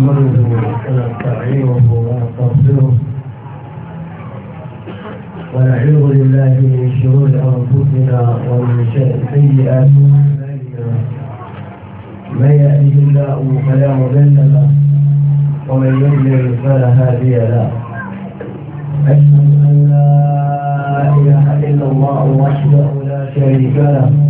نحمده ونستعينه ونستغفره ونعوذ بالله من شرور انفسنا ومن سيئات اعمالنا من يهده الله فلا مضل له ومن يضلل فلا هادي له اشهد ان لا اله الا الله وحده لا شريك له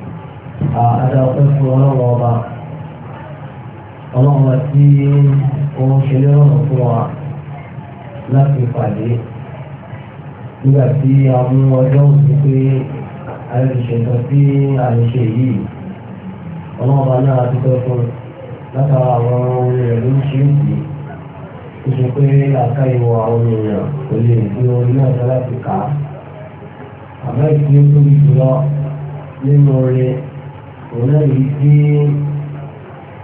àdáwọ̀pẹ́ fún ọlọ́wọ́ ọba ọlọ́wọ́ tí òun ṣe lérọ̀rùn fún wa láti pàdé nígbà tí a mú ọjọ́ òsì pé a lè ṣe nǹkan tí a lè ṣe yìí ọlọ́wọ́ ọba náà ti tọ́ fún látara àwọn ohun rẹ̀ ló ń ṣe é sí ó ṣe pé àká ìwọ àwọn èèyàn kò lè fi orin náà sọ láti kà á àbẹ́ ìpínlẹ̀ tó ń jùlọ nínú orin òun náà yìí tí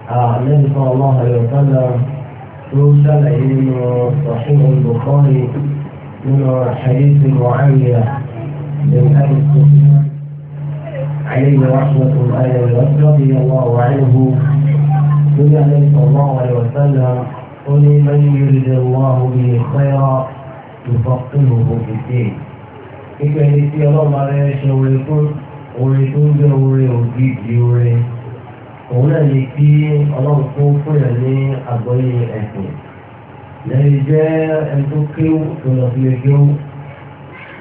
àlẹ́yìn fún ọmọ ayọ̀ kálá tó ṣàlàyé nínú ọ̀ṣun olùkọ́ni nínú àṣàyèsí mọ̀háyà lẹ́yìn àìsàn عليه رحمة الله رضي الله عنه قل عليه صلى الله عليه وسلم قل من يرد الله به خيرا يفقهه في الدين إذا يريد الله عليه شغلكم orin tó ń jẹ́ orin ògidì orin òun náà ni kí ọlọ́run tó fún yàn ní àgbọ́yé ẹ̀sìn lẹ́yìn jẹ́ ẹni tó kéwù tó lọ sí ẹgbẹ́wù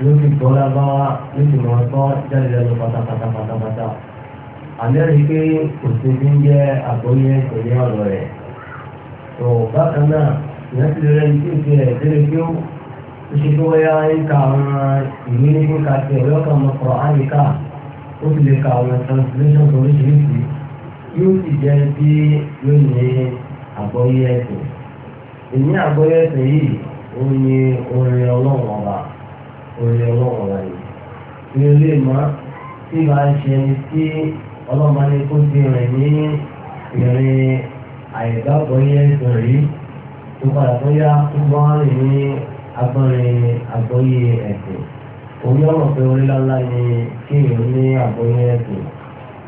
ló ti gbọ́ lábáwá ló ti mọ̀ ọ́ jáde lẹ́nu pátápátá pátápátá àmì ẹ̀rí pé kò sí bí ń jẹ́ àgbọ́yé ẹ̀sìn ní ọ̀rọ̀ rẹ̀ tó bákan náà ìyẹn ti rẹ̀ ní ìdí ẹ̀ délé kéwù ó ṣe kí wọ́n yá ń àwọn ìwé nígbà tí ọ̀yọ́ kan mọ̀ ó fi lè ka àwọn translation oríṣiríṣi yóò sì jẹ́ bí yóò ní àgbọ́yé ẹ̀sìn ìní àgbọ́yé ẹ̀sìn yìí ó ní orin ọlọ́run ọba orin ọlọ́run ọba yìí ní ilé ìmọ̀ tí bá ń ṣe ẹni tí ọlọ́run ní kó ti rìn ní ìrìn àìgbàgbọ́yé ẹ̀sìn yìí tó padà tó yá tó bá rìn ní agbọ́rin àgbọ́yé ẹ̀sìn òun yọ̀ mọ̀ pé orílẹ̀-èdè ni kéèyàn ní àgbóyún ẹ̀sìn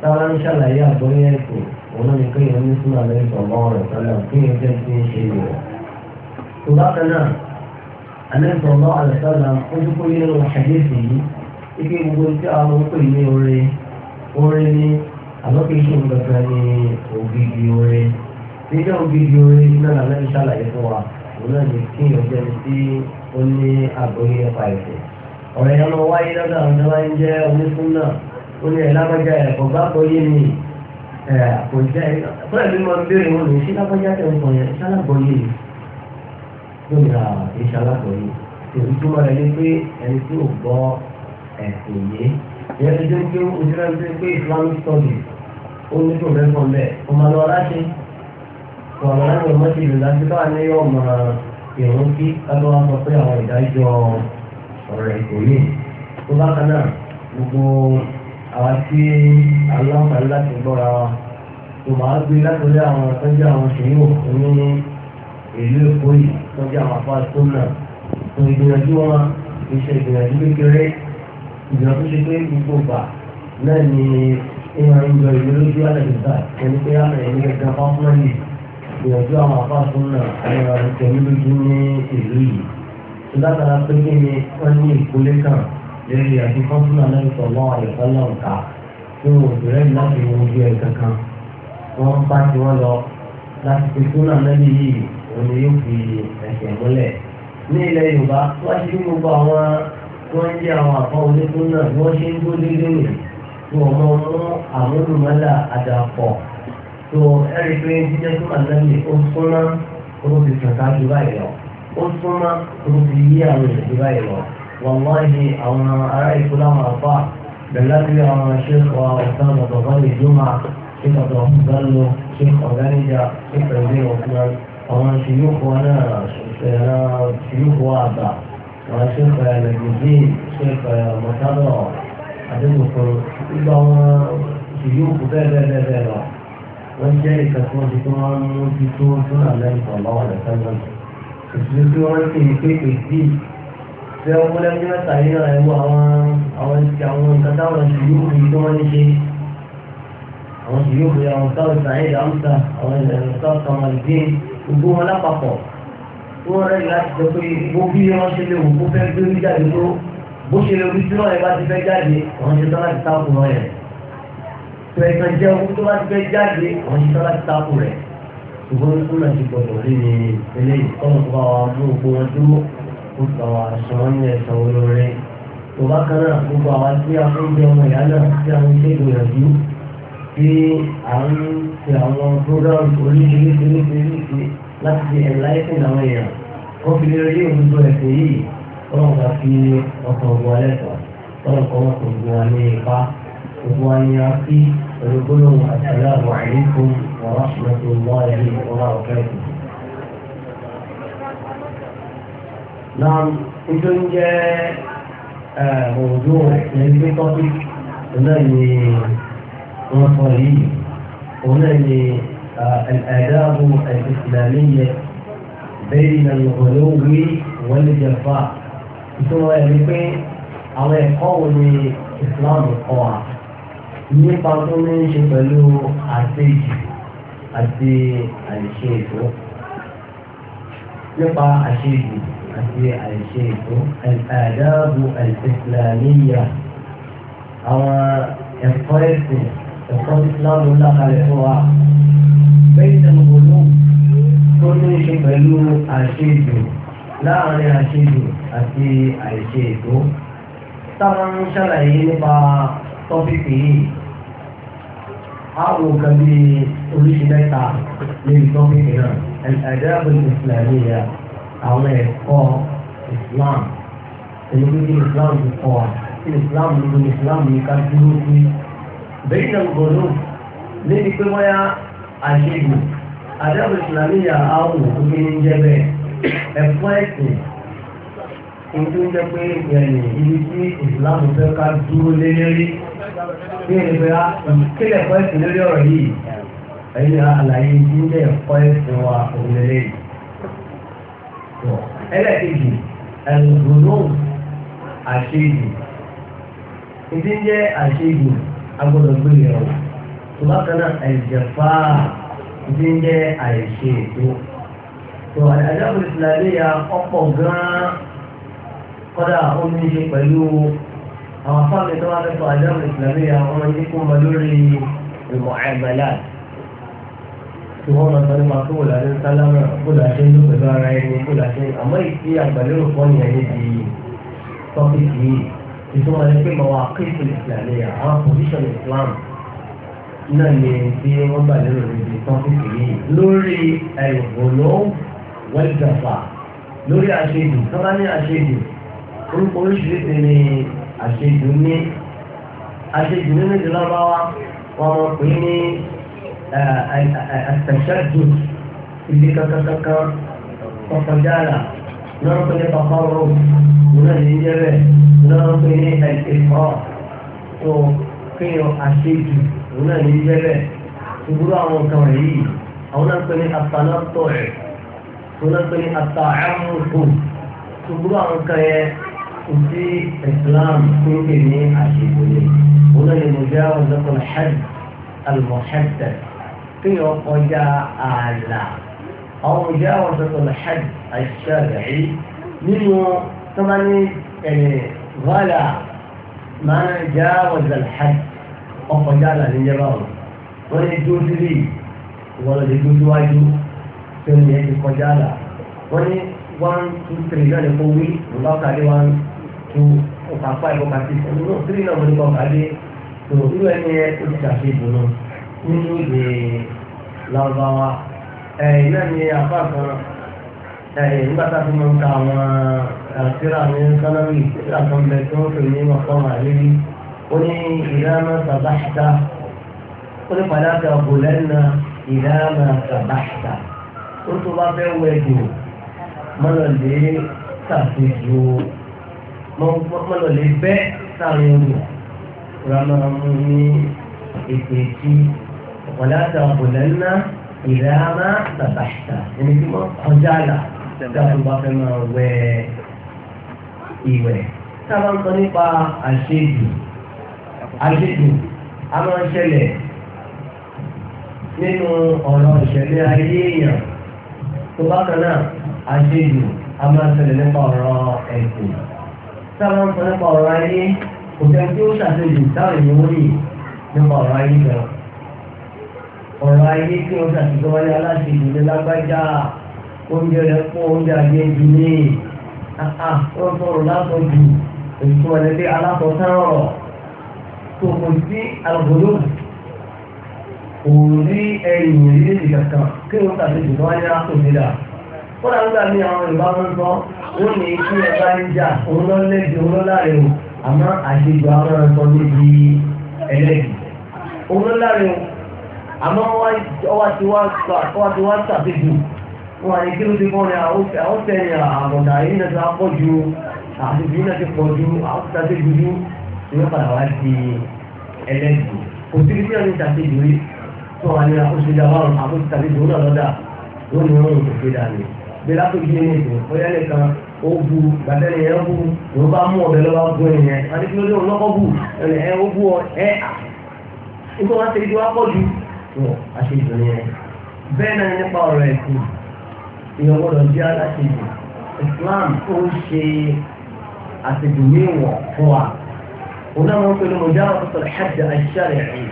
táwọn ń ṣàlàyé àgbóyún ẹ̀sìn òun ni kéèyàn ní súnmọ́ àlẹ́ ìsọ̀gbọ́n rẹ̀ sọ́lá kéèyàn jẹ́ ti ń ṣe ìwọ̀. ṣùgbọ́n náà àlẹ́ ìsọ̀gbọ́n rẹ̀ sọ́lá ó dúpọ̀ nínú àdéhùn yìí ike gbogbo tí a mọ̀ pé ní oore oore ni àmọ́ kì í ṣe nǹkan ní ògidì oore nígbà ògidì oore náà làlẹ́ ìṣàlàyé ọ̀rọ̀ yẹn lọ wáyé lọ́dọ̀ àwọn ọ̀dọ́ wáyé jẹ́ onífún náà ó ní ẹ̀lábọ́já ẹ̀ kò bá kọ yé mi ẹ̀ kò jẹ́ fúnra mi máa ń béèrè wọn lòun sí lábọ́já tẹ̀ ń sọ yẹn sálábọ̀ yé mi lómìnira ìṣàlábọ̀ yé èyí tó máa rẹ̀ pé ẹni tí ò gbọ́ ẹ̀sìn yé ìyẹn ti dé pé pé Islamic studies ó ní tó rẹ̀ fọ́n bẹ́ẹ̀ kò máa lọ láṣẹ kò àwọn aláwọ̀ mọ́tì láti káwá ní ọmọ ìrún kí ká sọ pé àwọn ìdájọ́ ọ̀rọ̀ ẹ̀kọ́ yìí tó bákan náà gbogbo àwa tí aláǹfààní láti gbọ́ra wa tó máa gbé látọ̀lé àwọn tọ́jú àwọn ṣèyí òkú ní ìlú èkó yìí tọ́jú àwọn afọ àtúnà tó ìgbìyànjú wọn iṣẹ́ ìgbìyànjú kékeré ìgbìyànjú ṣe pé gbogbo gbà náà ni ìwọ̀n ìjọ ìlú lójú àlẹ́gbẹ̀dá ẹni pé àmọ̀ ẹ̀mí gẹ́gẹ́ fáfúnà yìí ìgbìyànjú àwọn afọ àtúnà àwọn ìtẹ̀mí lójú ní ìlú yìí látara pé kí ni wọ́n ní ìkúlé kan lórí àti kọ́ńtínà lẹ́yìn tọ̀lọ́ àyẹ̀fọ́lọ́ ọ̀tá tí wọn ò bẹ̀rẹ̀ láti wo ojú ẹ̀ kankan wọ́n bá ti wọ́n lọ láti fi kúnà lẹ́yìn yìí òun yóò fi ẹ̀sẹ̀ múlẹ̀ ní ilẹ̀ Yorùbá wọ́n ti gbogbo àwọn wọ́n jẹ́ àwọn àpá onígun náà bí wọ́n ṣe ń gbó déédéé nì tí wọ́n mọ mú àmúlùmọ́lá àdàpọ̀ tó ẹ̀rí pé jíjẹ́ tó màlẹ́lì ó súnmọ́ ó ti tàn ká ju báyìí lọ ó súnmọ́ orúkú yí àwọn èdè báyìí lọ wọ́n máa ń di àwọn ará ìkúlá wọn fà bẹ̀láti àwọn ṣẹ́kọ̀ ọ̀sán ọ̀dọ̀gbọ́n lè jọ́mà ṣẹ́kọ̀ ọ̀dọ̀gbọ́n lọ ṣẹ́kọ̀ ọ̀gáníjà ṣẹ́kọ̀ ìwé ọ̀gbọ́n àwọn ṣìyókòó náà ṣìyókòó àgbà àwọn ṣẹ́kọ̀ ẹ̀lẹ́gbẹ̀dẹ́ ṣẹ́kọ̀ mọ̀tálọ̀ àdébòkọ̀ gbígbà wọn ṣìyókòó bẹ́ẹ̀ bẹ́ẹ̀ bẹ́ẹ̀ lọ wọ́n jẹ́ ìkàkọ́ ti tó wọ́n mú ti tó tó náà lẹ́yìn ọ̀lọ́wọ́ ìlú tí wọ́n ti ń pè pè sí ṣé wọ́n múlẹ̀ ní mẹ́ta yìí náà ẹ̀wọ́ àwọn àwọn ti àwọn nǹkan táwọn ti yóò fi tó wọ́n ní ṣe àwọn ti yóò fi àwọn táwọn sàáyé dáhùnsà àwọn ìlànà táwọn sàmàlìdé gbogbo wọn lápapọ̀ tí wọ́n rẹ̀ láti sọ pé gbogbo bí wọ́n ṣe lè wò kó fẹ́ gbé orí jáde tó bó ṣe lè wí tí wọ́n rẹ̀ bá ti fẹ́ jáde wọ́n ṣe tán láti táàkù wọn rẹ̀ jẹ́ owó tó bá ti fẹ́ jáde wọ́n ṣe tán láti táàkù rẹ̀ ṣùgbọ́n tó náà ti gbọdọ̀ rí ni eléyìí kọ́nà tó bá wa mú gbogbo wọn dúró ó gbà wá aṣọ wọn ní ẹ̀sán olóore tó bá kan náà gbogbo àwa tí a fún jẹ ọmọ ìyá náà tí a ń ṣe ìgbìyànjú tí à ń ṣe àwọn program oríṣiríṣi oríṣiríṣi láti fi enlighten àwọn èèyàn wọ́n fi lè rí òdodo ẹ̀sìn yìí wọ́n gbà fi ọkàn ògùn alẹ́ tọ̀ wọ́n kọ́ ọkàn ògùn alẹ́ ipá ògùn alẹ́ apí pẹ̀lú gbólóhùn àtàlẹ́ àwọn àìríkùn ورحمة الله وبركاته نعم إذن جاء موضوع نبي topic هنا مصري هنا الآداب الإسلامية بين الغلو والجفاء ثم يبقى على قول إسلام القوى nípa tó ní ṣe pẹ̀lú àti àìṣe ètò nípa àṣejù àti àìṣe ètò àdáàbò àìsèkìlàníyà àwọn ẹ̀kọ́ ẹ̀sìn ẹ̀kọ́ ìsìláàmù lákàlẹ̀ fún wa bẹ́ẹ̀ ìtẹ̀mọ̀gbọ̀nù tó ní ṣe pẹ̀lú àṣejù láàrin àṣejù àti àìṣe ètò táwọn ń ṣàlàyé nípa tọ́pìkì yìí àwọn nǹkan bí oríṣi mẹ́ta lórí tọ́pìkì náà al-adab al-islamiyya àwọn ẹ̀kọ́ islam èyí ló ní islam ti kọ́ wa kí islam ló ní islam ní ká dúró sí bẹ́ẹ̀ náà gbọ́dọ̀ níbi pé wọ́n yá àṣejù adab al-islamiyya àwọn òkú tó ń jẹ́ pé ibi tí ìsìláàmù fẹ́ ká dúró lé lérí bí ẹni pé a kílẹ̀ ẹ̀kọ́ ẹ̀sìn lórí ọ̀rọ̀ yìí ẹ̀yìn àlàyé ìdílé ẹ̀kọ́ ẹ̀sìn wa òun lé lérí. ẹlẹ́kejì ẹ̀rùnú àṣejù ìdí ń jẹ́ àṣejù agbọ́dọ̀ gbélé ọ̀rọ̀ tó bá kan náà ẹ̀jẹ̀fà ìdí ń jẹ́ àìṣe ètò. tó àdábòsílẹ̀ lè ya ọ̀pọ̀ gan-an kọ́dà ó ní ṣe pẹ̀lú àwọn fáàmì tó wá lẹ́kọ̀ọ́ àdámù ìsìlámì àwọn oníkún mọ lórí ìmọ̀ àìmọ̀lá tí wọ́n lọ sọ nípa tó wò láti sálámà kó láti ń lò pẹ̀lú ara ẹni kó láti àmọ́ ìsí àgbàlérò pọ̀ ẹni di tọ́pìkì yìí ìtumọ̀ ní pé màá kéèkì ìsìlámì àwọn pòsíṣọ̀n ìsìlámù náà ni tí wọ́n gbà lérò níbi tọ́pìkì yìí lórí ẹ̀rùn òlò wẹ́lgàfà lórí àṣejù tọ́lá ní àṣejù orúkọ oríṣiríṣi ni àṣejù ní àṣejù nínú ìdílọ́báwá wọn mọ̀ pé ní àṣẹṣẹ́jù ibi kankankankan kọkànjá àlà náà pé ní pàpàrọ̀ nínú ìdíjẹ́ bẹ́ẹ̀ náà pé ní ẹ̀ẹ́dẹ́kọ́ tó kéèyàn àṣejù nínú ìdíjẹ́ bẹ́ẹ̀ ìgbúrú àwọn nǹkan rẹ̀ yìí àwọn náà pé ní àtàlọ́tọ̀ rẹ̀ tó náà pé ní àtàámùkù ìgbúrú àwọn nǹkan yẹn ìdí islam tó ń pè ní àṣìkò ni òun náà ni mo jẹ́ ọ̀dọ́kùn hajj al-muhaddad kí ni ọkọ̀ já ààlà àwọn mo jẹ́ ọ̀dọ́kùn hajj al-shar'i nínú tó bá ní wàhálà máa ń já ọ̀dọ́kùn hajj ọkọ̀ ààlà ní jẹ́ báwọn wọ́n ní tó dìrì wọ́n lè tó ní ẹ̀ kọjá ààlà wọ́n ní one two three náà ni kò wí one tó ọ̀ka apa àìkọ́ kàtí ẹni náà tírì náà mo ní kọ́ kàdé tó irú ẹni yẹn ó ini dàbí ìdùnnú nínú ìdè ni apá kan Eh nígbà tá a fi máa ń ka àwọn àtìrà ní kánáwì ìtìrà kan bẹ tó ń Ini ní ọ̀kan àlérí ó ní ìdáná sàbáṣítà ó ní padà sí ọ̀bù lẹ́nà ìdáná mọ́nà lè bẹ́ sáàrin odò ìrànà mú ní ètò ìtì ọ̀pọ̀lọpọ̀ ọ̀pọ̀lọ́nà ìrànà tàbàṣà ẹni tí wọ́n kọjá àlà dáàbò bá fẹ́ máa wẹ ìwẹ̀. sábà ń sọ nípa àṣejù àṣejù a máa ń ṣẹlẹ̀ nínú ọ̀rọ̀ ìṣẹ̀lẹ̀ ayé èèyàn tó bákan náà àṣejù a máa ń ṣẹlẹ̀ nípa ọ̀rọ̀ ẹ̀sìn sábà ń sọ nípa ọ̀rọ̀ ayé kò fẹ́ tí ó ṣàṣejù táwọn èèyàn wọ́n yìí nípa ọ̀rọ̀ ayé gan. ọ̀rọ̀ ayé kí wọ́n ṣàṣejù wáyé aláṣẹ ìdílé lágbájá oúnjẹ rẹ̀ fún oúnjẹ ayé jù ní wọ́n sọ̀rọ̀ látọ̀ jù ẹni pé alátọ̀tán tó kò sí àgbòdo òun rí ẹ̀yìn ìrírí kankan kí wọ́n ṣàṣejù wáyé aláṣẹ ìdílé kódà nígbà ní àwọn ìbámu ń sọ wọ́n ní kí ẹ bá ń jà òun lọ lẹ́bi òun lọ láàrin o àmọ́ àṣejù àwọn ọ̀sán níbi ẹlẹ́bi òun lọ láàrin o àmọ́ ọwá ti wá ṣàfihàn wọn àyè kí ló ti kọ́ ni àwọn tẹ̀lé àbọ̀dà yìí náà ti wá pọ̀ ju àṣejù yìí náà ti pọ̀ ju àwọn ti ṣàṣejù ju ìwé padà wá di ẹlẹ́bi kò sí kí wọ́n ti ṣàṣejù rí tó wà ní àkóso ìjà wọn àkóso ìṣàṣejù náà lọ́dà wọ́n ní wọ́n ń pèsè dání bí látò bí ní ìsìn bóyá nìkan ó bu gbàtẹ́ni ẹ̀ ń bu ló bá mú ọ̀bẹ ló bá bu ẹ̀ yẹn àti kí ló dé òun lọ́kọ́ bu ẹ̀ ó bu ọ ẹ̀ à nígbà wọn ṣe ibi wá pọ̀ ju tó àṣe ìdùnnú yẹn bẹ́ẹ̀ náà nípa ọ̀rọ̀ ẹ̀sìn èèyàn gbọ́dọ̀ jẹ́ aláṣejù Islam ó ń ṣe àṣejùmí wọ̀ fún wa òun náà wọ́n pe ní mo dáhùn sọ̀tọ̀ ṣáàjì àṣìṣàrẹ̀ yìí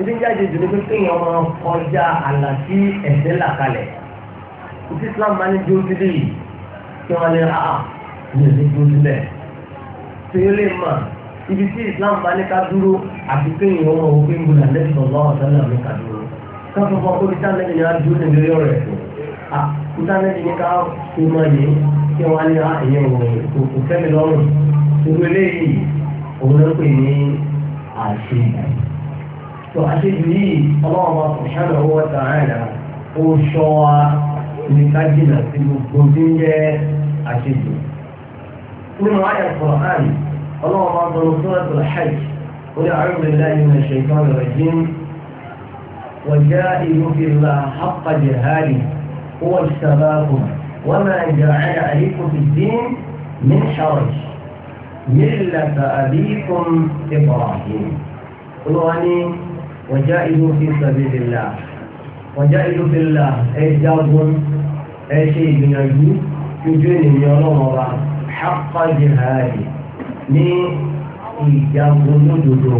ibi jáde jù ní pé kéèyàn máa tí islam bá ní ju ojú dé yìí kí wọ́n lè ra ah, ní ju ojú bẹ́ẹ̀ tó yẹ lè mọ̀ ibi tí islam bá ní ká dúró àti pé ìwọ̀n wọn ò fi ń gbọdọ̀ lẹ́sìn ọ̀gbọ́n ọ̀sán náà ní ká dúró ká fọ́ fọ́ kóbi táwọn ẹni náà dúró níbi orí ọ̀rẹ́ kù kúta lẹ́yìn ní ká ah, kó mọ yìí kí wọ́n á ní àyẹ̀ ah, òkú fẹ́mi lọ́rùn gbogbo eléyìí òun ló pè ní àṣejù tó àṣejù yìí ọlọ́run ọmọ sọ̀rọ̀ ṣáná owó ọ̀tá àìlera ó ṣọ́ wa ní kájínà sí gbogbo tí ń jẹ́ àṣejù. nínú àyà Kùránì ọlọ́wọ́ máa ń tọrọ suratul hajj ó ní a'udhu billahi minash shaitanir rajim وجاهدوا في الله حق جهاده هو اجتباكم وما جعل عليكم في الدين من حرج ملة أبيكم إبراهيم قلوا وجاهدوا في سبيل الله ọjà ìlú fìlà ẹja ogun ẹṣẹ ìgbìyànjú ojú ènìyàn ọlọ́run ọba hapa jihadi ní ìjagun lódodo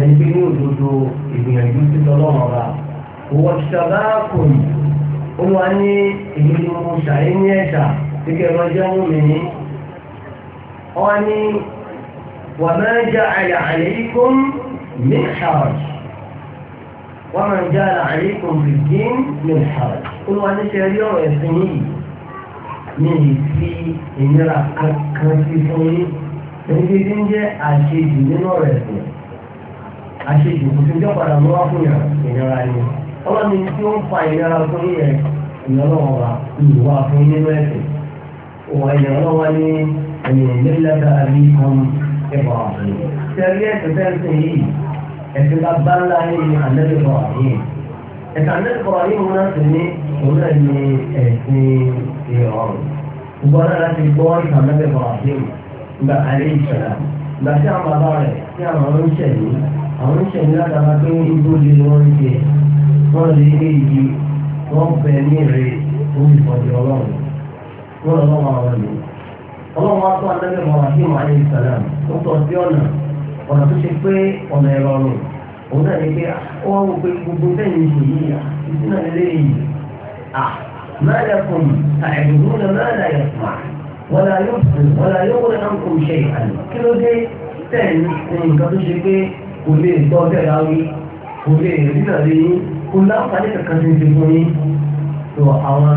ẹni pé ní òdodo ìgbìyànjú títọ́ ọlọ́run ọba òwò ṣàbá kò ní ó wà ní èyí ni mo ṣàyé ní ẹ̀ṣà kíkẹ́ lọ́jọ́ mú mi ní ọ ní wàmẹ́jà àyà àlẹ́ ikú mi ṣàwọ̀ṣì wọ́n máa ń já àlàyé kòmìtín ní ìhàrá olúwa ní ṣe rí ọ̀rọ̀ ẹ̀sìn yìí ní ìfi ìnira kankan sí fún yín èyí tí ń jẹ́ àṣejù nínú ọ̀rọ̀ ẹ̀sìn àṣejù kò sí mú wá fún yàrá ìnira ni ọlọ́ni tí ó ń fa ìnira fún yẹn ìyọ́lọ́wọ́ wa ìwà fún nínú ẹ̀sìn òwò ìyọ́lọ́wọ́ ní ẹ̀yìn ìlẹ́lẹ́dà àbí kan ẹ̀bọ̀ àbúrò tẹ̀lé ẹ̀sìn tẹ̀sìn yìí ẹ̀sìn bàbá ńlá ní ànábì Ibrahim ẹ̀sìn ànábì Ibrahim náà sì ní òun náà ní ẹ̀sìn ìrọ̀rùn gbogbo náà láti gbọ́ ìtàn ànábì Ibrahim gba àlẹ́ ìṣẹ̀lá gba sí àwọn bàbá rẹ̀ sí àwọn oníṣẹ̀lú àwọn oníṣẹ̀lú látara pé igbó lé wọn ń jẹ wọn lé ní igi wọn bẹ ní ìrè fún ìfọ̀dé ọlọ́run wọn lọ́wọ́ ọ̀nà tó ṣe pé ọ̀nà ẹ̀rọ rẹ̀ òun náà ní pé ó wá wò pé gbogbo bẹ́ẹ̀ ní yìí títí náà lé yìí à máa yẹ kùn àìdùnnú náà máa là yẹ kùn wọn là yóò fún wọn yóò wọlé náà kùn ṣe ìhàlù kí ló dé bẹ́ẹ̀ ní nǹkan tó ṣe pé kò lè gbọ́ bẹ́ẹ̀ láwí kò lè rí náà yín kò láǹfààní kankan tó ti fún yín tó àwọn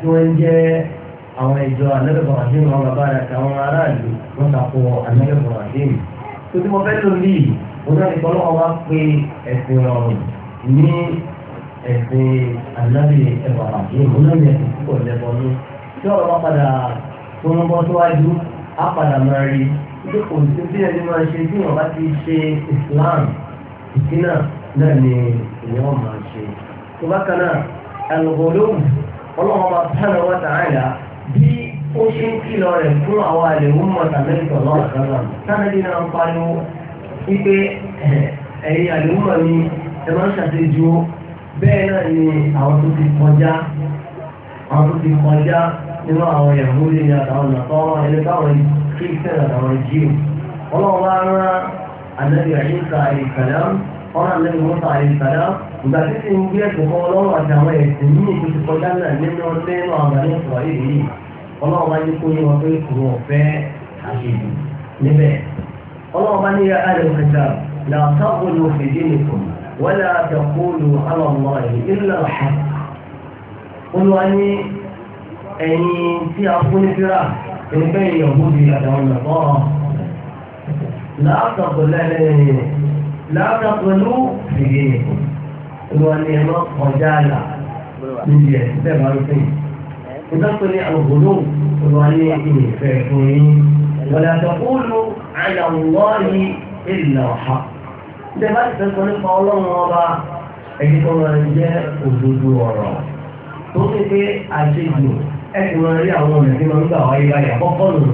tí wọ́n jẹ́ àwọn ìjọ anẹ́lẹ́bọ̀ràdìm àwọn bàbá rẹ̀ àtàwọn aráàlú wọ́n ta ko anẹ́lẹ́bọ̀ràdìm tó tí mo fẹ́ lò ní mo náà nípa ọlọ́wọ́ wá pé ẹ̀sìn ọ̀rùn ní ẹ̀sìn ànábì ẹ̀wà yìí mo náà ní ẹ̀sìn púpọ̀ lẹ́bọ̀ ní tí ọ̀rọ̀ bá padà tó ń bọ́ síwájú á padà máa rí ilé kò sí bí ẹni máa ṣe bí wọn bá ti ṣe Islam ìdínà náà ni èèyàn máa ṣe tó bá kan náà ẹnìkò lóhùn ọlọ́wọ́ máa tẹ́lẹ̀ wọ́n tàn án bí ó ṣe ń kìlọ̀ rẹ̀ fún àwọn àlèwò mọ̀tà mẹ́tọ̀ náà sọ́nà sáàbí náà ń pariwo wípé ẹ̀yìn àlèwò mọ̀ ni ẹ máa ń ṣàtẹ́jú bẹ́ẹ̀ náà ni àwọn tó ti kọjá àwọn tó ti kọjá nínú àwọn ẹ̀hún lè ní àtàwọn nàtọ́rọ̀ ẹni táwọn kírísítẹ́n àtàwọn jíò ọlọ́wọ́ rán ànábì àyíká àyíkàlá ọ̀rọ̀ ànábì mọ́tà àyíkàlá ìgbà tí ti ń gbé ẹ̀sùn kan ọlọ́run àti àwọn ẹ̀sìn ní ìkùsùkọjá náà nínú ọdún náà àgbà ní ìsọ̀rọ̀ yìí ọlọ́run bá yẹ kó yẹ wọn pé kùrù ọ̀fẹ́ àṣejù níbẹ̀ ọlọ́run bá ní ààrẹ òkèta làtàkùn ló fèdí nìkan wọ́lá àtàkùn alọ́mọ ìlú ọ̀hún olúwa ní ẹ̀yìn tí a fún ní síra ẹgbẹ́ ìyọ̀bù di àtàwọn ọ̀nà láàtàkùn lẹ́lẹ́ láàtàkùn ló fèdí nìkan olúwa ní ẹ̀mọ́ ọ̀dà àlà níbi ẹ̀ ìtọ́pẹ́ ní àwòrán ìwọlé ìfẹ́ fún yín wọ̀lá tọ́kúlù àyàwòrán ìlà ọ̀há. Ṣé bá ti sọ́kọ́ nípa ọlọ́run ọba ẹ̀yìn tó máa ń jẹ́ òdodo ọ̀rọ̀ tó ń pè àṣejù ẹ̀sìn máa rí àwọn ọ̀nà tí máa ń gbà wáyé báyìí àkọ́kọ́ nù.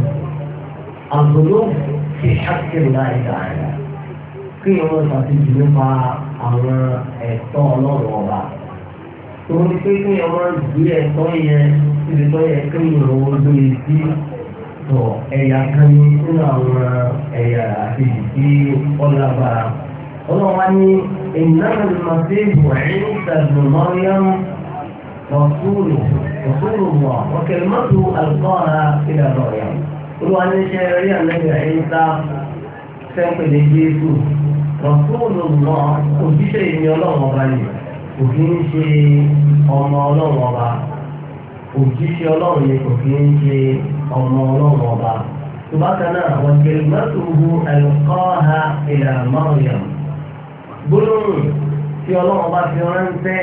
Àgbòdo fi ṣàkíyèsí láì dáadáa kí wọ́n ṣàtìjú nípa àwọn ẹ̀tọ́ ọlọ́run ọba òun ni pé kí ọmọ ìdí ẹ̀tọ́ yẹn ibi tó yẹ kí ìrọ̀wọ́ lóye sí tọ̀ ẹ̀yà kan ní nínú àwọn ẹ̀yà àfihàn tí ọlábàá ọlọ́wà ní ìnáwó màsíìbù ẹ̀yìn ìtàgùn mọ́ríyàn rọ̀túrù rọ̀túrù wọ̀ ọ̀kẹ́lẹ́mọ́tò àlùkọ́ra ìlà lọ́ọ̀yà olúwa ní iṣẹ́ rí àlẹ́gbẹ̀ ẹ̀yìn tá fẹ́ Jésù rọ̀túrù wọ̀ òjíṣẹ́ ìní ọlọ́run ọba kò kí ń ṣe ọmọ ọlọ́run ọba òjíṣẹ́ ọlọ́run ni kò kí ń ṣe ọmọ ọlọ́run ọba tó bá kan náà wọ́n ti rí mẹ́tòwó ẹ̀lùkọ́ha ìlà mọ́ọ̀yàm gbólóhùn tí ọlọ́run bá fi ránṣẹ́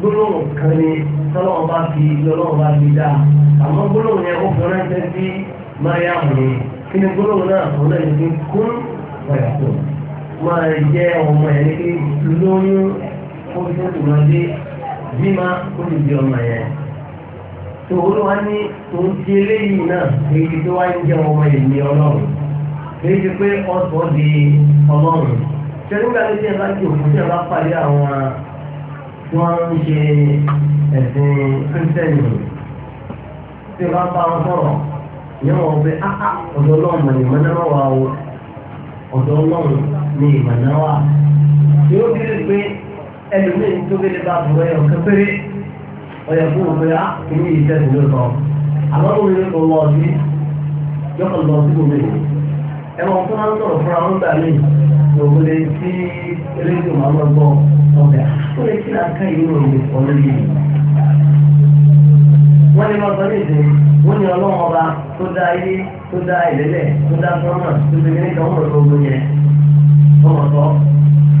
gbólóhùn kan ni tọ́lọ́run bá fi lọ́lọ́run bá fi dá àmọ́ gbólóhùn yẹn ó fi ránṣẹ́ sí mariam ni kí ni gbólóhùn náà kò náà ní kún ọ̀yàkùn máa jẹ́ ọmọ ẹ̀ ní lóyún ó fi sẹ́kù máa dé bímá ó lè di ọmọ yẹn tó olúwa ní tòun ti eléyìí náà èyí tó wáyé jẹ́ ọmọ ìní ọlọ́run èyí ti pé ọ̀sán di ọlọ́run tẹ̀lúgbà ló jẹ́ láti òkú tí a bá parí àwọn tí wọ́n ń ṣe ẹ̀sìn kírísítẹ́nì tí a bá bá wọn sọ̀rọ̀ ní wọn bẹ áá ọ̀dọ̀ ọlọ́run ní ìmọ̀náwá wa o ọ̀dọ̀ ọlọ́run ní ìmọ̀náwá tí ó bí pé ẹlòmíín tó gbélé bá bùrọ̀ ẹ̀ ọ̀kẹ́ péré ọ̀yẹ̀ fún òun pé ah, kìíní yìí tẹ̀sí ló sọ àmọ́ òun ní kò wọ́n sí yọkàn lọ sí òun ẹ mọ̀ fún wọn sọ̀rọ̀ fún àwọn gbà mí òun lè sí rédíò máa lọ gbọ́ ọ̀bẹ ó lè kí láǹkà yìí ló lè sọ yìí wọ́n ní wọ́n sọ ní ìdè wọ́n ní ọlọ́run ọba tó dá ayé tó dá ìlélẹ̀ tó dá sọ́mọ̀ tó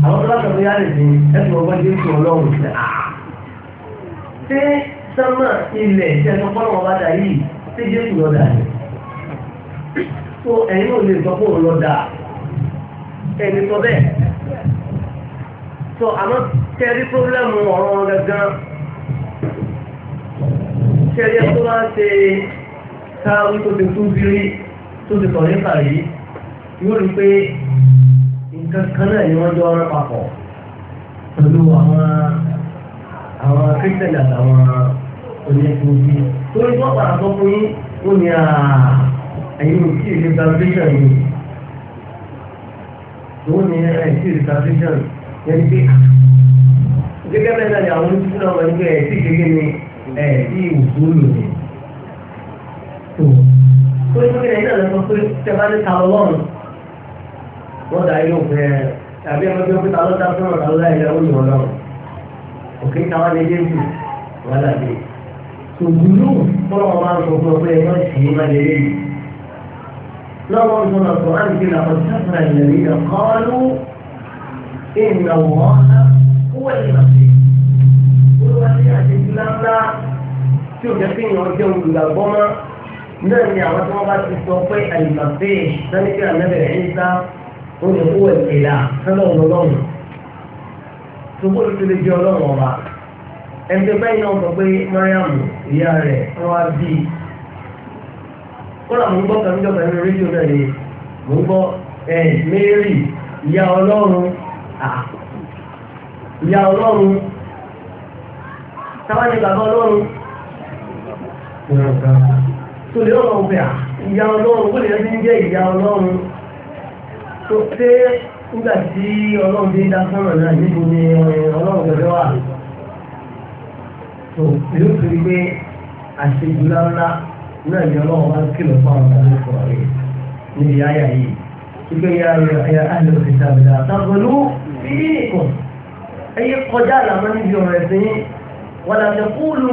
àwọn tó bá sọ pé yára ìdí ẹsùn ọgbọ́n jésù ọlọ́run ṣe à. Ah! ṣé sánmà ilẹ̀ ṣe ẹ̀sọ́ fọ́nà wọn bá dà yìí ṣé jésù lọ dà ní. tó ẹ̀yin náà lè sọ pé òun lọ dà ẹni sọ bẹ́ẹ̀. tó àmọ́ tẹ́rí pírọ́blẹ́mù ọ̀rọ̀ gangan tẹ́rí ẹ̀ tó máa ṣe káwí tó ti kú bírí tó ti sọ̀rọ̀ nípa yìí yóò rí pé nǹkan kan náà ni wọ́n jọ ọ̀rọ̀ papọ̀ pẹ̀lú àwọn àwọn kírísítẹ̀lì àtàwọn onígbòbí tó ní wọ́n padà sọ fún yín ó ní àyìn òkú ìlú salvation yìí tó ní ẹ̀sìn ìlú salvation yẹn pé gẹ́gẹ́ bẹ́ẹ̀ náà ni àwọn oníṣẹ́ náà wọ́n ní pé ẹ̀sìn gẹ́gẹ́ ni ẹ̀sìn ìwòsàn lòdì tó tó ní pé ẹ̀yìn náà lọ́sọ pé tẹ́fà ní ta lọ́rùn wọ́n dá yóò fẹ́ àbí ẹgbẹ́ tó kíta lọ́dá sọ̀rọ̀ lọ́dá ìyá òyìn ọlọ́run òkè káwá lè dé bù wà lábẹ́ ògùnú fọlọ́ wọn máa ń sọ fún ọ pé ẹgbẹ́ sì máa lè dé bù lọ́wọ́ ń sọ̀rọ̀ sọ á ń gbé làwọn sáfàrà ìlẹ̀rí rẹ̀ kọ́ọ́lù ìnáwó wọ́n ìrìnàṣẹ́ olúwa ní àṣejù láńlá tí ò jẹ́ kí èèyàn jẹ́ olùgbàgbọ́ náà ni àwọn tí wọ́n bá ti sọ pé àyìnbá bẹ́ẹ̀ sani kí ń sá wọ́n lè kó ìlà sọ́lọ́run lọ́run ṣùgbọ́n ló ti lè jẹ́ ọlọ́run ọba ẹgbẹ́ báyìí náà sọ pé mariam ìyá rẹ̀ wọ́n á bí i kódà mò ń gbọ́ kan níjọba rédíò náà ni mò ń gbọ́ ẹ̀ mary ìyá ọlọ́run ìyá ọlọ́run táwa ni bàbá ọlọ́run tó lè ọ̀rọ̀ ọ̀bẹ̀ ìyá ọlọ́run kó lè ẹni jẹ́ ìyá ọlọ́run tó pé nígbà tí ọlọ́run dé náà níbo ni ọlọ́run gbẹ̀rẹ̀ wà tó yóò fi pé àṣejù ńláńlá náà ni ọlọ́run bá ń kìlọ̀ fún àwọn ọmọ ọkọ̀ rẹ̀ níbi ayà yìí ìgbé ya ẹ̀yà àlọ́ ìta àbẹ̀dà àtàgbọ̀lú bí ìkọ̀ ẹ̀yẹ kọjá àlàmọ́ níbi ọ̀rọ̀ ẹ̀sìn wọn làtẹ̀ kúlù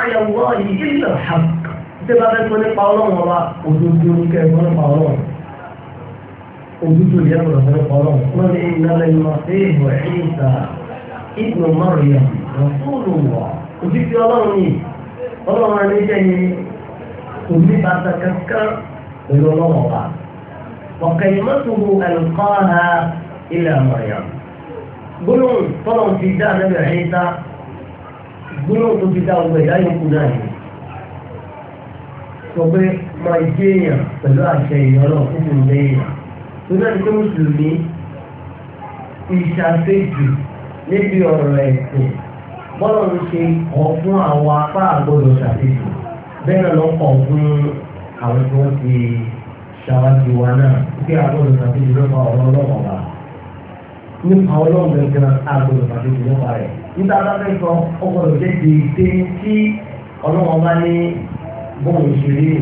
àyàwó ọ̀yìn ìlú àhàkù tẹ́ bá fẹ́ sọ nípa ọlọ́run ọba òdodo kẹ́ ojútùú ìyá ọ̀rọ̀ ọ̀rọ̀ ọ̀rọ̀ wọn ni ìnáwó ẹ̀yìnmọ̀ sí ìbò ẹ̀yìnta ìbò mọ́rìyà rọ̀fúùlù wọ̀ ojútùú ọlọ́run ni ọlọ́run aníjẹ́ ni kò ní bàtà kankan pẹ̀lú ọlọ́run ọba ọ̀kẹ́ ìmọ̀tòwò ẹ̀lùkọ́ra ilẹ̀ mọ̀rìyà gbólóhùn tọ́lọ̀ ti dá ẹ̀rọ ẹ̀yìnta gbólóhùn tó ti dá ọgbẹ̀ ìyá yòókù náà yìí sọ pé máa jẹ́ èèyàn pẹ̀lú àṣẹ ìyọ́nà fún torí ẹni tó mùsùlùmí ìṣàṣejù níbi ọ̀rọ̀ ẹ̀sìn bọ́lá ń ṣe kọ́ fún àwọn apá àgbọ̀dọ̀ ṣàṣejù bẹ́ẹ̀ náà ló kọ̀ fún àwọn tí wọ́n ti ṣàwájú wa náà bí àgbọ̀dọ̀ ṣàṣejù ló fa ọ̀rọ̀ ọlọ́wọ́ bá nípa ọlọ́run gẹ́gẹ́ àgbọ̀dọ̀ ṣàṣejù ló fa rẹ̀ níta bá fẹ́ sọ ọgbọ̀dọ̀ jẹ́ dèédé tí ọlọ́wọ́ bá ní bóun ṣe rí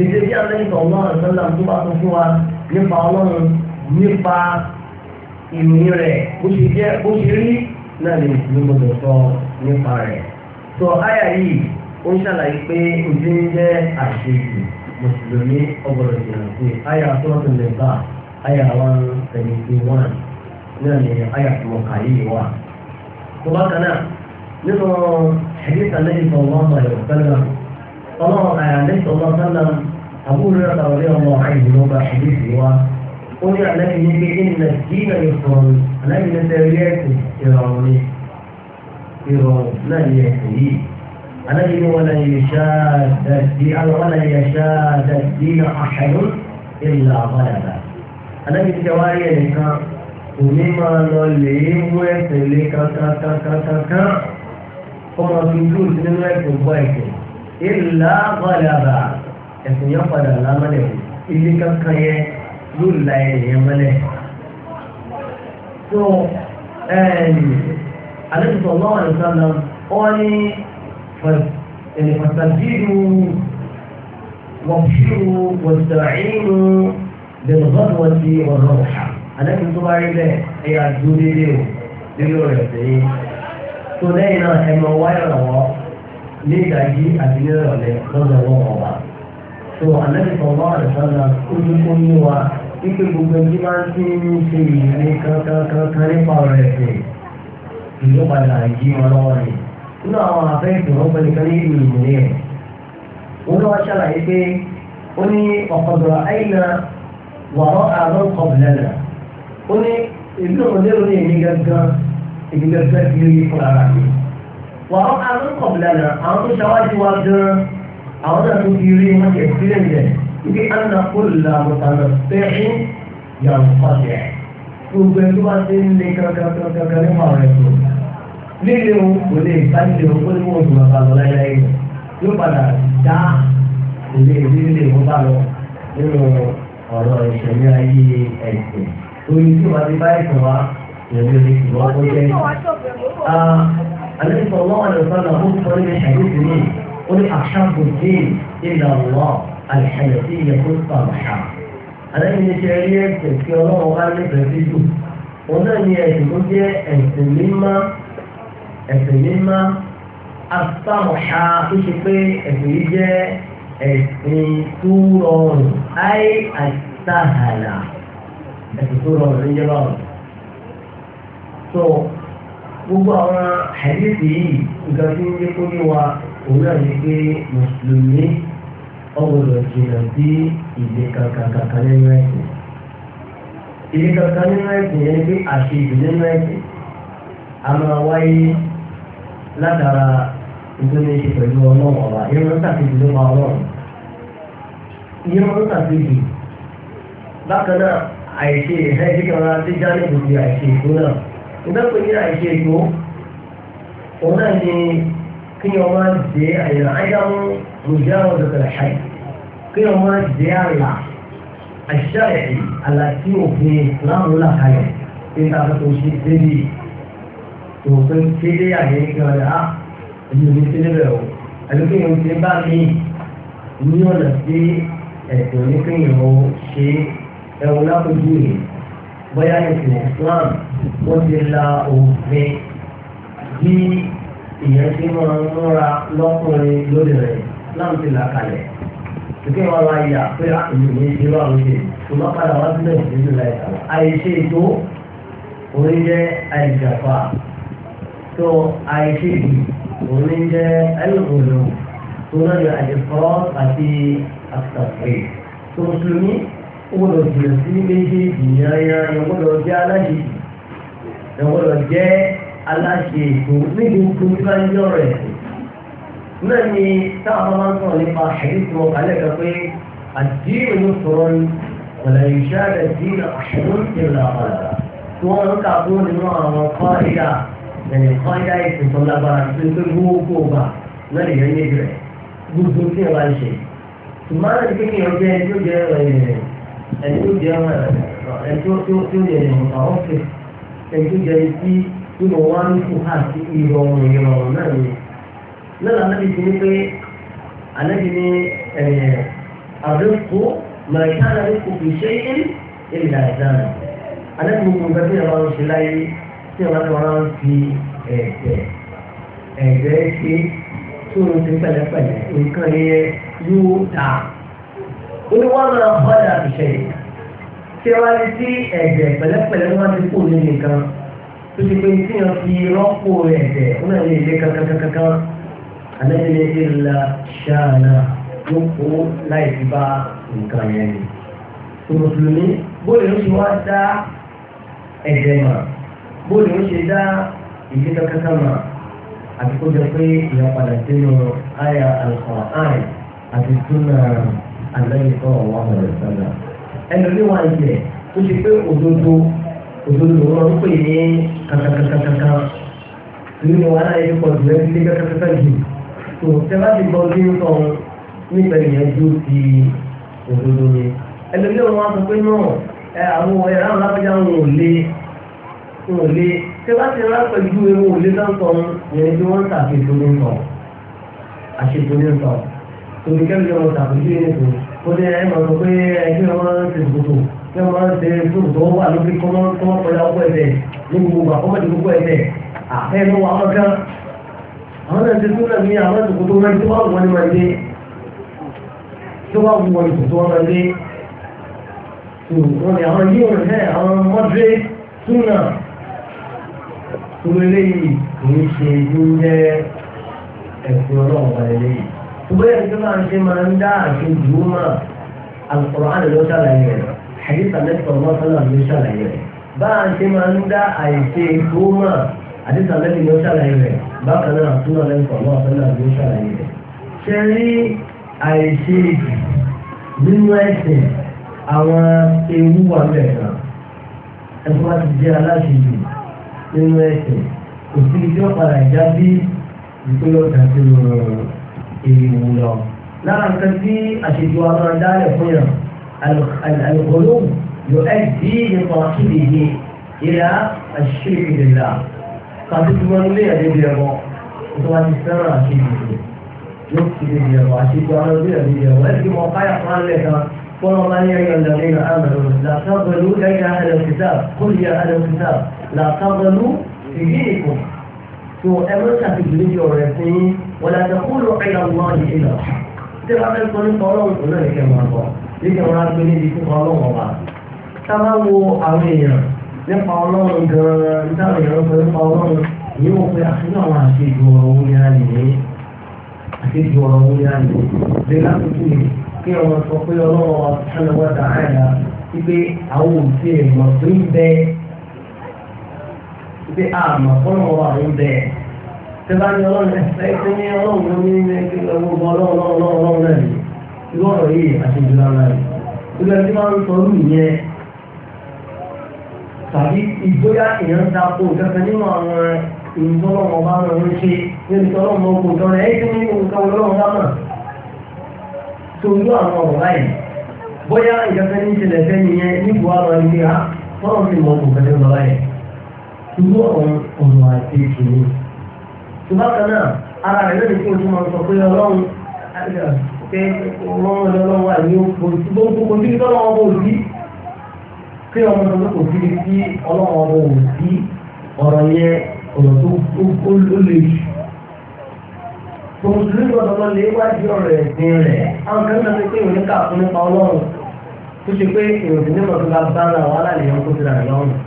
ìdílé bí àlẹ́yìn ọlọ́run sọ́lá tó bá tó fún wa nípa ọlọ́run nípa ìròyìn rẹ̀ bó ṣe jẹ́ bó ṣe rí náà lè ló gbọdọ̀ sọ nípa rẹ̀. sọ àyà yìí ó ń ṣàlàyé pé ojú ń jẹ́ àṣejù mùsùlùmí ọgbọ̀dọ̀ jìnnà sí àyà sọ́ọ̀tún lẹ́bà àyà one seventy one náà ni àyà tó wọ̀ kàyé wà. tó bákan náà nínú ẹ̀dí ìtàn lẹ́yìn sọ̀rọ̀ wọn ọlọ́run náírà lẹ́sọ̀ lọ sọ́nà àbúrò rẹ̀ lọ́wọ́ lé ọmọ àìsàn ló bá ṣubú sí wa ó ní àlẹ́bí ní pé ìnà dínà ìfọ̀rọ̀ àlẹ́bí ní tẹ̀lé ẹ̀sìn ìrọ̀rùn ni ìrọ̀rùn náà ní ẹ̀sìn yìí àlẹ́bí ní wọn lẹ́yìn ìṣá dàdí àwọn wọn lẹ́yìn ìṣá dàdí àṣàyún ìlà àbáyàdà àlẹ́bí ti wá rí ẹnìkan kò ní máa lọ lè mú ẹ̀sìn lé kankankankankan kó fi dúró sí ẹ̀sìn bọ́ ẹ̀sìn ìlà bọ̀dàbà ẹ̀sìn yọ padà lámọ́lẹ̀ ilé kankan yẹn yóò la ẹ̀yẹn mọ́lẹ̀. tó alẹ́sọ̀tọ̀ lọ́wọ́ nìkan náà wọ́n ní fàtàbíru wọ̀fíru wọ̀sàáìnù bẹ̀rùbọ̀dùwọ̀sì ọ̀rọ̀ ọ̀hà alẹ́sọ̀tọ̀ tó bá rí bẹ́ẹ̀ ẹ̀yà ní ìdájí àti ní ìrọ̀lẹ́ lọ́dọ̀ wọn ọ̀wà. tó àlẹ́bí sọ̀rọ̀ àdìsọ́nà ó ní kó ní wa wípé gbogbo ẹbí máa ń tí ń ṣe ìrìn kankankan nípa ọ̀rọ̀ ẹ̀sìn ìlú padà yí wọn lọ́wọ́ ni. nínú àwọn afẹ́ ìdùnnú pẹ̀lúkan ní ìlú ìmìlẹ̀ ẹ̀. wọ́n lọ́wọ́ ṣàlàyé pé ó ní ọ̀pọ̀dọ̀ àìlà wàrọ̀ àrùn kọ̀ọ̀lẹ́nà ó ní ìlú òmìnira ní èmi gangan èmi gangan ti rí fúnra mi wà á àwọn kọ̀bìlànà àwọn tó ṣàwádìí wa gan àwọn náà tó fi rí wọn jẹ sílẹ̀ nílẹ̀ ibi àná kólà mọ̀tàlá bẹ́ẹ̀ yàrá pàṣẹ gbogbo ẹni tó bá ti ń lé kankankankan nípa rẹ̀ tó líle o kò lè bá líle o kó lè wọ́n tó bàbá lọ láyé yóò padà dá kò lè rí bá lọ nínú ọ̀rọ̀ ìṣẹ̀lẹ̀ ayé ẹ̀sìn oyin tí wọ́n ti bá ẹ̀sìn wa ìrẹ̀lẹ̀ ìṣùgbọ́n ó jẹ́ النبي صلى الله عليه وسلم هو صليب الحديث مين قل أحب الدين إلا الله الحنفية الصالحة النبي نشعرية تذكي الله وغالي برديجو ونحن يتكون جاء السلمة السلمة الصالحة تشبه السلمة ẹ̀sìn tó rọrùn ayé àtàhàlà ẹ̀sìn tó rọrùn ní yẹ́rọ̀rùn gbogbo àwọn àìlèdè yìí nǹkan tí ń yé kó ní wa òun náà ní pé mùsùlùmí ọgbọdọ̀ jìnnà sí ìdè kankan kankan nínú ẹ̀sìn ìdè kankan nínú ẹ̀sìn yẹn pé àṣe ìdè nínú ẹ̀sìn a máa wáyé látara nítorí ṣe pẹ̀lú ọlọ́run ọ̀la irun tàbíjì ló máa rọrùn irun tàbíjì bákan náà àìṣe ìhẹ́ ìdíkan jáde gbòdì àìṣe ìkó ìdápẹ́ ní àìṣe ètò òun náà ni kí wọ́n máa dé àyẹ̀rọ ayáwó lòdì àwọn ọ̀dọ̀kẹ̀lẹ̀ ṣáì kí wọ́n máa dé àlà àṣà ẹ̀yìn àlà tí òfin láwọn là kalẹ̀ kí n tàbí tó ṣe débi tó pé kéde àyẹ̀ kí wọ́n dà èmi ò ní sí níbẹ̀ o àbí kí wọ́n ti bá mi ní ọ̀nà sí ẹ̀sìn oníkéyìn ó ṣe ẹ̀wọ̀n lápò yìí bóyá ẹ̀sìn Islam ó ti la òfin bí ìyẹn ti máa ń múra lọ́kùnrin lórí rẹ̀ Islam ti là kalẹ̀ ìpín wọn wá yà pé àtúnyìn ah, ní ìlú àwọn ṣe ṣùgbọ́n padà wá sílẹ̀ nínú láìka àìṣe ètò orí jẹ́ àìjàpá tó àìṣe ètò orí jẹ́ ẹlòmọ̀lò tó náà ní àjẹkọ́ àti àtàkùn tó mùsùlùmí ó gbọ́dọ̀ jìnà sí méjèèjì yanyan yẹn gbọ́dọ̀ jẹ́ aláṣẹ yẹn gbọ́dọ̀ jẹ́ aláṣẹ ètò níbi tó ti bá ń yọ rẹ̀ náà ni táwọn máa ń sọ̀rọ̀ nípa àṣírí tí wọ́n kálẹ̀ kan pé àdínù ló sọ̀rọ̀ ní ọ̀nà ìṣáàdà dínà àṣírí ti là padà tí wọ́n ń kà fún nínú àwọn kọ́ìdà ẹ̀yìn kọ́ìdà ìfìtàn lágbára tó ń pé gbogbo ọba ẹni tó jẹ́ ọmọ ẹni tó tó tó yẹ ẹni ọ̀tà ọ̀fẹ́ ẹni tó jẹ́ etí tí mo wá ń fò há sí ìrọ̀rùn ìrọ̀rùn náà ni lọ́la anábì ti ní pé anábì ní àdókò màìká anábì kò fi ṣe é ìlà ìdáná anábì ní gbogbo ẹgbẹ́ ìwà ń ṣe láyé ṣe tó ń ṣe pẹ̀lẹ́pẹ̀lẹ́ nǹkan yẹ yóò dáa ní wọ́n máa fọ́dà ìṣẹ̀lẹ̀ tí wọ́n ti tí ẹ̀jẹ̀ pẹ̀lẹ́pẹ̀lẹ́ wọ́n ti kú ní nìkan tó ti pé tí wọ́n fi rọ́pò ẹ̀jẹ̀ wọ́n náà lè lé kankankankan alẹ́lẹ́ ìlà ṣáàlà ló kó láì fi bá nǹkan yẹn ni. mùsùlùmí bóyá ló ṣe wá dá ẹ̀jẹ̀ mà bóyá ló ṣe dá ìdí kankankan mà àti kó jẹ pé ìyá sínú àyà àlùkò àrùn àti túnà àlẹ́yìn sọ̀rọ̀ wọn rẹ̀ sọ́nà ẹnu bí wọ́n jẹ tó ṣe pé òdodo òdodo wọn ń pè ní kankankankankan nínú wàhálà yìí pọ̀ jù ẹ́ sí kankankankan jù tó tẹ́ bá ti gbọ́ bí ń sọ nípa ìyẹnjú ti òdodo ni ẹnu bí wọ́n sọ pé náà àwọn ẹ̀rọ àwọn alábẹ́jà wọn ò lé wọn ò lé tẹ́ bá ti rán pẹ̀lú ewu ò lé sáńtọ̀ ìyẹn tí wọ́n ń tà àṣetò ní sọ sọ torí kẹ́lẹ́ ọ̀rọ̀ tàbí bí ẹni kò ó ní ẹ̀ máa sọ pé ẹgbẹ́ wọn máa ń ṣe gbogbo kí wọ́n máa ń ṣe gbogbo tó wà lókè kọ́ máa ń kọ́ máa kọjá ọkọ̀ ẹ̀fẹ̀ ní gbogbo àkọ́mọ̀dé gbogbo ẹ̀fẹ̀ àfẹ́ ló wà wọn kan àwọn náà ṣe súnà ní àwọn ìṣòkò tó máa ń tó wà wọn ní wọn dé tó wà wọn ìṣòkò tó wọn dé wọn ni àwọn yìí wọn hẹ àwọn mọ́dé ṣùgbọ́n ẹni tó máa ń ṣe máa ń dá àṣẹ jù mà Al-Qur'an ló ṣàlàyé rẹ̀ hadith alẹ́sọ̀ mọ́sálà ló ṣàlàyé rẹ̀ bá a ṣe máa ń dá àìṣe jù mà hadith alẹ́sọ̀ ló ṣàlàyé rẹ̀ bákan náà àtúnà lẹ́sọ̀ mọ́sálà ló ṣàlàyé rẹ̀ ṣe rí àìṣe nínú ẹ̀sìn àwọn ewu wà bẹ̀ kan ẹ̀fọ́ bá ti jẹ́ aláṣejù nínú ẹ̀sìn òsì tí wọ́n ìpínlẹ̀ ọ̀dà sínú ọ̀rọ̀ èèwù lọ lára nǹkan tí àṣejù àwọn adáyẹ̀ fún yàn alùpùpù yóò ẹ̀ dí nípa kíbi yìí ìlà àṣírí ìlà kàbí tí wọ́n lé ẹ̀dẹ́bí ẹ̀wọ̀ tó wá ti fẹ́ràn àṣejù yóò fi ẹ̀dẹ́bí ẹ̀wọ̀ àṣejù àwọn ẹ̀dẹ́bí ẹ̀dẹ́bí ẹ̀wọ̀ ẹ̀ fi mọ káyà fún alẹ́ kan قل من يعلمين آمنوا لا تغلوا ليس أهل الكتاب قل يا أهل الكتاب لا tó ẹ mọ́ ṣàfihàn níbi ọ̀rọ̀ ẹ̀sìn yín wọ́n dàgbà kúrò ẹ̀yà wọn ní ìlà tí a bá fẹ́ sọ nípa ọlọ́run tó náà nìkẹ́ máa bọ̀ nìkẹ́ wọn á gbé níbi fún ọlọ́run ọba tá a bá wo àwọn èèyàn nípa ọlọ́run gan-an níta àwọn èèyàn sọ nípa ọlọ́run yìí wọ́n pe àṣírí àwọn àṣejù ọ̀rọ̀ wọn ní àlè ní àṣejù ọ̀rọ̀ wọn ní àlè lè lákòókò yìí kí wọ́n sọ pé ọlọ́run ọba sọ́nà wọ́n dà áyà wípé àwọn òṣèlú ọ̀sìn bẹ́ẹ̀ pé àmọ́ fọ́nà wà ń bẹ̀ bá ní ọlọ́run ẹ̀fẹ́ tí ní ọlọ́run ní ní kí lọ gbogbo ọlọ́run ọlọ́run ọlọ́run náà ni irú ọ̀rọ̀ yìí àṣejù lára rẹ̀ gbogbo ẹni tí máa ń sọ ọdún ìyẹn tàbí ìgbóyà èèyàn dáko kẹfẹ nínú àwọn ìrìntọ́lọ́wọ́ bá rẹ̀ ń ṣe nínú ìtọ́lọ́wọ́ ogun tó rẹ̀ ẹ́yìn nínú nǹkan olóòwò bá mọ̀ tó àwọn ọ̀rọ̀ báyìí bóyá ìjọba ní ìṣẹ̀lẹ̀ fẹ́ nìyẹn níbo àwọn ẹgbẹ́ á tọ́lọ́ sí mọ́ ogun kẹfẹ́ lọ́wọ́ yẹn irú ọ̀rọ̀ ọ̀rọ̀ àti ìṣòro. Ìbákan náà, ara rẹ̀ lórí fún ojúmọ̀ sọ pé ọlọ́run pé ọmọ ọdọ ọlọ́run wà ní gbogbo kò sí lọ́wọ́ ọmọ òbí pé ọmọ ọdọ kò sí sí ọlọ́run ọmọ òbí ọ̀rọ̀ yẹn ọ̀rọ̀ tó ó lè jù. Gbogbo ìgbọ̀dọ̀ lọ lè wájú ọ̀rọ̀ ẹ̀sìn rẹ̀, àwọn kan náà ti pé ìwé kà fún nípa ọlọ́run tó ṣe pé ìròyìn nígbà tó bá bá ara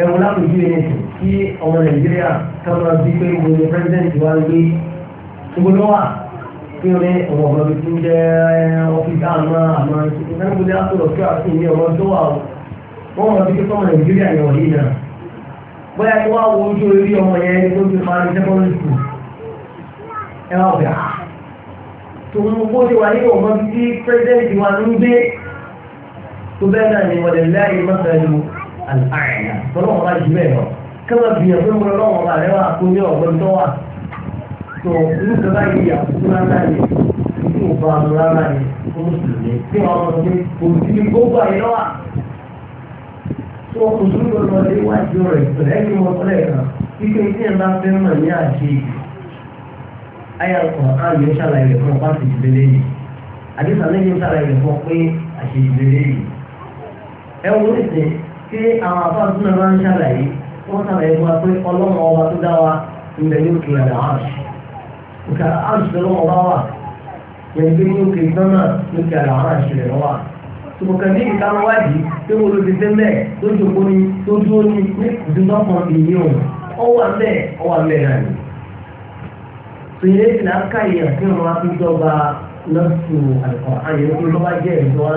ẹ̀wọ̀n láwùjọ yẹn tí ọmọ nàìjíríà kábàá bí pé gbogbo pẹ́sidẹ́ǹtì wa ń gbé gbogbo wa kí wọ́n ní ọmọ ọ̀gbọ́n mi tún jẹ́ ọ́fíìsì àmọ́ àmọ́ ìfẹ́nukúndé àtúrọ̀ kí wọ́n sì ní ọmọ tó wà ó wọ́n mọ̀ bí pé ọmọ nàìjíríà yẹn wọ̀nyí náà bóyá kí wọ́n á wo ojú orí ọmọ yẹn ní tó ti máa ní secondary school ẹ àlàyé tọ́lọ́wọ́n bá jù lọ kẹ́mà bí ẹ̀ fún mi lọ́wọ́ bá rẹ̀ wá ní ọ̀gbọ́n tó wà tó inú kẹfà yìí àkókò rárá ni inú ọba àmú rárá ni fún tí wọn lọ sí òsì gbogbo àyè lọ́wọ́ tó òsùn lọ lọ sí iwájú rẹ̀ pẹ̀lẹ́ kí wọ́n pẹ̀lẹ́ kan ike tí ẹ̀ bá fẹ́ mọ̀ ní àṣẹ ayàkọ̀ àmì fún ọ tí àwọn àfáàsù náà máa ń ṣàlàyé wọ́n ṣàlàyé fún wa pé ọlọ́run ọba tó dá wa ilẹ̀ yóò kì í àdá àṣù òkè àṣù lọ́wọ́ ọba wà yẹn pé yóò kì í sánà yóò kì í àdá àṣù rẹ̀ wà. tòmọ̀kẹ́ ní ìka wọn wáyé pé mo lò dédé mẹ́ lójú òpó ni tó dúró ní ní ìdúgbò kan ìyí òun ọwọ́ àmẹ́ ọwọ́ àmẹ́ náà ni. tòyẹ́ ìlà ká ìyàn kí wọ́n wá fi dọ́gba lọ́sùn àlùkò àyẹ̀wò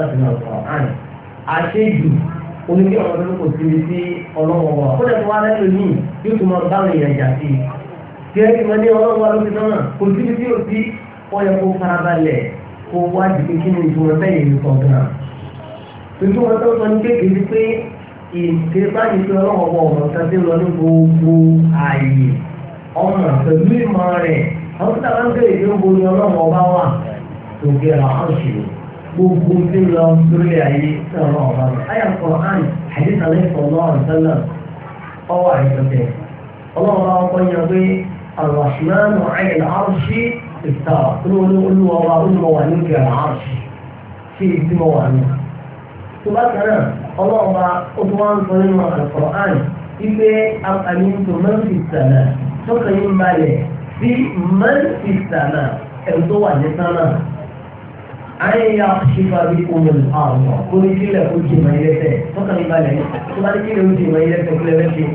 oníkí ọ̀rọ̀ tó kò sí sí ọlọ́wọ́ wa ó dẹ̀ tó wá lẹ́nu ní yóò tún máa báwọn èèyàn jà sí i tí ẹ ti máa ní ọlọ́wọ́ wa ló ti náà kò sí sí ò sí ọyẹ kó farabalẹ̀ kó wá jìbí kí ni ìtumọ̀ bẹ́ẹ̀ yẹn sọ gan-an tuntun wọn tó sọ ní kékeré pé ìṣe báyìí pé ọlọ́wọ́ wa ọ̀rọ̀ kan ti lọ ní gbogbo ààyè ọmọ pẹ̀lú ìmọ̀ rẹ̀ àwọn tó gbogbo tí ń lọ sórí ayé sọ̀rọ̀ ọ̀rọ̀ ayà kọ̀ọ̀án àdìsá lẹ́kọ̀ọ́ lọ́wọ́ sọ́nà ọwọ́ àìsọ̀tẹ̀ ọlọ́run bá wọ́pọ̀ yan pé àrùwàṣùmánu àyẹ̀lẹ̀ àrùṣí ìta olúwọ́wà olúwọ́wà nígbà àrùṣí sí ìtumọ̀ wà ní. tó bá kan náà ọlọ́run bá ó tún wá ń sọ nínú àkọ̀ọ̀án ipe àmì tó mẹ́fì sànà tó kàn yín balẹ̀ sí mẹ́fì sànà ẹ̀ ayé ya ṣífà bí omi àrùn kó ní kílẹ̀ kó jì máa yẹ fẹ́ tọ́ka ní balẹ̀ tó bá ní kílẹ̀ kó jì máa yẹ fẹ́ kílẹ̀ fẹ́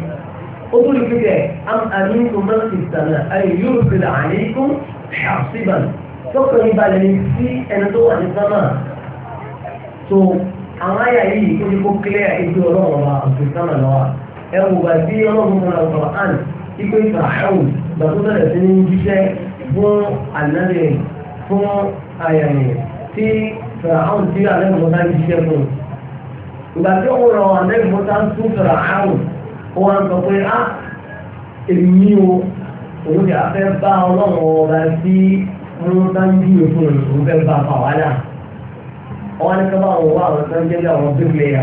ó tó lè fi kẹ́ am àmì kò máa ti sànà ayé yóò fi là àyè kó ṣàṣìbà tọ́ka ní balẹ̀ ní sí ẹni tó wà ní sámà tó àwọn ayé yìí kó ní kó kílẹ̀ ìgbé ọlọ́run wa àti sámà lọ́wọ́ ẹ wò bá bí ọlọ́run mọ́ra ọ̀rọ̀ àn ipe ìfà ẹ̀wù gbàtọ́ bẹ̀rẹ̀ sí ní jíṣẹ́ fún àlẹ́ fún ayẹyẹ tí fìràhàn tí alẹ́ mọ́tà ń ṣiṣẹ́ fún un ìgbà tí ó rọ alẹ́ mọ́tà ń tún fìràhàn ó wá ń sọ pé á ah, èmi o òun ni a fẹ́ bá ọlọ́run ọba tí wọ́n bá ń bí òfin òun fẹ́ bá bá wa dà wọ́n ní kábà wọ́n wá àwọn sàn jẹ́lẹ̀ àwọn bíbélì yà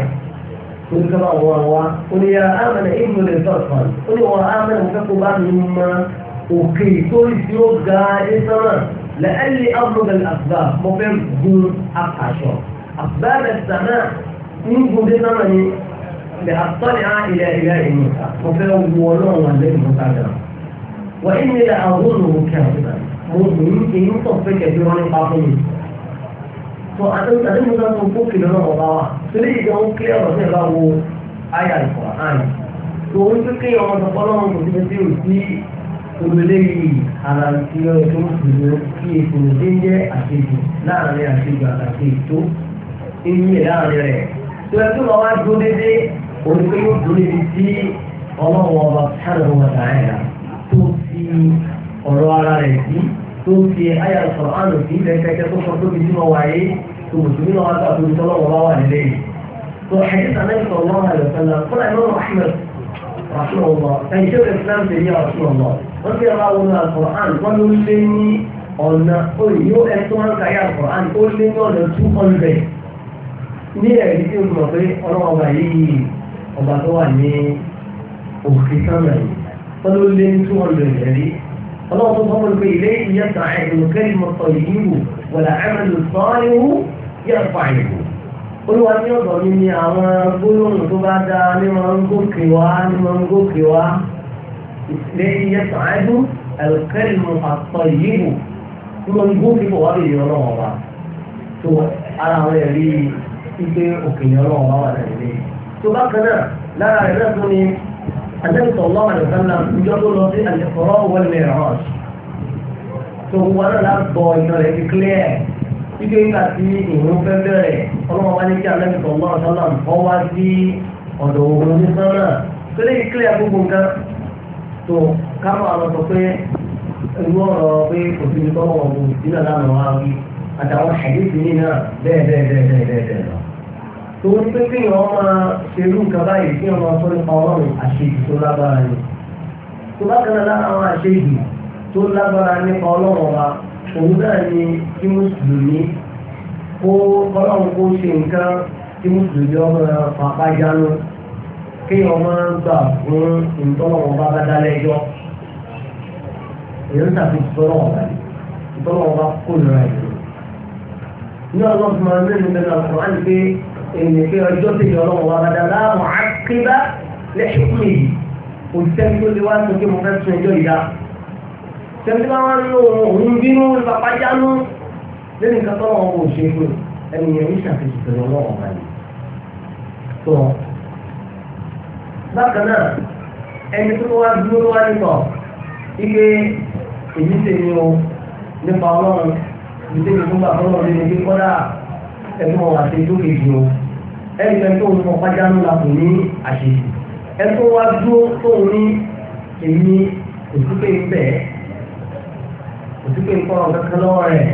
wọ́n ní kábà wọ́n wá wọ́n ní yàrá àmàlẹ̀ ìlú lè sọ̀tàn wọ́n ní wọ́n àmàlẹ̀ òfẹ́ kó bá mi mọ òkè ìtòrí tí ó ga ẹ̀ sọ́nà. لأني أضرب الأسباب مفر دون أقاشر أسباب السماء نجو بزمني لأطلع إلى إله موسى مفر ولون والذي موسى وإني لأظنه كاذبا مؤمن كي ينصف كثيرا يقاطعني فأنت أدم أن تنفوك لنا وضعها سليك يوم كليرا سيغاو آية القرآن تقول لك يوم تقول لهم تبتير olólè yìí ara ti ọjọ́ ìṣòro kí ètò òde jẹ́ àṣejù láàrin àṣejù àtàkì ètò eyín ẹ̀ láàrin rẹ̀ tó ẹ tó lọ wá dúró dédé òun pé yóò dúró dédé tí ọlọ́wọ́ ọba sáré wọn dàáyà tó fi ọ̀rọ̀ ara rẹ̀ sí tó fi ayà sọ̀rọ̀ àná sí lẹ́kẹ̀kẹ́ tó sọ tóbi tí wọ́n wáyé tó mùsùlùmí náà wá gbàgbọ́ ìtọ́lọ́wọ́ bá wà nílé yìí. tó ẹ̀ẹ́dẹ́sà náà sọ̀rọ̀ wọn àlọ́ wọ́n fi ọba wọn àkùrán wọ́n ló lé ní ọ̀nà òyìnbó ẹ̀tọ́ wọn kàyà àkùrán ó lé ní ọ̀nà two hundred ní ẹ̀rí tí mo mọ̀ pé ọlọ́wọ́ ọba yìí ọba tó wà ní òkè sánà yìí wọ́n ló lé ní two hundred ẹ̀rí ọlọ́wọ́ tó sọ́kọ́ pé ilé ìyẹ́ta ẹ̀dùnkẹ́rì mọ̀tọ̀ yìí wò wọ̀là ẹ̀mẹ́lú sọ́ọ́ni wò yẹ olúwa ní ọ̀dọ̀ mi ni àwọn gbólóhùn tó bá dáa ní wọn ń gòkè wá ní wọn ń gòkè wá lẹ́yìn yẹtọ̀ àìdún ẹ̀lùkẹ́lù àtọ̀ yìí bù kí wọ́n gbó kí bọ̀ wá lè yọ ọlọ́wọ́ wa tó ara wọn yẹ rí ipe òkèèyàn ọlọ́wọ́ wa wà lẹ́yìn tó bá kan náà lára rẹ̀ náà tún ni àdéhùtọ̀ ọlọ́wọ́ àdéhùtọ̀ ìjọ tó lọ sí àdéhùtọ̀ wọlé mẹ́rọ̀ọ́s tó wọn náà lábọ̀ ìtàn rẹ̀ ti clear ibi nígbà tí ìrún fẹ́ bẹ̀rẹ̀ ọlọ́wọ́ wa ní kí àdéhùtọ̀ ọlọ́wọ́ àdéhùtọ̀ wá sí ọ̀dọ̀ òun ní sánà tó lè clear gbogbo nǹkan tó káwọn àwọn sọ pé irú ọ̀rọ̀ pé kò sí ní tọ́wọ́ ọ̀bù sílẹ̀ lánàá wá wí àtàwọn àdéhùn yìí náà bẹ́ẹ̀ bẹ́ẹ̀ bẹ́ẹ̀ bẹ́ẹ̀ bẹ́ẹ̀ bẹ́ẹ̀ lọ. tó ń pé kí wọ́n máa ṣerú nǹkan báyìí kí wọ́n máa sọ nípa ọlọ́run àṣejù tó lágbára ni. tó bá kan náà láwọn àṣejù tó lágbára nípa ọlọ́run wa òun náà ni kí mùsùlùmí kó ọlọ́run kó ṣe nǹkan kí mùsùlùmí ọmọ kí ọmọ ń gbà fún ìtọ́lọ́wọ́ bá bá dálé ẹjọ́ èyí ń tàbí ìtọ́lọ́wọ́ bá yìí ìtọ́lọ́wọ́ bá kó nira yìí. ní ọlọ́run fún wa mẹ́rin mẹ́rin àkùrọ̀ á ní pé èyí pé ọjọ́ tí ìyá ọlọ́run bá bá dá láàmú àkíbá lẹ́sùkú yìí kò sẹ́ni tó lè wá sọ pé mo fẹ́ tún ẹjọ́ ìdá. sẹ́ni bá wọn lò òun bínú bàbá jánu lẹ́nu ìkàtọ́lọ́wọ́ kò ṣe é bákan náà ẹni tó wá dúró wá nìkọ ike èyí ṣe ni o nípa ọlọ́run ìdílé ìfúnpá ọlọ́run ní ibi kọ́dà ẹ̀fọn àti ìdókèjì o ẹni pẹ́ tó ń mọ pàjáwìrì la kò ní àṣejù ẹ̀fọn wá dúró tó ń ní èmi òtúpé ń bẹ̀ òtúpé ń kọ́ ọ̀gá kan lọ́wọ́ rẹ̀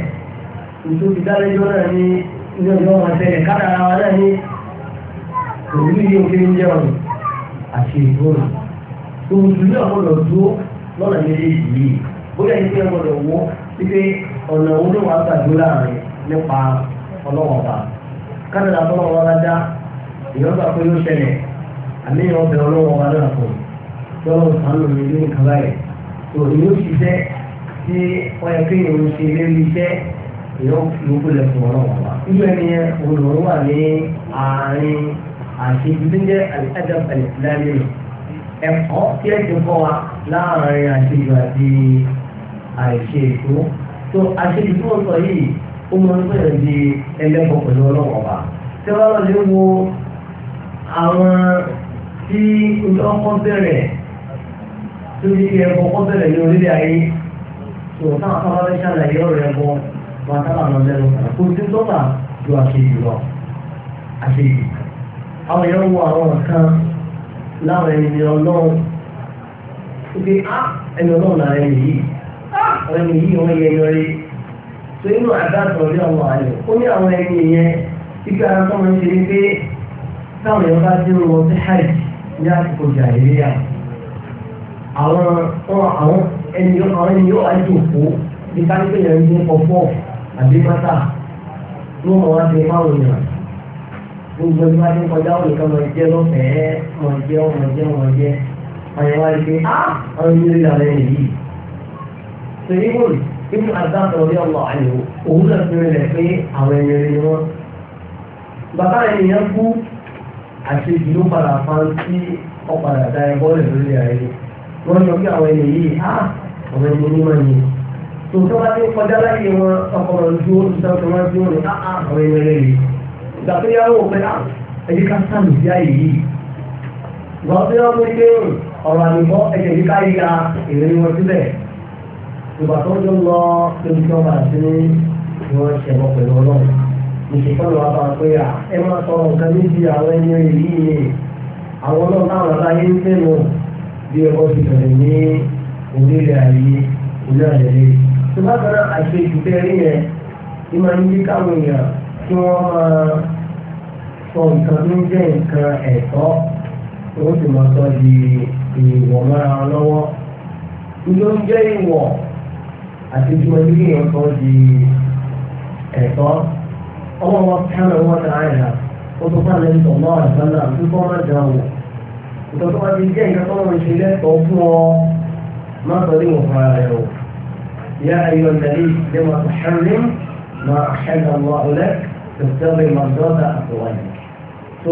nítorí dálẹ́jọ́ náà ní ilé ọjọ́ wọn tẹ̀lé kádàrá wa náà ní òwúrò yìí òkè ń jẹun àti ìgbóná tó ní ọ̀gbọ́dọ̀ dúró lọ́nà méjèèjì yìí bóyá ibi ọ̀gbọ́dọ̀ wó wípé ọ̀nà òun ló wà nípa ọlọ́wọ̀ba kánàdà tọ́lọ́wọ́ bá ìyọ́n gbà pé yóò ṣẹlẹ̀ àmì ìyọ́n bẹ̀rẹ̀ ọlọ́wọ́ náà fún lọ́wọ́ sànù mi ní nǹkan báyìí tó ìyó ṣiṣẹ́ tí wọ́n yẹ kí ìyọ́n ṣe lérí iṣẹ́ ìyọ́n yóò kúlẹ̀ fún ọlọ́wọ́ bá àti ìdílé al-adab al-islami ẹ̀kọ́ tí ẹ ti kọ́ wa láàrin àṣejù àti àìṣe ètò tó àṣejù tí wọ́n sọ yìí ó mọ ní pẹ̀lú di ẹlẹ́kọ̀ọ́ pẹ̀lú ọlọ́wọ́ wa tí wọ́n lọ lè wo àwọn tí ọkọ̀ bẹ̀rẹ̀ tó ti fi ẹ̀kọ́ kọ́ bẹ̀rẹ̀ ní orílẹ̀ ayé tó táwọn sábà fẹ́ ṣàlàyé ọ̀rọ̀ ẹ̀kọ́ wọn sábà lọ lẹ́nu kò sí tó bá ju àṣejù lọ àṣejù àwọn èèyàn wọ àwọn nǹkan láwọn ẹni ọlọ́run ibi á ẹni ọlọ́run là ẹni yìí àwọn ẹni yìí wọ́n yẹ yọrí tó nínú àdáàtọ̀ ní àwọn àlè ó ní àwọn ẹni yẹn ibi ara tó máa ń ṣe ni pé táwọn èèyàn bá dé wọn sí hajj ní àsìkò jàìlíyà àwọn àwọn ẹni àwọn ẹni yóò àjò òkú bí kánípé yẹn ń gbé ọ̀pọ̀ àbí mọ́tà ló mọ̀ wá sí fáwọn èèyàn gbogbo ẹni wá ní kọjá wọn nìkan máa jẹ lọ́fẹ̀ẹ́ máa jẹ máa jẹ máa jẹ àyẹ̀wò àìpé àwọn ah, ilé ìlà rẹ̀ yìí. sèyí wò ní ibi àdáàtọ̀ orí ọ̀la àyẹ̀wò òun náà fi rẹ̀ pé àwọn ẹni rẹ̀ ni wọ́n. bàbá ènìyàn kú àti ìlú padà fan sí ọ̀padà dá ẹbọ rẹ̀ lórí ayé wọ́n yọ kí àwọn ẹni yìí ah, àwọn ẹni onímọ̀ ni tòótọ́ bá ti kọjá láyé wọn ọkọ̀ ọ̀dọ́ ìṣàkóso wọn tí wọ́n ní àwọn ẹni rẹ̀ yìí ìgbàgbéyàwó pé á ah, ẹ̀jẹ̀ ká sáàmì sí àyè yìí ìgbàgbéyàwó pé pé ọ̀rọ̀ àlùbọ́ ẹ̀jẹ̀ yìí ká yíra ìrírí wọn síbẹ̀ ìgbà tó ń lọ lórí tí wọ́n bá sí ní ìwọ̀n ṣẹ̀wọ̀ pẹ̀lú ọlọ́run ìṣèkọ́lù wa bá pé à ah, ẹ má sọ ni àwọn náà táwọn aláyé ń fẹ́ mọ̀ bí ẹ̀kọ́ ti bẹ̀rẹ̀ ní orílẹ̀ ayé orílẹ̀ àdẹ̀lẹ̀ tó bá bẹ̀rẹ̀ àṣejù kí wọ́n máa sọ nǹkan tó ń jẹ́ nǹkan ẹ̀tọ́ tó sì máa sọ di ìwọ̀ mọ́ra wọn lọ́wọ́ ló ń jẹ́ ìwọ̀ àti tí wọ́n ní nǹkan di ẹ̀tọ́ ọmọ wọn kánà wọn náà yà ó tó bá lẹ́yìn tó náà àgbàlá tó kọ́ máa dà wọ̀ nǹkan tó bá ti jẹ́ nǹkan tó wọ́n ṣe lẹ́tọ̀ọ́ fún ọ má sọ ní ìwọ̀n fara rẹ̀ o yá ayọ̀ nàlẹ́ ìdẹ́wà tó ṣẹlẹ̀ máa ṣẹlẹ̀ àwọn ọ̀lẹ́kì tẹ̀síọ́rì mọ̀tọ́ta àtọ̀wáyé tó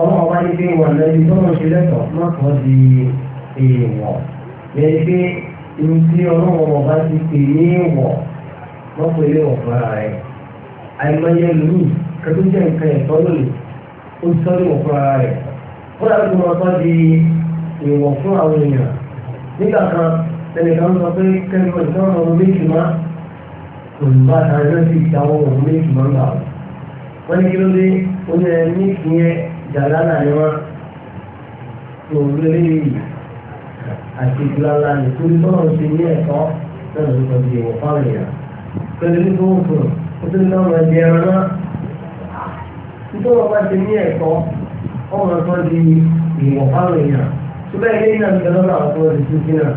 ọlọ́run wá ní pé wọ́n lẹ́yìn tó ń ṣe lẹ́tọ̀ọ́ má kàn di èèwọ̀ lẹ́yìn pé ní tí ọlọ́run ọba ti pè ní èèwọ̀ wọ́n pè lé ọ̀fọ̀ ara rẹ̀ àìmọye lùmí kẹtù jẹ́ nǹkan ẹ̀tọ́ lónìí ó ti sọ́ọ́ ní ọ̀fọ̀ ara rẹ̀ wọ́n dàbí wọn sọ́ di èèwọ̀ fún àwọn èèyàn nígbà kan ẹnìkan sọ pé kẹ́kọ̀ọ́ ìtọ́nà ọmọ méjì má kò ní bá ta ẹgbẹ́ sí ìdáwọ́ ọmọ méjì má ń bà wọ́n wọ́n ní kí ló dé oní ẹni ìyẹn jàdánà ni wọ́n tó lórí yìí àti ìgbàlá ní torí tọ́lọ̀ ń ní ẹ̀kọ́ náà ló sọ ìwọ̀ fáwọn èèyàn pẹ̀lú ní tó ń fún ó tó ní ọmọ ẹ̀dẹ̀ ẹran náà nítorí wọn bá ní ẹ̀kọ́ ọmọ ẹ̀kọ́ di ìwọ̀ fáwọn èèyàn tó bẹ́ẹ̀ ní ìlànà ìjọba náà àwọn ọmọ ẹ̀dẹ̀ tó náà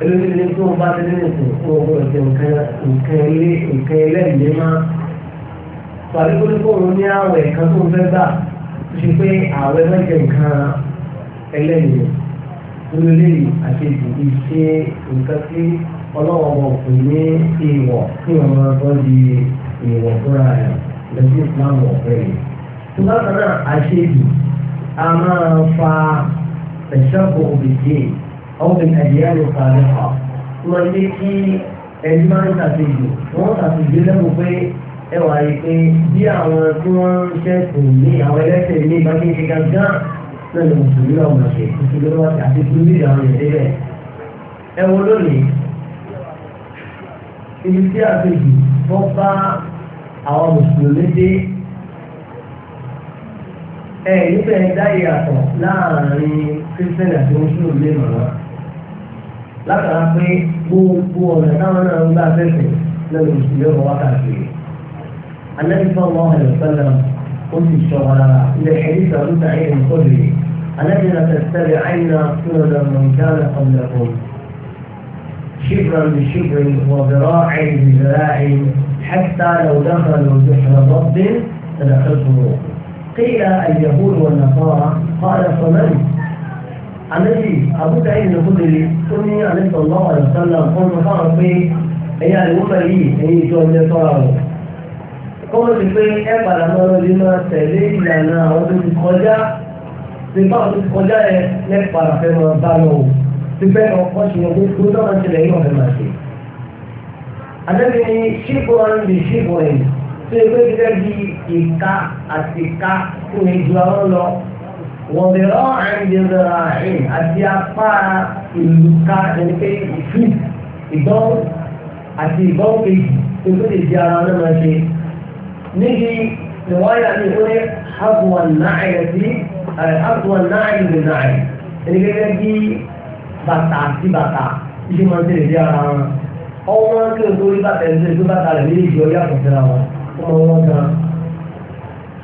ẹlòmíràn tó ń bá tẹ́lẹ̀ nìkan ó ń gbọ́dọ̀ ṣe nǹkan ilé nǹkan tàbí kó ní kóòrò ní ààwẹ̀ kan tó ń fẹ́ gbà ṣe pé ààwẹ̀ mẹ́jẹ nǹkan ẹlẹ́yìn nínú àti ìdìbò ṣe nǹkan tí ọlọ́wọ́ wọn kò ní ìwọ̀ kí wọ́n máa tọ́ di ìwọ̀ fúnra rẹ̀ lẹ́sìn ìsìláàmù ọ̀fẹ́ yìí. tó bá kan náà àṣejù a máa fa ẹ̀ṣọ́kọ̀ òbèdè ọ̀gbìn ẹ̀díyà ló pa lẹ́kọ̀ọ́. wọ́n lé kí ẹni máa ń ṣàṣejù wọ́n ṣàṣejù lẹ́nu pé ẹ wà rí pé bí àwọn tí wọ́n ń ṣẹ̀sìn ní àwọn ẹlẹ́sìn ní ìbáṣe ṣe gángan náà ni mùsùlùmí náà mọ̀ ṣe mùsùlùmí náà ṣe àti fún bíi àwọn èdè rẹ̀ ẹ wo lónìí ibi tí àgbèjì wọ́n bá àwọn mùsùlùmí dé ẹ níbẹ̀ dá ìyàtọ̀ láàrin kírísítẹ́nì àti mùsùlùmí mọ̀ látara pé gbogbo ọ̀nà táwọn náà ń gbà fẹ́fẹ́ lẹ́nu mùsùlùmí ọ̀rọ̀ wákàtí rẹ̀. النبي صلى الله عليه وسلم قلت الشغلاء إلى الحديث عن سعيد الخدري الذي تتبعين سندا من كان قبلكم شبرا بشبر وذراع بذراع حتى لو دخلوا سحر رب لدخلتموه قيل اليهود والنصارى قال فمن الذي أبو سعيد الخدري سني عليه صلى الله عليه وسلم قل نصارى فيه هي الأمة إيه، إيه، لي هي kọ́mọ̀ ti pé ẹ padà máa lè máa tẹ̀lé ìlànà àwọn tó ti kọjá ti bá àwọn tó ti kọjá ẹ lẹ́pàá fẹ́ máa bá lọ o ti fẹ́ lọ kọ́ sí ọdún tó náà ṣẹlẹ̀ yóò fẹ́ máa ṣe. Àdébí ni ṣíbọ̀ ń lè ṣíbọ̀ ẹ̀ tó yẹ pé gẹ́gẹ́ bí ìka àti ìka kò ní ju àwọn lọ. Wọ́n lè rọ́ àìyẹ̀dọ̀rà àìn àti apá ìlú ká ẹni pé ìfì ìbọn àti ìbọn kejì tó tó lè di ara náà máa ṣe. نجي رواية اللي يقول حظو النعل دي حظو النعل بالنعل اللي جاي دي بتاع دي بتاع دي ما ادري دي انا او ما كده دول بتاع دي بتاع اللي يجي يا فتره او ما كده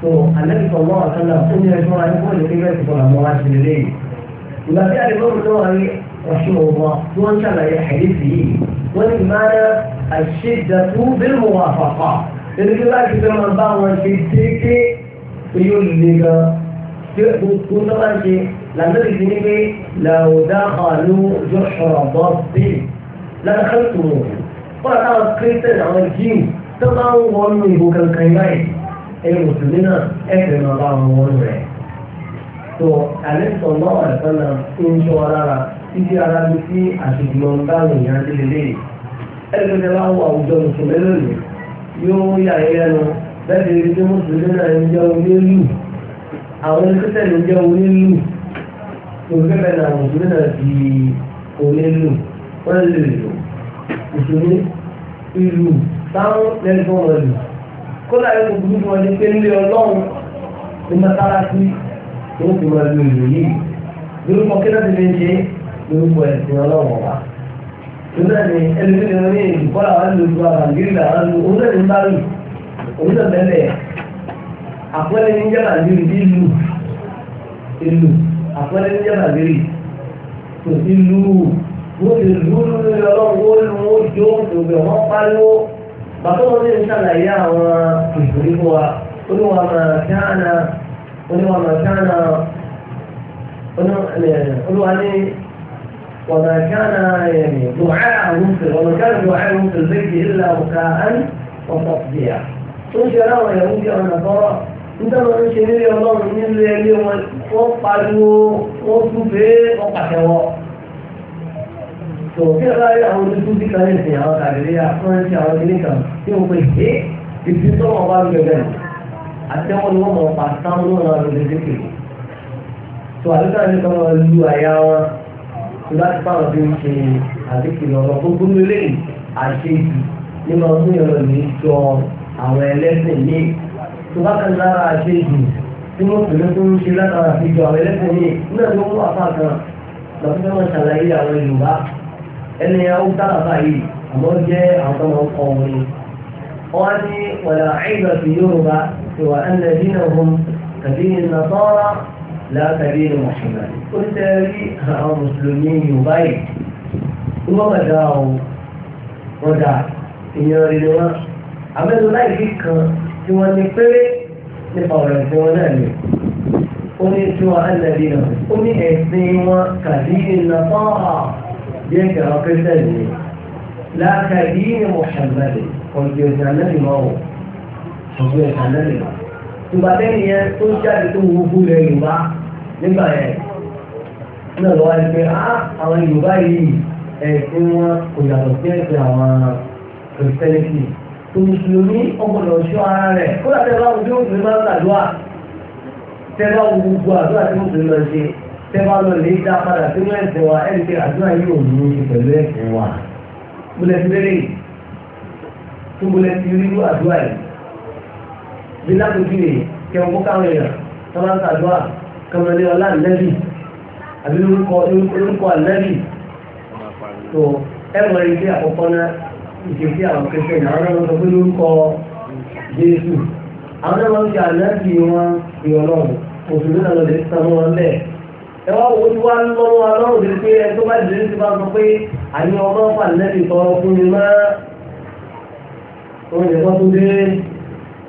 تو النبي صلى الله عليه وسلم قال لي شو رايك هو اللي كده تقول ما راح الليل يبقى في الامر النووي رحمه الله هو ان شاء الله الحديث فيه والمعنى الشده بالموافقات nítorí láti fẹ́ máa bá wọn ṣe déédéé èyí ò lè gan tí gbogbo tó máa ń ṣe làmúlò ti ní pé làwùdá àlù yóò sọ̀rọ̀ bọ́ bí lálẹ́kọ̀tò fúnra táwọn kírísítẹ̀nì àwọn jíìn tó máa ń wọnú ìbò kankan yáì ẹni mùsùlùmí náà ẹ̀fẹ̀ máa bá wọn wọnú rẹ̀ tó àlẹ́sọ̀ náà ẹ̀fọ́ náà ń ṣọ́ lára títí ara bí sí àṣùgbọ́n báwọn èèyàn délé lé ẹ̀ẹ́dẹ́gbẹ́ta wà àwùjọ mùsùlùmí lónìí yóò yà ẹ̀yẹ́nu bẹ́ẹ̀ ni ilé mùsùlùmí náà ń jẹ́ onílù àwọn kírísítẹ́nì ń jẹ́ onílù òfin bẹ́ẹ̀ náà mùsùlùmí náà di onílù wọ́n lè lò mùsùlùmí ìlú táwọn lẹ́nu fún wọn lò kódà yóò kó burúkú wọn ní pé nílé ọlọ́run ní mọ́tálásí ló ń fi máa lo ìlú yìí lórúkọ kí náà ti lè ṣe lórúkọ ẹ̀sìn ọlọ́run ọ̀wá náà ni ẹni tí wọ́n ní ìkọ́lá wọn lò ju àgbàgbé ìlà wọn lò òun náà ní bá lù òun náà bẹ́ẹ̀ àpẹẹrẹ ní jẹ́ nàìjírí ìlú ìlú àpẹẹrẹ ní jẹ́ nàìjírí kò sí lù wọ́n ti lù lórí ọlọ́run ó lù ó jó òbẹ̀ wọ́n pariwo bàtà wọn ní ìṣàlàyé àwọn ìgbòrí wa oníwà máa dáná oníwà máa dáná وما كان يعني دعاءهم في وما كان دعاءهم في البيت إلا بكاء وتصديع تنشي لا ويهودي ونصارى انت ما تنشي لي الله من اللي اليوم وقعوا وقعوا في وقعوا tò kí ẹ báyìí àwọn olùdókòwò tí kan ní ìsìn àwọn kàdìrí àfúnrán ti àwọn ilé kan tí wọn pe ṣe ìfi tó wọn bá gbẹ bẹ́ẹ̀ àtẹwọn ni wọn mọ pa sáwọn náà lọ lórí kékeré tò àdúgbò àti kan wọn lu àyà wọn láti báwọn bí ń ṣe àdékìlì ọ̀rọ̀ gbogbo nílé àṣẹ ìdù nínú ọdún ìrọ̀ ní jọ àwọn ẹlẹ́sìn ní tó bá kàn lára àṣẹ ìdù tí mo pèlú tó ń ṣe látara fi jọ àwọn ẹlẹ́sìn ní nígbà tó mú apá kan lọ́sí fẹ́ wọn ṣàlàyé àwọn Yorùbá ẹni àwọn tálàbà yìí àmọ́ jẹ́ àwọn tó wọn ni. wọ́n á ní wàlà àìgbà Yorùbá ìwà ẹnlẹ́dínà hum tàbí ìnàtọ́ra látàrí ní Muhammad ó tẹ́rí àwọn mùsùlùmí yorùbá yìí tó wọ́n bá dá o wọ́n dá èèyàn rẹ̀ ni wọ́n abẹ́nu láìsí kan tí wọ́n ní péré nípa ọ̀rọ̀ ìsìn wọn náà ni ó ní tí wọ́n á nàbí náà ó ní ẹ̀sìn wọn kàdí iná fáwà bí ẹ̀kẹ́ àwọn kírísítẹ́nì ni látàrí ní Muhammad ọ̀gbìn ọ̀sìn anábì máa wọ̀ ọ̀gbìn ọ̀sìn anábì máa. ìgbà tẹ́niyẹn tó jáde tó wọ́pọ̀ rẹ̀ yorùbá nígbà yẹn náà lọ́wọ́ ni pé ah, àwọn Yorùbá yìí ẹ̀sìn wọn kò yàtọ̀ sí ẹ̀sìn àwọn kìrìsìtẹ́nìtì tó mùsùlùmí ọgbọ̀dọ̀ ṣọ́ ara rẹ̀ kó dàtẹ́ bá wọn bí mùsùlùmí máa ń gbàdúrà tẹ́ bá wọn gbogbo àdúrà tí mùsùlùmí máa ń ṣe tẹ́ bá lọ lè dá padà sínú ẹ̀sìn wa ẹni pé àdúrà yìí ò ní ṣe pẹ̀lú ẹ̀sìn wa múlẹ̀ ti kẹmẹ́lẹ́ ọlá ànẹ́bì àbí orúkọ ànẹ́bì tó ẹmọ ilé àkọ́kọ́ náà ìṣe sí àwọn kẹsẹ̀ ní àwọn ọmọ pé lórúkọ Jésù àwọn ọmọ ń ṣe ànẹ́bì wọn fi ọlọ́run òṣèlú náà lọ́dẹ sí ọmọ wọn lẹ̀ ẹ wá wo tí wàá lọ́wọ́ wọn lọ́rùn lè pé ẹ tó bá dìde ti bá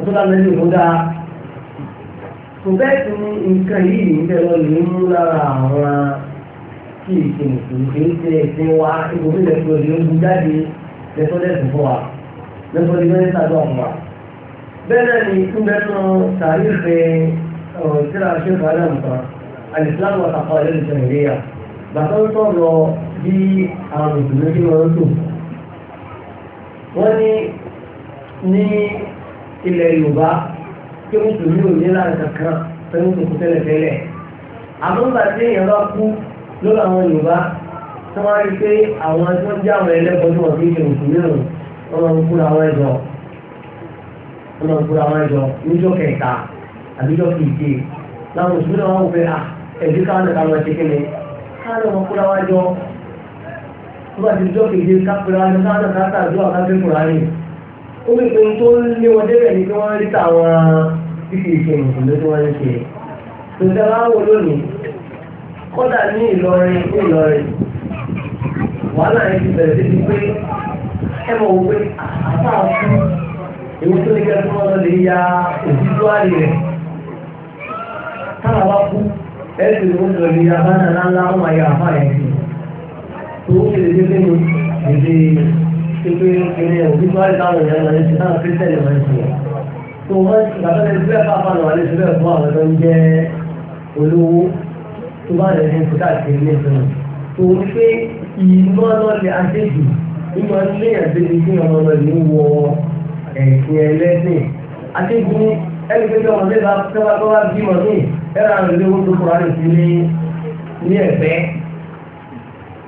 sọ bẹ́ẹ̀ sì ni nǹkan yìí níbẹ̀ lọ lè mú lára àwọn tí ìṣèlú kì í ṣe ẹ̀sìn wa ìbòmí lẹ́kọ̀ọ́ lè mú jáde lẹ́tọ́lẹ́sùn fún wa lẹ́tọ́lẹ́ mẹ́ta lọ fún wa. bẹ́ẹ̀ náà ni túnbẹ́ tún sàárì fẹ́ ọ̀rọ̀ ìṣẹ́ra ṣe fàánà nǹkan alìsílámù àtàkọ́ ẹ̀rọ ìṣẹ̀lẹ̀ bàtà ń sọ̀rọ̀ bí àwọn mùsùlùmí kí wọ́n tó wọ́n ní ní ilẹ̀ Yorùbá kí mùsùlùmí ò ní lára kankan tó ní kòkó tẹ́lẹ̀tẹ́lẹ̀ àmúgbà tí èèyàn bá kú lórí àwọn yorùbá tí wọ́n rí pé àwọn tí wọ́n jẹ́ àwọn tí wọ́n fi ṣe mùsùlùmí rùn wọ́n máa ń kúra wọn ẹ̀jọ̀ wọ́n máa ń kúra wọn ẹ̀jọ̀ níjọ́ kẹta àbíjọ́ kìíje láwọn mùsùlùmí náà wọ́n wò pé à káwọn náà káwọn ṣe káwọn náà kúra wọn ẹ̀jọ̀ tó bá tí kìí ṣe mùsùlùmí tí wọ́n ń ṣe. Tòṣẹ́ máa ń wò lónìí, kódà ní Ìlọrin ní Ìlọrin, wàhálà yẹn ti bẹ̀rẹ̀ pé ẹ mọ̀ wò pé àbá fún tó ní kẹ́ tó wọ́n lè ya òbí tó àlè rẹ̀. Tára bá kú, ẹ sì ló ya àbá yẹn sí. Tòun ṣe tó wọ́n ti gbàgbọ́ ẹni sílẹ̀ pàápàá lọ́wọ́ alẹ́ sílẹ̀ fún àwọn tó ń jẹ́ olówó tó bá rẹ̀ ní kó káàkiri ní ìfẹ́ wọn. tó ń pé ìmọ̀ lọ́lẹ̀ àṣejù ìmọ̀ ilé àṣejù kí ọmọ rẹ̀ ní wọ ẹ̀sìn ẹlẹ́sìn àṣejù ní ẹni pé ọmọ rẹ̀ bá tẹ́wà tó wá bímọ ní ẹ̀rọ àwọn ilé owó tó kọ̀ọ̀rọ̀ àti ní ní ẹ̀fẹ́.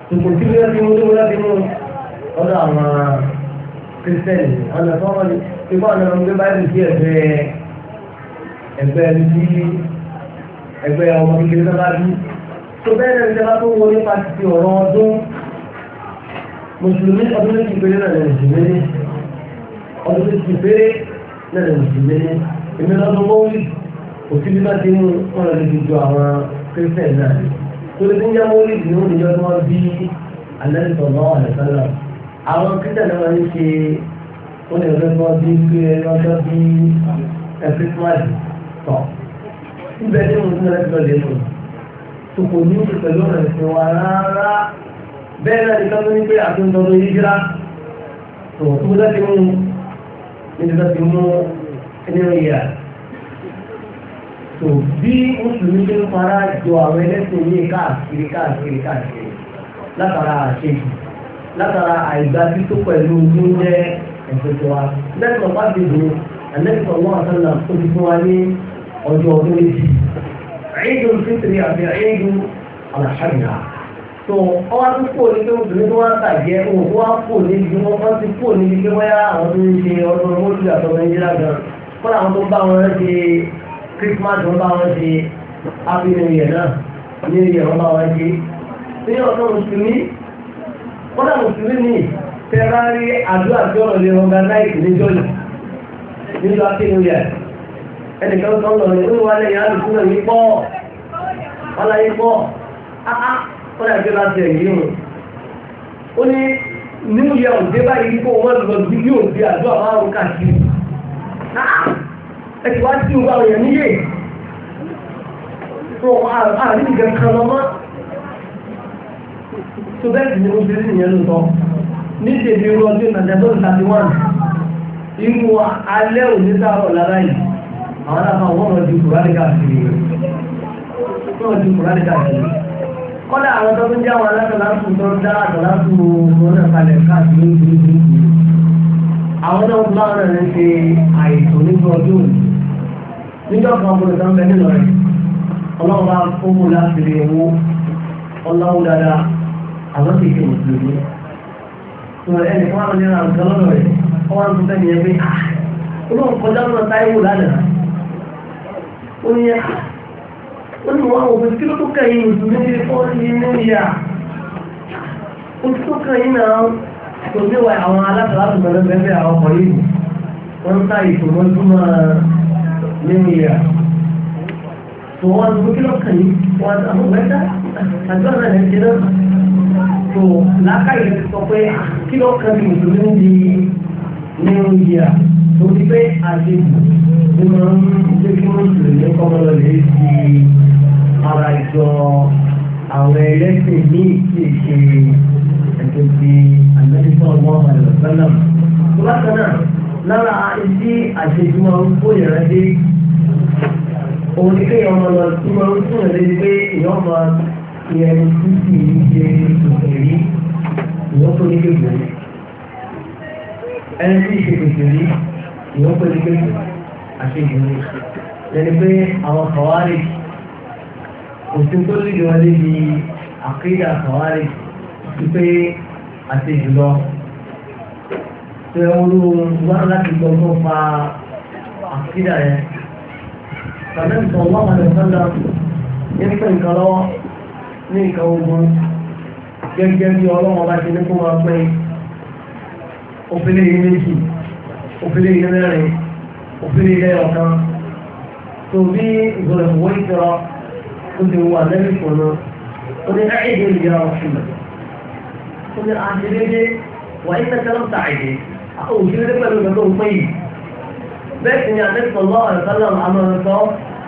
tòkòtì bí wọ́n ti mú kírísítẹ́nì ọ̀nà tó wọ́n ní tí bọ́ọ̀lù ọ̀nà gbé báyìí sí ẹ̀gbẹ́ ẹ̀gbẹ́ ẹni tí ẹgbẹ́ ọmọ kékeré náà bá bí tó bẹ́ẹ̀ náà ìjọba tó wọ nípa ti ọ̀rọ̀ ọdún mùsùlùmí ọdún méjì péré náà lè mùsùlùmí ní ọdún méjì péré náà lè mùsùlùmí ní èmi lọ́dún mọ́wúlì òsì bí bá ti mú wọn ju àwọn kírísítẹ́nì náà torí tí ń jẹ́ mọ́wúlì ni àwọn kírísítẹ̀nì wọn ń ṣe wọn lè fẹ́ mọ́ bí pé ọjọ́ bí christmas tọ̀ níbẹ̀ tí mo tún lẹ́sìn lọ́lẹ̀ mọ̀ tó kò ní oṣù pẹ̀lú ọ̀rọ̀ ẹ̀sìn wa rárá bẹ́ẹ̀ náà nìkan ló ní pé àtúntò ló yí jíra tó tó láti mú níbi láti mú ẹni ìyá tó bí mùsùlùmí ṣe ń fara jọ àwọn ẹlẹ́sìn yìí káàkiri káàkiri káàkiri látara àṣejù látara àìgbàsí tó pẹ̀lú ní jẹ́ ẹ̀sìn tó wa lẹ́sìn ọ̀pá dìbò ẹ̀lẹ́sìn ọ̀wọ́ àtàlà tó ti fún wa ní ọjọ́ ọdún méjì ẹ̀ẹ́dùn fítìrì àti ẹ̀ẹ́dùn àlàṣàbìyà tó ọwọ́ tó kúrò ní pé obìnrin tó wá ń tàjẹ́ òun tó wá kúrò ní ibi wọn wọ́n ti kúrò ní ibi pé wọ́n yá àwọn tó ń ṣe ọdún mọ́tò àtọ́mọ ìjìlá gan kọ́ làwọn tó ń bá wọn ṣe Christmas wọn bá wọn ṣe Happy New Year náà New Year wọn bá wọn ṣe ní ọdún mùsùlùmí kọ́dà mùsùlùmí ni tẹ́ra rí àdúrà tí ọ̀rọ̀ lè ọ̀gá láìsí níjọ́ yìí níjọ́ akéwì yẹn ẹnìkan kan lọ rẹ̀ wíwá lẹ́yìn àdùkú náà yìí pọ̀ wọ́n láyé pọ̀ áá kọ́dà tí ó bá ti ẹ̀yìn o ó ní níwú yẹ òde báyìí kó wọ́n lọ bí yóò di àdúrà márùn káàkiri ẹ ti wá sí ìwà òyìn níyè fún àrùn àrùn ìgbẹ̀kan lọ́mọ́ tó bẹ́ẹ̀ sì ni mo fi rí ìyẹn lóòótọ́ ní ìṣèlú irú ọdún nàìjíríà thirty one inú alẹ́ òní sáárọ̀ lára yìí àwọn aláfáà wọ́n lọ ju kùránì káàkiri wọ́n lọ ju kùránì káàkiri kọ́lá àwọn tó ń jẹ́ àwọn alákọ̀ọ́láṣù tó ń dá àkọ́láṣù lọ́nà kalẹ̀ káàkiri ojú àwọn náà ń bá wọn rẹ̀ ṣe àìsàn nígbà ọdún òní níjọ́ kan mo nìkan bẹ nílọ rẹ̀ ọlọ́run bá fún mi láti lè wo ọlọ́run dáadáa àwọn kì í ṣe mùsùlùmí ẹnì kan wà ní ra nǹkan lọ́dọ̀ rẹ̀ wọ́n wá ń tún bẹ́ẹ̀ yẹn pé ah, olóhùn kọjá lọ́nà táìwò lánàá ó ní ah, ó ní wọn òfin kí ló tó kẹ́yìn mùsùlùmí ní fọ́ọ̀sì nínú ìyá ó ti tó kẹ́yìn náà kò sí wa àwọn alátàlátù bẹ̀rẹ̀ bẹ́ẹ̀ àwọn ọkọ̀ yìí wọ́n ń tó lákàyè ti sọ pé kí ló kan bí mùsùlùmí di nínú yíyà tó ti pé àdébù ló máa ń jẹ́ kí mùsùlùmí kọ́mọ lọ lè fi ara jọ àwọn ẹlẹ́sìn ní ìṣe ẹ̀tọ́ ti àmẹ́ríkà wọn àlùfẹ́lá. bákan náà lára ibi àṣejù máa ń kó yàrá dé òun ni kéèyàn máa lọ sí máa ń túnyàn lé pé èèyàn máa ní ẹni tí sì ń ṣe òkèrí ìyọ́pọ̀ ní kékeré ẹni tí ṣe kékeré ìyọ́pọ̀ ní kékeré àti ìgbìmọ̀ lẹ́ni pé àwọn kọ̀wárì kò sí tó lè wọ́n lé ní àkéyà kọ̀wárì sí pé àti jùlọ tó ẹ wọ́n wá láti gbọ́ tó fa àkéyà yẹn. Tàbí ní nǹkan ogun gẹ́gẹ́ bí ọlọ́wọ́n bá ti ní kó máa pẹ́ òfin ilé méjì òfin ilé mẹ́rin òfin ilé ọ̀kan tó bí ìgbọ̀lẹ̀ ìwọ́ ìjọ tó ti wà lẹ́rìí fòló ó ní láìdé ìyá ọ̀sùn ó ní àṣìlédé wà ní tẹ́tẹ́lọ́ tàìdé òṣìlédé pẹ̀lú ìgbà tó ń pè yìí bẹ́ẹ̀ sì ni àdéhùn lọ́wọ́ àmọ́ ọ̀sán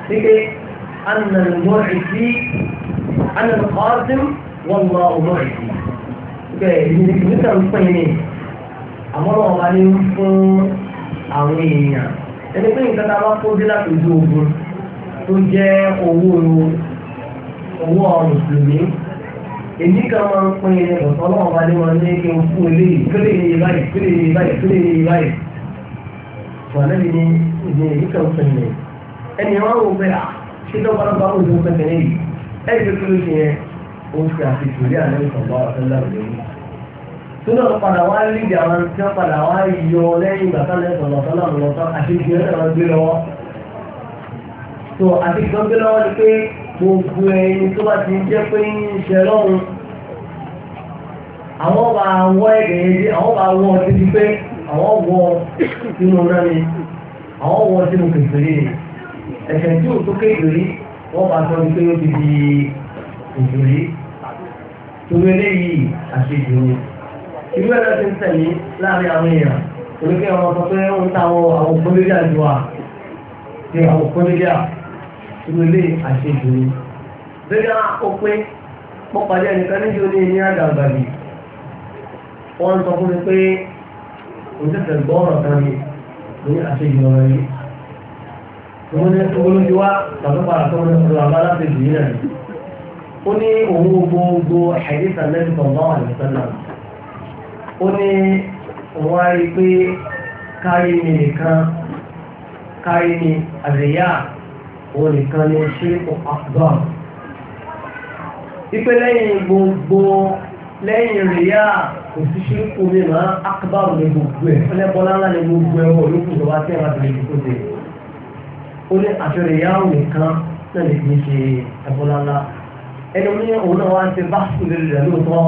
wípé أنا القاسم والله معي nígbà ń pín ní àmọ́rọ̀ ọba ní ń fún àwọn èèyàn ẹni pé nǹkan tá a bá kó dé láti ojú ogun tó jẹ́ owó owó mùsùlùmí èmi kan máa ń pín ní ọ̀sán ọlọ́run ọba ní wọn ní kí n fún eléyìí kílè ní báyìí kílè ní báyìí kílè ní báyìí wàlẹ́bí ni ìdí èmi kan pín ní ẹni wọn wò pé ah, ṣé dọ́gba lọ́gba ó ti ń pẹ́ tẹ̀lé yìí ẹ̀jẹ̀ tó ṣe yẹn ó ṣe àfihàn ní àná ìsọ̀gbọ́ àtẹ́lá òdòdó tó náà padà wá lídìí àwọn tí wọ́n padà wá yọ lẹ́yìn ìgbà tán lẹ́sọ̀ lọ́tọ́ náà lọ́tọ́ àfihàn náà wọ́n gbé lọ́wọ́ tó àfihàn gbé lọ́wọ́ ni pé gbogbo ẹni tó bá ti jẹ́ pé ń ṣe lọ́run àwọn bá wọ ẹ̀gẹ̀ yẹn àwọn bá wọ ọtí pé àwọn wọ inú náà ni àwọn wọ sínú kẹfìrí ẹ̀ṣẹ̀ tí ò tó kékeré wọ́n máa sọ wípé ó ti di òjòlé torí eléyìí àṣejù ìlú ẹ̀rọ ti ń tẹ̀lé láàrin àwọn èèyàn torí pé àwọn ọmọ pé ó ń ta àwọn àwọn òpónlélé àjọ à ṣe àwọn òpónlélé à torí eléyìí àṣejù ni lórí àwọn òpin mo pàdé ẹnìkan níjó ní ní àgàgbàgbì wọ́n sọ fún mi pé òṣèṣẹ̀ gbọ́ ọ̀rọ̀ kan ní àṣejù ọ̀rọ̀ wọ́n ní ogun ti wá tàbí padà tó ní ọ̀rọ̀ àbára ti jì náà ó ní òun gbogbo àìdíta lẹ́nu tọ̀gbọ́n wà ní sọ́nà ó ní òun á rí pé kárí mi nìkan kárí mi àríyá òun nìkan ní ṣe ọ̀gbọ́n ipe lẹ́yìn gbogbo lẹ́yìn ríyá kò sí ṣe omi máa akbar ní gbogbo ẹ̀ ọlẹ́bọ́lá ńlá ní gbogbo ẹ̀ wọ́n olókùn tó wá tẹ́ ẹ̀ wá tẹ̀lé ìdókòtò ó ní àfihàn ìyáwó nìkan náà lè fi ṣe ẹ̀bọ́ lálá ẹni mi òun náà wá ń ṣe báṣù lórí rẹ̀ lóòótọ́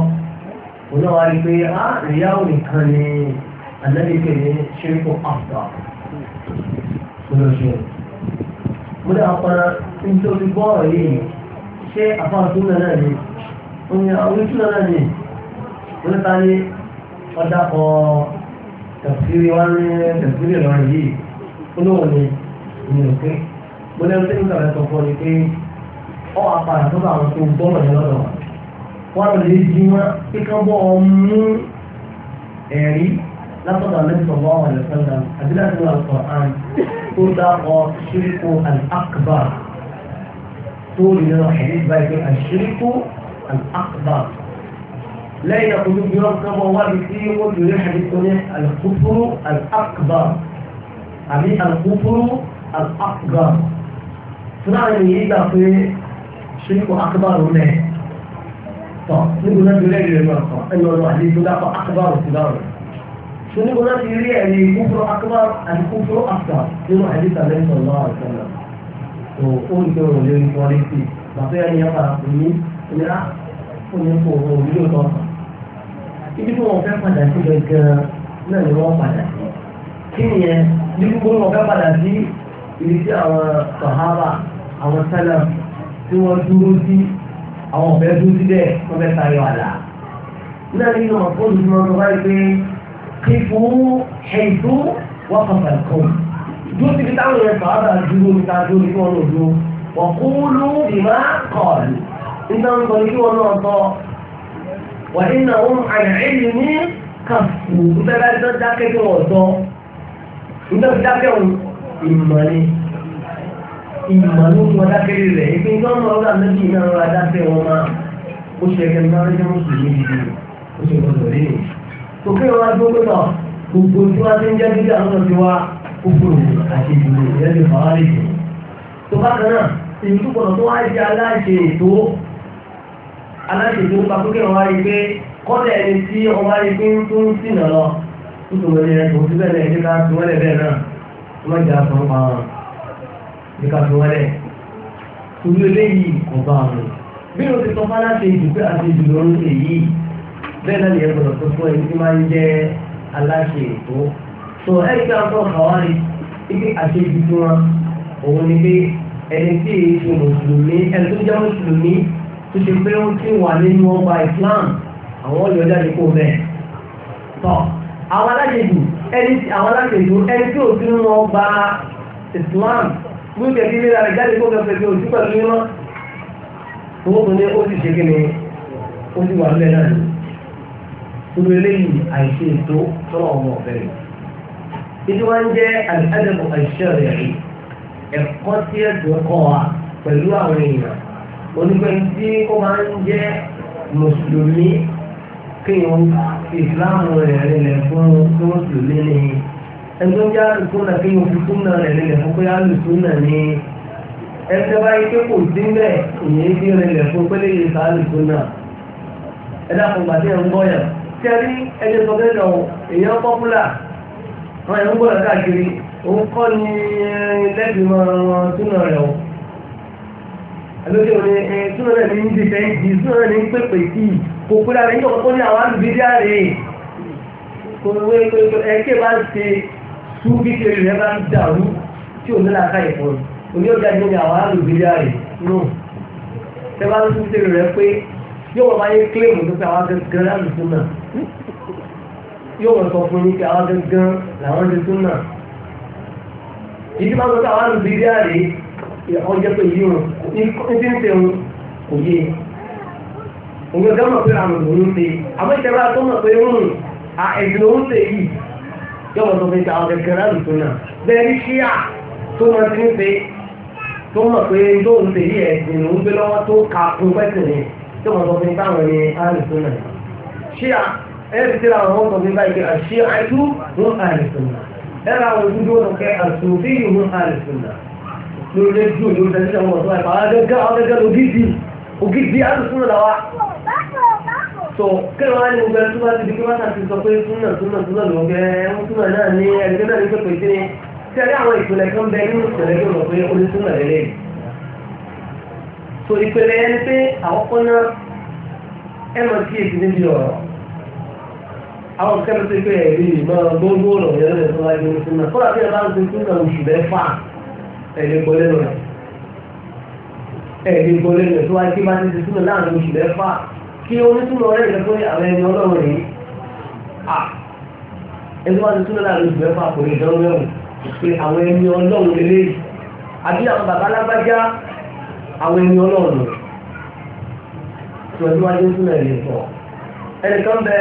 òun náà wá rí pé á ìyáwó nìkan ni ànábìkẹ́ ní ṣẹ́ríkò àfà olóṣèlú mo dá apara nítorí bọ́ọ̀lù yìí ṣé àfáàtún náà ni òun ni àwọn ìtura náà ni wọ́n ta ní ọ̀dà kan tẹ̀síwájú tẹ̀síwájú lọ́rùn yìí olóòní ní òkè mo lẹ́nu tẹ́lẹ̀ nígbà rẹ̀ sọ fún ọ ni pé ọ àpàrà tó bá àwọn tó gbọ́mọ̀ yẹn lọ́dọ̀ wa wọn lè di wọn pé ká bọ́ ọ mú ẹ̀rí látọ̀dọ̀ alẹ́sọ̀ wọ́n wà lẹ́sẹ̀lẹ̀ àdílàdí wà sọ àn tó dá ọ ṣíríkù àkàbà tó lè lọ ẹ̀rí báyìí pé àṣíríkù àkàbà lẹ́yìn àkójú bí wọ́n kábọ̀ wá di sí wọ́n lè rí àdíkù ní àlùkùfúrú àkàbà àbí àlùkùfúrú al-akbar láàrin yìí gbà pé ṣíríkù akbar mẹ́ tọ́ níbo náà ti rí ẹ̀rí rẹ̀ kọ́ ẹni ọ̀rọ̀ àti ìtura kọ́ akbar sí láàrin ṣe níbo náà ti rí ẹ̀rí kúfúrú akbar àti kúfúrú akbar nínú àdìsá lẹ́yìn sọ̀rọ̀ àwọn ìṣẹ̀lẹ̀ tó ó ń gbé òun lórí wọn létí bàtọ́ yẹn yẹn fara kù ní ìnira ah, fún ní kò òun òbí ló tọ́ ibi tí wọn fẹ́ padà sí gẹ́gẹ́ náà ni wọ́n padà sí kí ni yẹn bí gbogbo wọn fẹ́ padà sí ibi tí àwọn sàhábà àwọn sẹ́lẹ̀ tí wọ́n dúró sí àwọn ọ̀fẹ́ dúró sí bẹ́ẹ̀ wọ́n fẹ́ tayọ àlà. nígbà tí yóò máa fóònù fún ọmọ báyìí pé kí fún ẹ̀dú wọ́n kàn fẹ́ kọ́ dúró síbi táwọn yẹn sàhábà dúró níta dúró ní kí wọ́n lò dúró wọ́n kú ló ìmá kọ̀ọ̀lù nígbà wọn kọ́ ní kí wọ́n náà tọ́ wà nínú àwọn àyànjú ní kàfù nígbà tí wọ́n dákẹ́ kí wọ́n tọ́ nígbà tí dákẹ́ wọn ìmọ̀ni ìmọ̀ni wọn dákẹ́rì rẹ̀ ìpín tó ń lọ ọ̀gá méjì náà rọra dáfẹ́ wọn máa ó ṣe ẹgbẹ́ máa ń jẹ́ mùsùlùmí gidi ó ṣe gbọdọ̀ rí ni. òkè wọn adó pé náà gbogbo tí wọn ti ń jẹ́ gidi àwọn ọ̀dọ́ ti wá kókó àti ìdìbò ìrẹ́lẹ̀ fàwárì jù. tó bá kan náà ìlú gbọdọ̀ tó wá jẹ́ aláṣẹ ètò aláṣẹ ètò nípa pé wọn wá pé kọ́lẹ̀ ẹni tí wọn wá pé ń tún sìn náà lọ nítorí ẹni tó ti bẹ̀rẹ̀ ẹni ká tún wọ́lẹ̀ bẹ́ẹ̀ náà wọ́n jà sọ pa wọn ní ká fi wọ́lẹ̀ torí eléyìí kò bá wọn bí o ti sọ fún aláṣẹ ìdìbò àti ìdìbò ló ń ṣe yìí bẹ́ẹ̀ náà lè gbọ́dọ̀ tó fún ẹni tí máa ń jẹ́ aláṣẹ ètò so ẹni tí a sọ kàwárí ibi àṣejù tí wọn òun ni pé ẹni tí èyí ṣe mùsùlùmí ẹni tó jẹ́ mùsùlùmí tó ṣe pé ó ti wà nínú ọgbà Islam àwọn ọ̀yọ́ jáde kó bẹ́ẹ̀ tọ́ àwọn alájèjì ẹni àwọn alájèjì ẹni tí òsì ń wọn gba Islam mú kẹ̀kí lé rẹ̀ jáde kó kẹfẹ́ kí òsì pẹ̀lú mímọ́ owó tó ní ó sì ṣe kí ni ó sì wà lẹ́ náà ni irú eléyìí àìṣe ètò tọ́lọ̀ ọmọ ọ̀bẹ̀rẹ̀ ìdí wọn jẹ́ àdàbọ̀ àìṣe rẹ̀ rí ẹ̀kọ́ tí ẹ̀dùn kọ́ wa pẹ̀lú àwọn èèyàn onígbẹ̀ntì ó máa ń jẹ́ mùsùlùmí kí ìsìláàmù rẹ̀ rinlẹ̀ fún tí wọ́n sì lé ní ẹgbẹ́ jẹ́ àlùsúnà kí wọ́n fi súnà rẹ̀ rinlẹ̀ fún pé àlùsúnà ni, ẹgbẹ́ báyìí pé kò sí bẹ́ẹ̀ ìyẹn fi rinlẹ̀ fún pé léyìn ìta àlùsúnà ẹ̀dá kan gbàdé ẹ̀ ń gbọ́yàn tí a rí ẹni sọ pé lọ èèyàn pọ́pùlà wọn ẹ̀ ń gbọ́yàn káàkiri òun kọ́ ni lẹ́bi mọ́ túnà rẹ̀ o lókè òní ẹ̀ẹ́dúnrún náà ní ń dìfẹ́ ìdìdúnrún náà ní ń pèpè sí i kò pé ara yín ọ̀pọ̀ ní àwọn àlùbídíà rè é kò wé ẹ̀ẹ́kẹ́ bá ń ṣe tú bí kiri rẹ̀ bá ń dàrú tí òun náà ká ìfọ̀n òní ọjà ní ní àwọn àlùbídíà rè nù ẹ bá ń tú kiri rẹ̀ pé yóò wọ́n bá yé kílèmù tó pé àwọn gẹ́gẹ́ àlùsùn náà yóò wọ́n sọ fún yín pé àwọn gẹ́gẹ́ làwọn ti sún náà ìdí ìyàwó jẹ́ pé yìí wọn ní tí ń tẹ̀ wọn kò yé òun gbọ́dọ̀ mọ̀ pé àwọn òun ń ṣe àmọ́ ìjọba tó mọ̀ pé òun à ẹ̀sìn òun ṣe yìí yọ̀wọ̀ tó fi ta ọ̀rẹ́ kẹrẹ́ àlùtò náà bẹ́ẹ̀ ní ṣíà tó mọ̀ sí ń ṣe tó mọ̀ pé tó ń ṣe yìí ẹ̀sìn òun gbé lọ́wọ́ tó ka fún pẹ́sìn ni yọ̀wọ̀ tó fi táwọn ní àlùtò náà ṣíà ẹ̀rì tí àwọn ọmọ mi bá ìgbé àìtú fún àlùtò náà ẹ̀rọ àwọn ojú lórí rédíò lórí tẹ̀síṣẹ́ wọn ọ̀tún àìpá agẹ́gẹ́ agẹ́gẹ́ lògidì ògidì àtúntún là wá. tó kéwàá wá ní gbogbo ẹni tó bá ti di pé wáṣà ti sọ pé súnà súnà súnà ló gẹ ẹ̀hún súnà náà ní ẹ̀ẹ́dẹ́gbẹ́ náà ní pẹ̀pẹ́ sí ni tẹ́lẹ̀ àwọn ìpìlẹ̀ kan bẹ nínú ìpìlẹ̀ yóò mọ̀ pé ó ní súnà lélẹ̀ tó ìpìlẹ̀ ẹni pé àkọ́kọ́ náà ẹ máa kí èsì níbi ọ̀rọ̀ àwọn kẹ́lẹ́ pé ẹ̀rí ìmọ̀ gbogbo ọ̀rọ̀ yẹn lè sọ wáyé ní súnà kọ́lá bí ẹ bá ń sin súnà oṣù mẹ́fà ẹ̀rí gbọ́lẹ́nu rẹ̀ ẹ̀rí gbọ́lẹ́nu rẹ̀ tó wáyé kí bá ti ti túnlẹ̀ láàrin oṣù mẹ́fà kí onítúnlọ rẹ̀ rẹ̀ pé àwọn ẹni ọlọ́run rèé à ẹni wá ti túnlẹ̀ láàrin oṣù mẹ́fà kò lè dánwó ẹ̀wọ̀n pé àwọn ẹni ọlọ́run lè léyìí àbí àwọn bàbá alágbájá àwọn ẹni ọlọ́run rẹ̀ tó ẹni wáyé túnlẹ̀ lè sọ ẹnìkan bẹ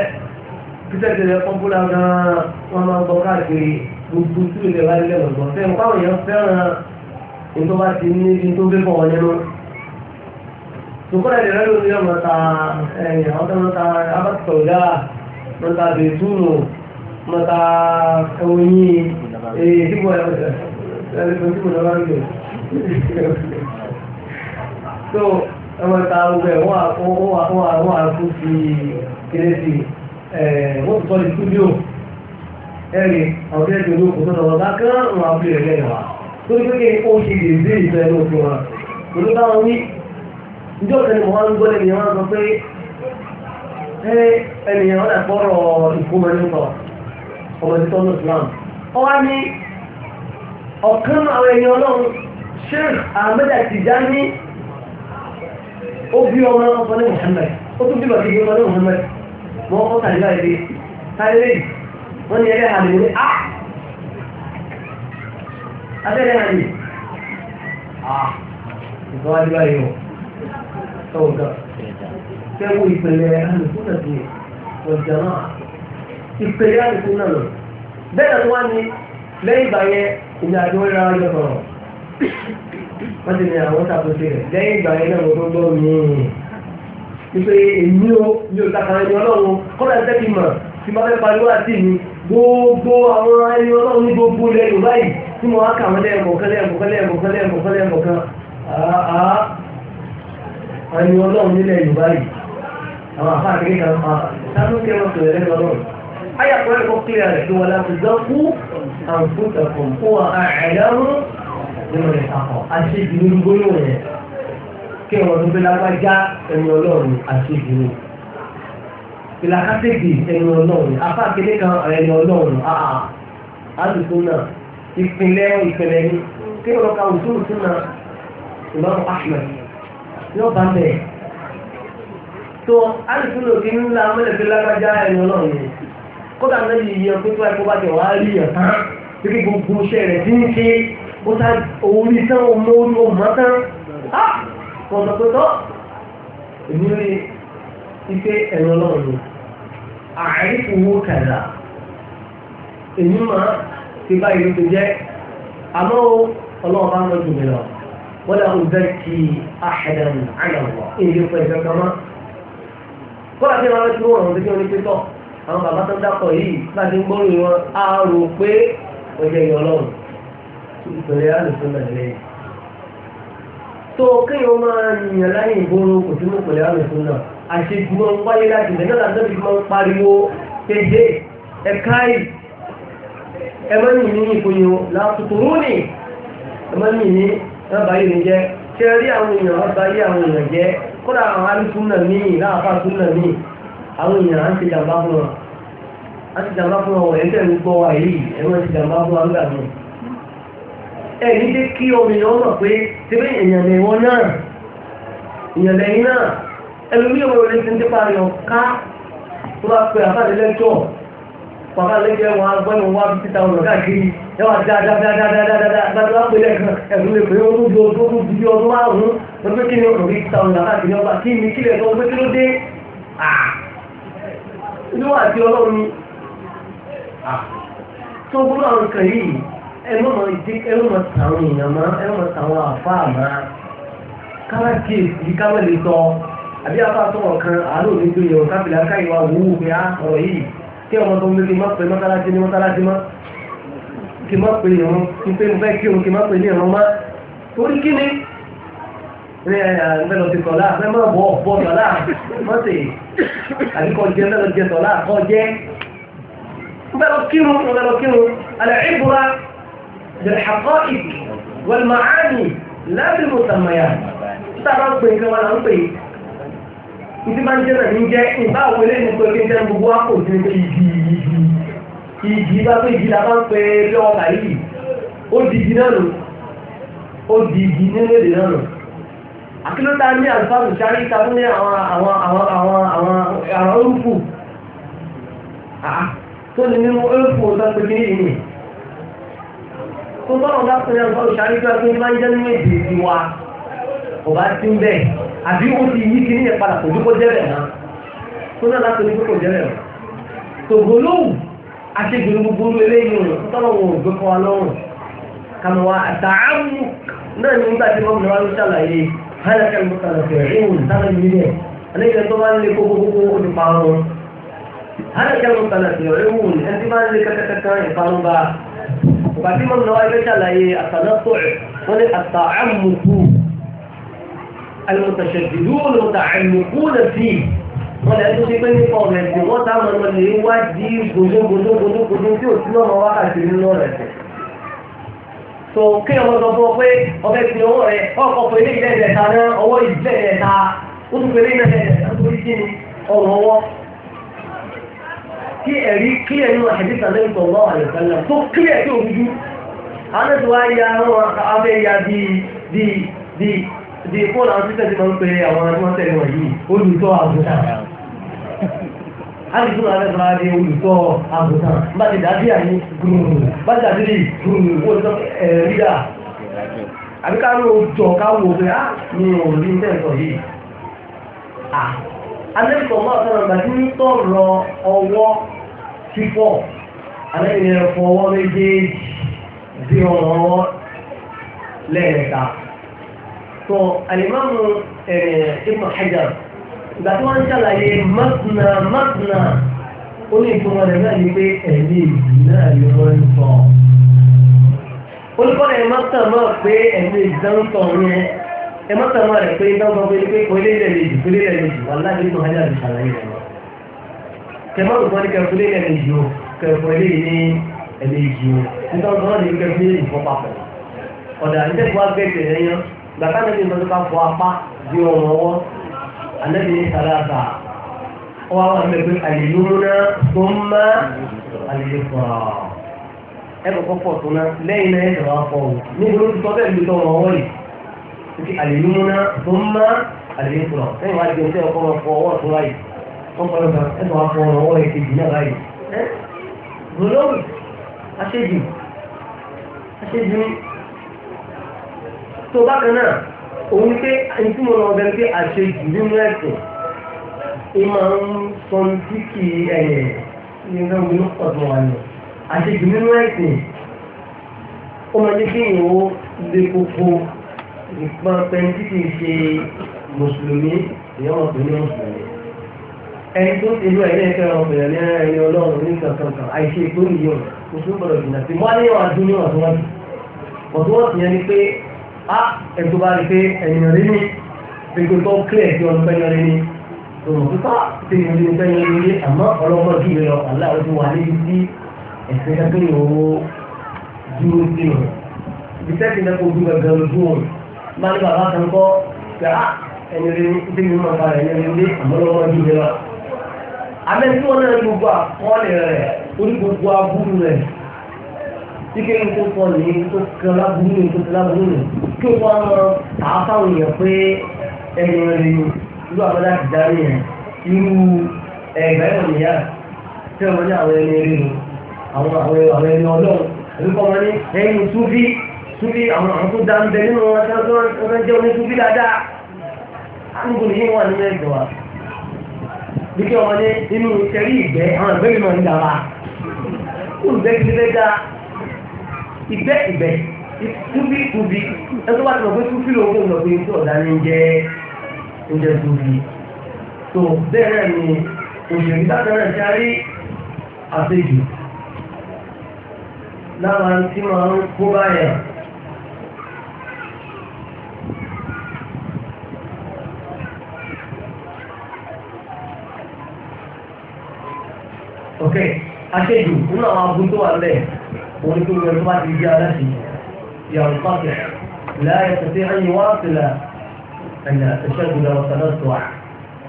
kítẹ́tẹ̀lẹ̀ pọ́pọ́lá gan-an wọ́n máa ń gbọ́ káàkiri gbogbo tí ó lè wáyé lẹ́wọ̀n gbọ́ fẹ́ràn ní tó bá ti ní ibi tó gbé bọ̀ wọlé lọ. Tòkọ́lá ìdẹ̀rẹ́ ló ní ọmọ ta ẹ̀yìn àwọn tó ń ta abátọ̀gá, mọ ta bẹ̀túnù, mọ ta ẹ̀wọ̀nyí, èyí tí mo lọ́wọ́ ń lò. So ọmọ ta ọgbẹ́ wọ́n àkú sí kéré sí wọ́n tó sọ ní stúdíò ẹ̀rì àwọn tó yẹ kí olóòkú tó lọ́wọ́ bá kán wọn á bí ẹ̀rẹ́ yẹn tó ní pé ó ṣe lè rí ìfẹ́ ní òfin wọn òní bá wọn ni mo máa ń gbọ́ lẹ́yìn wọn sọ pé ẹnìyàn wọn àpọ̀ ọ̀rọ̀ ìkómọ nípa ọmọ ti tọ́nu Islam ọwá ní ọ̀kan àwọn ènìyàn ọlọ́run Sheikh Ahmed Tijani ó bí ọmọ ọmọ ní Muhammad ó tún bíbọ̀ sí ọmọ ní Muhammad wọ́n kọ́ tàbí láì rí wọ́n ní ẹgbẹ́ àdìmọ́ ní ah! abẹ́rẹ́ náà ni nǹkan wá díwá yìí o tọ́wọ́ gan fẹ́wọ́ ìpìlẹ̀ alùpùpù náà di ọjà náà ìpìlẹ̀ alùpùpù náà lọ bẹ́ẹ̀ náà wọ́n ní lẹ́yìn ìgbà yẹn ìjà àti wọ́n rárá yọ sọ̀rọ̀ wọ́n ti ní àwọn ṣàkóso rẹ̀ lẹ́yìn ìgbà yẹn náà mo tó gbọ́ mi-ín ìpè èmi o mi ò takàrẹ́ ni ọlọ́run kọ́lá ẹ̀ tẹ́kì mọ̀ tí mo fẹ́ pariwo àti mi gbogbo àwọn ayé ọlọ́run ní gbogbo ilẹ̀ yorùbá yìí tí mo wá kàwọn lẹ́ẹ̀mọ̀kan lẹ́ẹ̀mọ̀kan lẹ́ẹ̀mọ̀kan lẹ́ẹ̀mọ̀kan lẹ́ẹ̀mọ̀kan àá ayé ọlọ́run nílẹ̀ yorùbá yìí àwọn àfáà kékeré kan pa sáré kẹwọn sọ̀rọ̀ lẹ́nu ọlọ́run ayé àkọọ́lẹ̀ kọ́ kílẹ̀ rẹ̀ kí wọ́n lá fi ìlà kátẹ́gì ẹnu ọlọ́run afá kéde kan ẹnu ọlọ́run àà ah, alùsùnà ah. ìpínlẹ̀ ìpínlẹ̀ ní kí wọ́n ka òṣùlùsùnà ìmọ̀mù ahmed yóò bá bẹ̀. tó alùsùnà kí ń la mẹ́lẹ̀kí lágbájá ẹnu ọlọ́run yẹn kódà náà yìí yẹ pé tó ẹ̀kọ́ bá tẹ̀ wá rí ẹ̀ tán bí kí gbogbo iṣẹ́ rẹ̀ ti ń ṣe ó ta òórí tán ọmọ orí ọmọ tán á kọ̀ọ̀tọ̀ pé tọ́ ìdílé ife ẹ̀rọ ọlọ́run yẹn àìkúwó kẹ̀lá èyí máa ti bá ìlú tó jẹ́ àmọ́ ọlọ́ọ̀bá ń lọ́jọ́ mi lọ wọ́n lọ ń bẹ́ kí àṣẹdàn àyàwó ìdí fún ẹ̀fẹ́ kan mọ́. kọ́lá tí wọ́n ti wọ́n ti kí wọ́n ti tọ́ àwọn bàbá tó ń dákọ̀ yìí láti ń gbórí wọn á rò pé ọjọ́ ìyọ̀ ọlọ́run ìpínlẹ̀ alùpùpù náà tó kéèyàn máa yìnyín láyìn ìgboro kò sí mú ìpínlẹ̀ alùpùpù náà àṣejù máa ń wáyé láti ìgbẹ́ náà láti máa ń pariwo kéde ẹ̀ka ẹ̀ ẹ máa ń yìn ní ìfòyìn látùtùrú nì ẹ máa ń yìn ní ẹ̀bá yìí jẹ́ ṣe rí àwọn èèyàn ọba yìí àwọn èèyàn jẹ́ kódà àwọn alùpùpù náà ní ìlàáfà tún náà ní àwọn èèyàn á ń ṣe jàmbá fún wọn á ń ṣe jàmbá fún wọn ẹ̀ ń tẹ̀lé gbọ́ wa ẹlòmí ìwé orí ti ń dípa yọ ká tó bá pè àbáde lẹ́jọ́ bàbá lẹ́jọ́ wọn agbọ́nù wá bí títa ọ̀rọ̀ káàkiri ẹwà dáadáadáadáadáa bá pè lẹ́kan ẹ̀rù lè pè ó lójú ọdún ọdún bíi ọdún márùn-ún ló pé kí ni ọ̀rọ̀ yìí títa ọ̀rọ̀ káàkiri ọba kí ni kílẹ̀ tó pé kí ló dé inú àti ọlọ́run tó gbọ́dọ̀ àwọn kan yìí ẹlọ́mọ ìdí ẹlọ́mọ tàwọn èèyàn mọ́ ẹlọ́mọ tàwọn àfáà mọ́ káàkiri káwọn lè sọ àbí apá sọ̀rọ̀ kan àánú ní gbé yẹ̀wò káfílà káyìwá wúwú pé á ah, ọ̀rọ̀ yìí kí ọmọ tó ń gbé kí má pè mọ́tálásí ní mọ́tálásí mọ́ kí má pè ìrún kí pé mo fẹ́ kí òun kí má pè ní ìrún má torí ni ní ẹ̀ẹ́dẹ́lọ ti kọ̀lá fẹ́ mọ́ bọ́ bọ́ tọ̀lá mọ́tì àbí kọ́ jẹ́ mẹ́lọ jẹ tọ̀lá kọ́ jẹ́ mẹ́lọ kírun mẹ́lọ kírun al-ibra bil-haqa'iq ìdí máa ń jẹ́ bẹ̀rẹ̀ ń jẹ́ ìbá àwọn ilé ìmú pé kí n jẹ́ gbogbo àpò sí pé ìdí ìdí ìdí bá pé ìdí la máa ń pe bí ọba yìí ó di ìdí náà nù ó di ìdí nínú èdè náà nù àkílóta ní àlùfáàlù sáré ta fún ní àwọn àwọn àwọn àwọn àwọn àwọn orúfù tó ní nínú orúfù tó ń pè kí ní ìní tó bá wọn bá pè àlùfáàlù sáré tó ń ní máa ń jẹ́ nínú èdè ìwà ọba tí ń bẹ́ẹ̀ àbí ó ti yí kí ní ìpadà kò ní kó jẹ́rẹ̀ náà tó náà láti ní kó jẹ́rẹ̀ náà tògbó lóhùn aṣègbè gbogbo eléyìí rẹ̀ tọ́lọ̀ wọn ò gbé kọ́ wa lọ́rùn kàmọ́ wa àtàámù náà ní nígbà tí mọ́mí wọn ṣàlàyé hálẹ́kẹ́ ló kàlọ́ fẹ̀rẹ̀ ìwọ̀n sáré nílẹ̀ ẹlẹ́yìn tó bá ń lé kókó kókó ó ti pa ọ́rùn hálẹ́kẹ́ ló kàlọ́ fẹ̀rẹ̀ ìwọ̀n ẹni tí máa ń lé kẹ́kẹ́kẹ́ ìparun bá ọ̀gbà tí mọ́mí wọn ṣàlàyé àtàlọ́tọ̀ المتشددون المتعمقون فيه wọ́n lè tún ṣe pé nípa ọ̀rọ̀ ẹ̀sìn wọ́n táwọn ọmọ lè wá di gbogbogbogbogbogbogbò tí ò sí lọ́mọ wákàtí nínú ọ̀rọ̀ ẹ̀sìn. tó kí ọmọ sọ fún ọ pé ọbẹ̀ ti owó rẹ ọkọ̀ pé ilé ìlẹ̀ ẹ̀ta náà ọwọ́ ìlẹ̀ ẹ̀ta ó tún pé ilé ìlẹ̀ ẹ̀ta tó ń kí ni ọ̀rọ̀ ọwọ́. kí ẹ̀rí kí ẹnu àdìsá lẹ́yìn tó wọ́n àlùkálà tó di kó làwọn tí tẹ̀sí máa ń pe àwọn tí wọ́n tẹ̀lé wọn yìí olùtọ́ àgùntàn alìsùn alẹ́ sọ̀rọ̀ adé olùtọ́ àgùntàn bá ti dàbí àyè gbùrùrù bá ti dàbí gbùrùrù kó lọ ẹ̀ríra àbí ká ló jọ ká wò pé á ah, mi ò rí tẹ̀sán yìí alẹ́sọ̀ máa sọ̀rọ̀ ìgbà tí ń tọ̀rọ̀ ọwọ́ fífọ̀ alẹ́yìn ẹ̀fọ́ ọwọ́ méjèèjì bí ọ̀rọ̀ ọwọ́ lẹ́ẹ̀ka sọ alimami eh, ibn hajar ìgbà tí wọ́n ń ṣàlàyé mọ́tìnà mọ́tìnà ó ní ìtumọ̀ rẹ̀ náà ní pé ẹ̀mí ìlú náà ni wọ́n ń sọ. olùkọ́ ẹ̀ mọ́tìnà náà pé ẹ̀mí ìdánsọ̀ yẹn ẹ̀ mọ́tìnà náà rẹ̀ pé dánsọ̀ pé pé kòlé lẹ́lẹ́jì kòlé lẹ́lẹ́jì wà láti ibn hajar ti ṣàlàyé rẹ̀ lọ. kẹfọ́n ìfọ́n ní kẹfọ́lé lẹ́lẹ́jì o kẹfọ́lé ní ẹ̀lẹ́jì o nítorí gbàtà nàbí ìmọ̀ nípa fọ apá bí ọ̀rọ̀ ọwọ́ anábì ní sàlàtà ọwọ́ àwọn mẹ́gbẹ́ àlèlúmúná tó ń má àlèlúfọ̀rọ̀ ẹ̀bùn kọ́kọ́ tó ná lẹ́yìn náà ẹ̀sẹ̀ wá fọ́ o ní ìlú ti sọ bẹ́ẹ̀ lùtọ̀ ọ̀rọ̀ ọwọ́ yìí ti àlèlúmúná tó ń má àlèlúfọ̀rọ̀ lẹ́yìn wá di ọ̀sẹ̀ ọkọ̀ ọ̀fọ̀ ọwọ́ tó láyìí wọ́n kọ́ lọ́gbà ẹ̀sẹ̀ wá fọ́ ọ̀rọ̀ ọwọ́ yìí kejì náà láyìí gbọ́dọ̀ àṣejù àṣejù tó bákan náà òun pé ìtú mọ̀ náà bẹ́ẹ̀ pé àṣẹ jù nínú ẹ̀sìn ìmọ̀ ń sọ tí kì í ẹ̀yẹ̀ nínú ìlú ọ̀dọ̀ wà ní àṣẹ jù nínú ẹ̀sìn ó máa jẹ́ kí ìwò lè kókó ìpọn pẹ́ntì kì í ṣe mùsùlùmí ìyá wọn pè ní mùsùlùmí ẹni tó ti lú ẹ̀yẹ́ fẹ́ràn ọ̀bẹ̀rẹ̀ ní ẹni ọlọ́run ní kankankan àìṣe ìgbóníyàn mùsùlùmí gbọdọ̀ jìnnà sí wọ́n á ní á ẹ̀tọ́ bá rí pé ẹ̀yìn rí ní gbogbo tó kílẹ̀ tí ọdún pẹ́yìn rí ní tòun pípa tí ìyẹn rí ní pẹ́yìn rí ní àmọ́ ọlọ́mọ jù lọ aláwọ̀ tó wà níbi tí ẹ̀sìn ẹgbẹ́ ìwòwò dúró sí wọn. ibi tẹ́sí lẹ́kọ̀ọ́ ojú gangan lójú wọn máa ní bàbá kan kọ́ pé á ẹ̀yìn rí ní tí mi máa fara ẹ̀yìn rí ní àmọ́ ọlọ́mọ jù lọ. àmẹ́ tí wọ́n náà ike ń tó ní tó lábúrú ní tó lábúrú ní kí wọ́n mọ àáfáwọn èèyàn pé ẹni rẹ̀ ni irú àwọn láti darí yẹn irú ẹ̀gbẹ́ ìròyìn tí wọ́n ní àwọn ẹni rẹ̀ ni àwọn àwọn ẹni ọlọ́run àbí kọ́ wọn ní ẹni túbí túbí àwọn àwọn tó dá ń bẹ nínú wọn tí wọ́n jẹ́ oní túbí dáadáa níbo ni wà nínú ẹ̀jọ̀ wa bí kí wọ́n ní inú ìtẹ̀rí ìgbẹ́ àwọn ìgbẹ́ mi mọ̀ ní dàrá ìbẹ́ ìbẹ́ túbí túbí ẹgbẹ́ bá ti mọ̀ pé túbí ló gbóhùn lọ́pẹ́ tó ọ̀dá ní jẹ́ oúnjẹ túbí tó bẹ́ẹ̀ náà ni òṣèlú dákẹ́rẹ́ ti rí àṣejù lára tí máa ń kó báyà ok àṣejù nínú àwọn abúlé tó wà lẹ́yìn ولكل يرفع رجالته ينقطع لا يستطيع أن يواصل أن التشدد والتنطع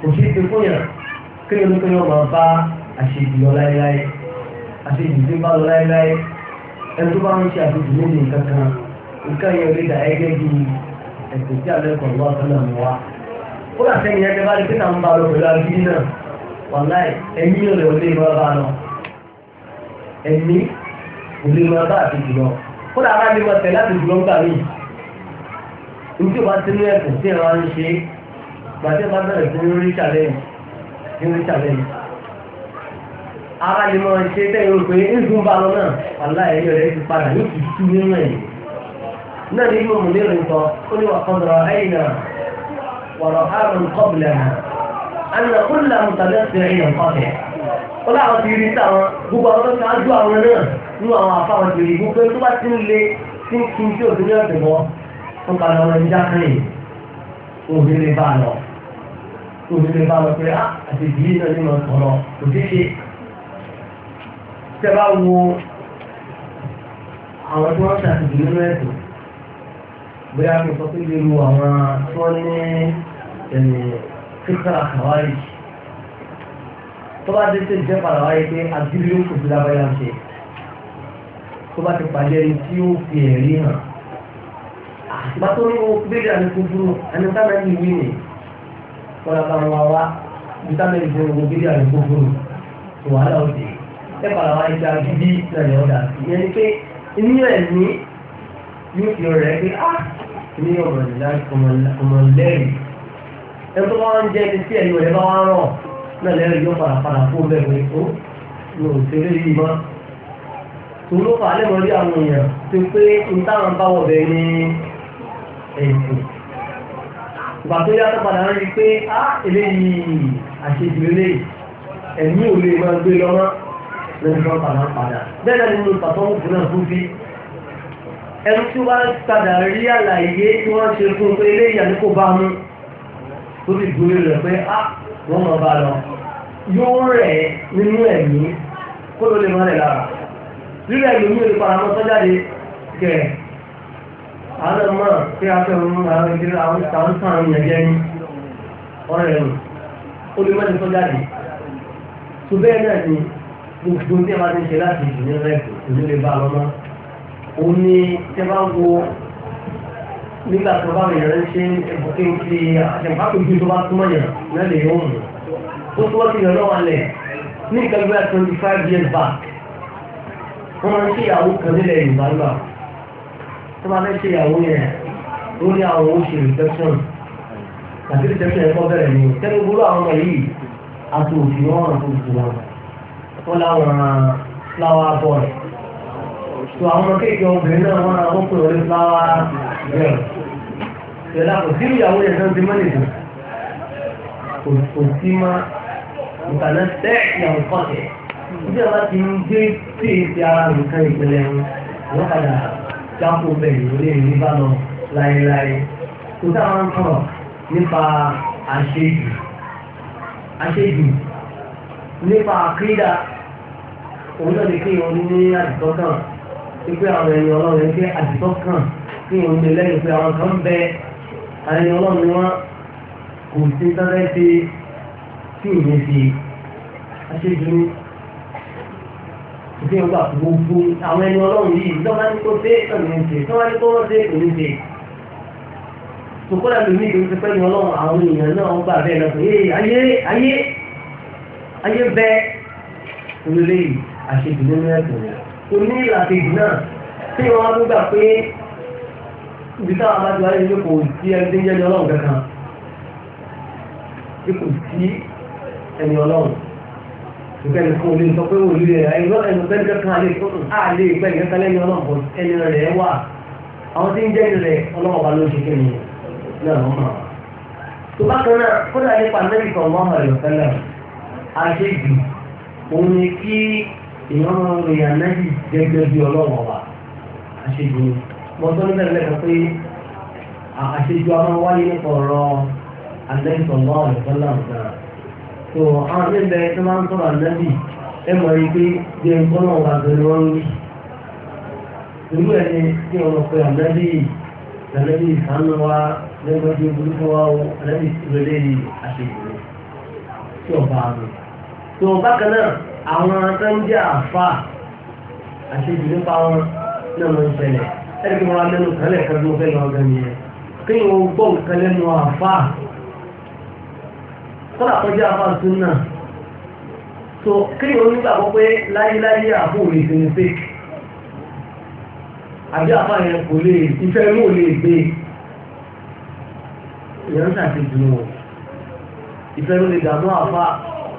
وشيء بكنيا كل يمكن يوم أربعة أشيد لا إله أشيد زبا لا إله أنتو بقى مش أشيد مني كذا وكان يريد أيدي التشدد لكم الله سبحانه وتعالى ولا dà sẹ́yìn ẹgbẹ́ bá rí pé tàbí bá lọ pẹ̀lú agídí náà wàláì ẹ̀mí ò lè òlè máa bá àti jùlọ kódà bá lè máa tẹ̀ láti jùlọ gbà mí ojú ọba ti ní ẹ̀sìn tí ẹ̀rọ ń ṣe gbàtẹ́ bá bẹ̀rẹ̀ sí ní rí challenge ní rí challenge ara lè máa ṣe tẹ́yìn rò pé ẹ̀sùn bá lọ náà aláìyẹ rẹ̀ ti padà yóò ti tú nínú ẹ̀yìn náà ní yóò mú lérò nǹkan ó ní wà kọ́ndọ̀rọ̀ ẹ̀yìn náà wọ̀rọ̀ àrùn kọ́bìlẹ̀ náà àná kúlẹ̀ àmùtàlẹ́sẹ̀ ẹ̀yìn nǹkan tẹ̀ ó láwọn ti rí sáwọn gbogbo àwọn tó ṣáájú àwọn náà ní àwọn àfáwọn ìbèrè ìbú pé tó bá ti ń le tí ń kí tí òbí náà tẹ̀wọ́ ó ka lọ́wọ́ ẹni dákẹ́yìn òbí lè bá lọ òbí lè bá lọ pé á ah, àti ìdílé náà ní mọ̀ sọ̀rọ̀ òbí ṣe tẹ́ bá wo àwọn tí wọ́n ṣàtìjú nínú ẹ̀sìn bóyá kò sọ pé léwu àwọn tí wọ́n ní ẹ̀mí kíkọ́ra kàwáyì tó bá dé tẹ́ jẹ́ pàlàwáyé pé àdúgbò kò sí lábáyà ń ṣe tó bá ti pàdé ẹni tí ó fi ẹ̀rí hàn àgbà tó ní owó bíbí àlùkùdúró ẹni sábà ní ìwé nì kọ́lá bá wọn wá ní sábà ní ìwé owó bíbí àlùkùdúró tó wà láòdì ẹ padà wá ìjà bíbí ìtàlẹ̀ ọ̀dà ìyẹn ni pé inú ẹ̀ ní ní fi rẹ̀ pé á ah, ní ọmọ lẹ́rìí ẹ tó bá wọn jẹ́ ẹni tí ẹ̀yìn rẹ̀ bá wọn rọ̀ náà lẹ́rìí yóò padà padà fún bẹ́ẹ̀ pé ó oh, ní òṣèré yìí máa òun ló fà á lẹ́mọ̀ rí àwọn èèyàn tó pé n táwọn bá wọ̀ bẹ́ẹ̀ ní ẹ̀sìn ìgbà tó yá tó padà rí pé á eléyìí àṣejù eléyìí ẹ̀mí ò lè máa gbé lọ́mọ́ lẹ́nu tó padà padà bẹ́ẹ̀ náà nínú pàtọ́wọ́ fún náà fún bí ẹni tí wọ́n padà rí àlàyé tí wọ́n rírẹ̀ ìlú mi ìparamọ́ sọ́jáde kẹ̀ àwọn ọmọ pé afẹ́rún àwọn ìdílé àwọn ìtàwọn sàn àwọn ìyẹn jẹ́ ní ọ̀rẹ́ rẹ̀ ó lè mọ́ni sọ́jáde tó bẹ́ẹ̀ náà ni gbogbo tí a bá ti ṣe láti ìdílé rẹ̀ kò ní lè bá lọ́mọ́ ó ní tẹ́ bá wo nígbà tó bá yẹn ń ṣe ẹ̀bùkẹ́ ti àtẹ̀pákòjú tó bá túmọ̀ yẹn lẹ́lẹ̀ yóò mú ó tó wọ́n ti yàn lọ́wọ́ alẹ̀ ní ìkẹ́gbẹ́ twenty five years back wọ́n máa ìyàwó kan nílẹ̀ Yorùbá gbà tó máa fẹ́ ṣe ìyàwó yẹn ó ní àwọn oṣù reception àti reception ẹ̀kọ́ bẹ̀rẹ̀ ni tẹ́lẹ̀ gbóló àwọn ọmọ yìí àti òfin wọn àti òfin wọn wọn láwọn flower boy tó àwọn ọmọ kéèké obìnrin náà wọn àwọn pè wọlé flower ìdí àwọn ti ń gbé tí èsì ara nǹkan ìpìlẹ̀ ń wọ́n padà jápò bẹ́ẹ̀ lórí ìlú bá lọ láéláé kò táwọn ń sọ̀rọ̀ nípa àṣejù àṣejù nípa àkídà òun náà lè kí ìwọ̀n ní àdìsọ́kàn tí pé àwọn ẹni ọlọ́run ń gbé àdìsọ́kàn kí ìwọ̀n lè lẹ́yìn pé àwọn kan bẹ ẹni ọlọ́run wọn kò sí sáré ti tí ìyẹn ti àṣejù ni ìdí ìgbà gbogbo àwọn ẹni ọlọ́run yìí ìjọba ní kó dé ìtọ́ni ṣe ìjọba ní kó wọ́n dé òní ṣe. Sòkòlá lómi ìdí ti pẹ́ ní ọlọ́run àwọn èèyàn náà gbà bẹ́ẹ̀ lọ pé ayé ayé ayé bẹ orílẹ̀ yìí àṣejù nínú ẹ̀sìn rẹ̀. O ní ìlàkejì náà tí wọ́n á gbà pé ibi táwọn abájọ ayé ló kò sí ẹni tó ń jẹ́ ní ọlọ́run kankan. Ipò sí ẹni ọlọ́run nǹkan ní fún olè sọ pé wò lílẹ̀ ẹ̀yọ́ ẹnu pẹ́ẹ́lí kankan àlè àlè ah, pẹ́ẹ́lí kankan lẹ́yìn ọlọ́pọ̀ ẹni rẹ̀ wà àwọn tí ń jẹ́ ìrẹ̀ ọlọ́pàá ló ṣe kí ni náà wọ́n mọ̀. tó bá kan náà kódà nípa mẹ́rìkà ọmọ ọmọ ẹ̀yọ̀ tẹ́lẹ̀ àṣejù òun ni kí èèyàn máa ń ròyìn ànájì gẹ́gẹ́ bí ọlọ́wọ́ wa àṣejù ni mo sọ ní bẹ́ẹ̀ lẹ́kọ̀ọ́ pé àṣejù a máa wáyé nípa ọ̀rọ̀ ànájì ọmọ ọ̀rọ̀ tẹ́lẹ̀ tó àwọn níbẹ̀ tó máa ń sọ̀rọ̀ ànábì ẹ mọ̀ rí pé jẹ́ ìkọ́nà wà pẹ̀lú wọn rí irú ẹni tí wọn lọ pé ànábì ànábì ìsànú wa lẹ́gbẹ́jì burúkú wa o ànábì ìrẹ̀lẹ̀ yìí àṣeyọrí tí ọba àmì tó bákan náà àwọn tó ń jẹ́ àfa àṣejù nípa wọn náà ló kọ́lá tó jẹ́ afá tún náà so kí onígbàgbọ́ pé láyéláyé àbò lè fi ní pé àbí afá yẹn kò lè ìfẹ́ inú ò lè gbé ìyẹn ń ṣàtìjú wọn ìfẹ́ inú lè dààmú afá